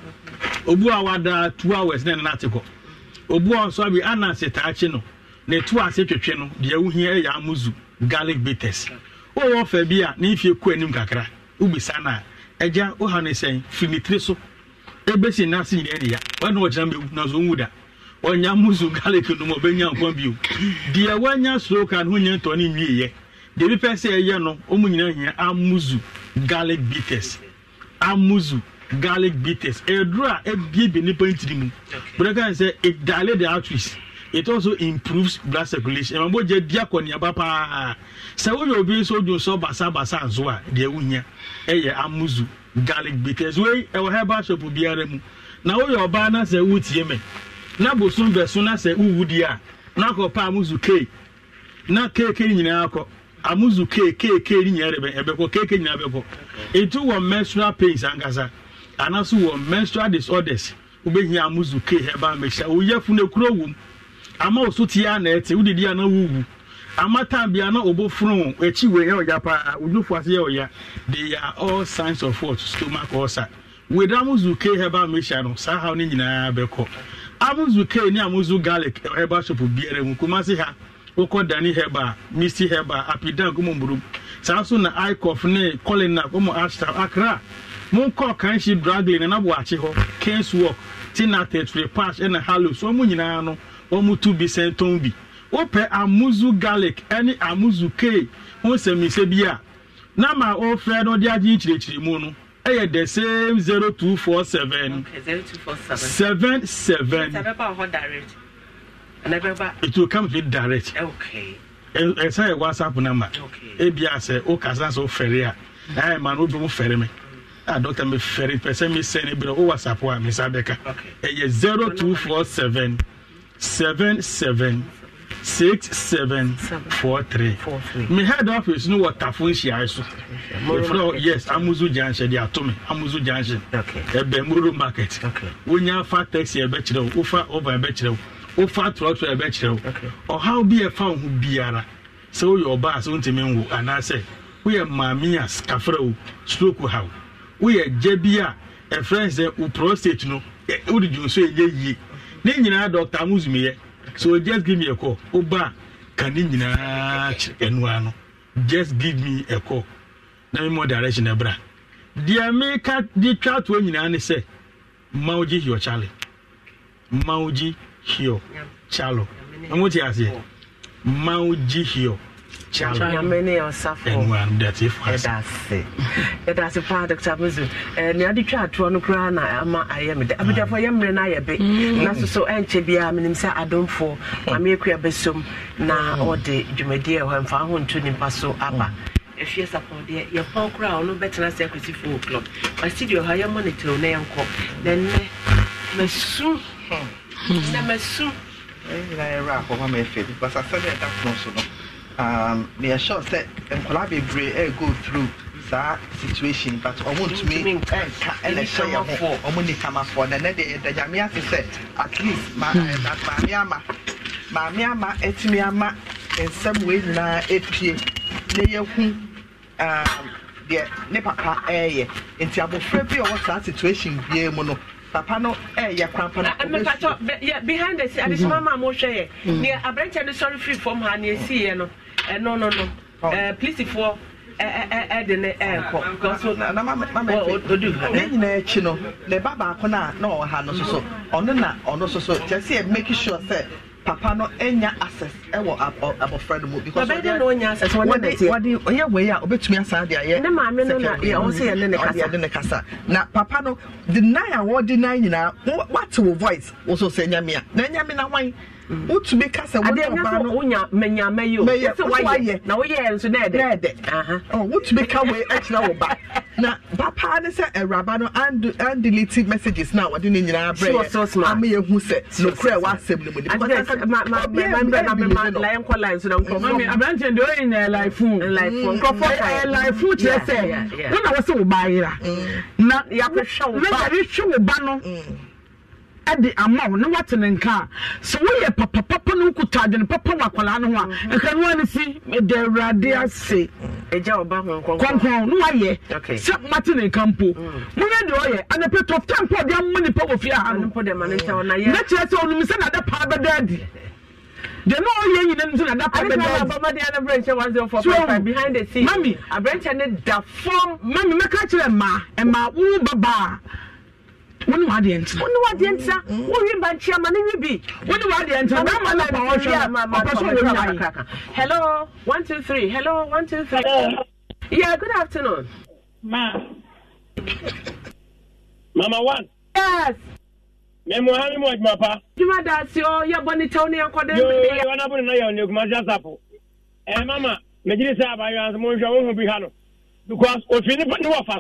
Speaker 7: obu a wada 2 hours na ɛnana ate kɔ obu a nso abi ana setaakye no na ɛtu ase twetwe no deɛ wohia ɛyɛ amoso garlic bitters wowɔ fa bi a ne mfie kɔ anim kakra wobisa no a ɛgya woha no sɛn firi ne tiri so ɛbɛsi nase nyinaa ne ya wane wɔkyena mɛwu na so wu da ɔnya moso garlic no ma ɔbɛnya nkwa bio deɛ woanya soroka no ho nya ntɔ ne nwieeɛ ebi pɛ sɛ ɛyɛ no ɔmu nyinaa hia amuzu garlic bitters amuzu garlic bitters ɛduro a ebiebie nipa ntiri mu bɛrɛka sɛ it dilate the arteries it also improves blood circulation ɛmɛ bɔ gye di akɔniaba paa sɛ woyɛ obi nso dun sɔ basabasa nso a deɛ wohia ɛyɛ amuzu garlic bitters wei ɛwɔ herbal shop biara mu na woyɛ ɔbaa na sɛ wotie mɛ na bosom bɛso na sɛ wowu di a na pa amuzu kee na kee kee nyinaa akɔ. amuzu keke ni nyinaa bɛ ɛbɛkɔ keke nyinaa bɛkɔ etu wɔ menstrual pains ankasa anaso wɔ menstrual disorders wobɛhia amuzu ke ɛba amehyia oyɛ funekuro wɔm ama oso tie ana ɛte wodidi ana wuwu ama time bi ana obo funu ekyi wɔ yɛ ɔya paa onufo ase yɛ ɔya they are all signs of what stomach ulcer weda amuzu ke ɛba amehyia no saa ha ne nyinaa bɛkɔ amuzu ke ne amuzu garlic ɛba shop biara mu kumasi ha. wokɔ dani heba misi heba apidan kɔmɔ mburu saa nso na icof ne colina kɔmɔ ashtab akra monkɔ kanhyi na nabɔ hɔ kens tina pash ɛna ɔmo nyinaa no ɔmo tu bi bi wopɛ amuzu garlic ɛne amuzu ho nsɛmisɛ bi a na ma ɔfrɛ no ɔde agye mu no ɛyɛ the same zero two four seven seven seven. it will come to it direct ɛsɛ yɛ whatsapp number Okay. ebi asɛ o oh, kasa so fɛre a ɛyɛ ma no o dun fɛre mi a dɔkita mi fɛre pɛsɛ mi sɛ ne bi na o whatsapp a mi sa bɛ ka ɛyɛ zero two four seven seven seven six seven four three mi head office ni wɔ tafo nhyia so efura eh, yes amuzu junction de ato mi amuzu junction ɛbɛn eh, muro market wonya fa taxi ɛbɛkyerɛw eh, wofa over ɛbɛkyerɛw. wofa toa so ɛbɛkyerɛ wo ɔhaw bi ɛfa fa ho biara sɛ woyɛ ɔbaa sɛ wontumi nwo anaasɛ woyɛ maame a skafra wo stroke ha haw woyɛ gya bi a ɛfrɛ sɛ wo prostate no wode dwum so ɛnyɛ yie ne nyinaa dɔkta amosumiyɛ so o just give me a call woba ka ne nyinaa kyerɛ ɛnoa no just give me a call na memmɔ direction ɛbra deɛ meka de twa toa nyinaa ne sɛ ma wogye your challenge ma hio chalo ɛmu ti aseɛ mmanwu gyi hio
Speaker 1: yɛdase paa dr musu eh, neade twa atoɔ no koraa na ama ayɛ me dɛ ah. abagyafoɔ yɛmmerɛ no ayɛ be mm. na so so eh, ɛnkyɛ biaa menim sɛ adomfoɔ ah. mameɛkua bɛsom na ɔde ah. dwumadiɛ hɔ eh, mfa ho nto nipa
Speaker 6: so aba
Speaker 1: ɛfie sapɔdeɛ yɛpɔn kora a ɔno bɛtena sɛ akɔsi fo o'clock ma studio hɔ yɛmmɔ ne terew na yɛnkɔ na nnɛ masu hmm na masu
Speaker 6: eh, nyinaa yɛwerɛ akɔma ma ɛfɛ because asɛdeɛ ɛda so so no um, meyɛ sure sɛ nkwadaa bebree go through saa situation but ɔmo ntumi nka ɛna ɛhyɛ yɛn ho ɔmo nikamafoɔ na ɛnɛ deɛ ɛda yame ase sɛ at least hmm. eh, maame ama maame ama ɛtumi ama nsɛm wei nyinaa epie na yɛhu um, deɛ ne papa ɛɛyɛ nti abɔfra bi a ɔwɔ saa situation bie mu no papa no ɛyɛ eh, kwan pa na
Speaker 1: behind the scene mhm. adesima maa mo hwɛ yɛ mhm. nea aberanteɛ no sɔre firi fam ha nea esi yɛ no ɛno eh, no no ɛɛ
Speaker 6: oh. eh, polisifoɔ ɛde ne ɛɛkɔ ah, oh, oh, ne nyinaa akyi no ne ba baako na ɔwɔ ha no soso mhm. ɔno na ɔno soso kyerɛ sɛ yɛ make sure sɛ papa no enya access ɛwɔ abɔfra no mu because wɔde wɔde wɔde ɔyɛ wei a obetumi asa de ayɛ ne maame no na yɛ ɔsɛ yɛ ne ne kasa ɔde ne kasa na papa no deny a wɔde nan nyinaa wate wo voice wɔsɔ sɛ nyamia na nyamina wan wotumi kasa wonaba no wonya manyama yi o sɛ wayɛ na woyɛ nso na ɛdɛ ɛdɛ wotumi ka wei akyerɛ wo ba na papa ne sɛ awuraba eh, no andelete messages na wɔde ne nyinaa brɛ ama yɛhu sɛ nokorɛ wɔasɛm no mu niaberanteɛ deɛ ɔyɛ nya ɛlifo
Speaker 8: mm. nkurɔfoɔ ɛlifo eh, kyerɛ sɛ wona wɔ sɛ wo ba yera mm. na yɛhwɛ wo ba no mm de ama wo na wate ne nka a sɛ woyɛ papa papa no nkuta adwene papa wɔ akwadaa no ho a nka mm. no wa ne si da awurade
Speaker 1: ase kɔnkɔn no wayɛ sɛ mate ne nka mpo mm. monyɛ deɛ ɔyɛ anapɛ tɔf time pɔ de amma nipa wɔ fie ha no na kyerɛ sɛ onim sɛ nada paa bɛda adi deɛ na ɔyɛ nyina nso nada paa bɛda adi mami mami mɛka kyerɛ ma, mmaa wo babaa wọn ni wà á di ẹntì. wọn ni wà á di ẹntì wọn wi mba nkyia ma ne wi bi. wọn ni wà á di ẹntì náà màá wọn hwẹ ọpẹ sọ wọn nyà yìí. hello one two three hello one two three. hello. yeah good afternoon. ma. mama one. yes. mɛ mu hali mu ɔjuma pa. juma daasi o oh, yɛ bɔ ni tɛw ni yɛn kɔ dɛ. yoo yoo wọn abu nana yɛ ɔni kuma ja sapo. ɛ eh, mama mɛ jiri sɛ abayɔ ansa mo n fɛ o hun bi ha no because ofin ni wɔ fa.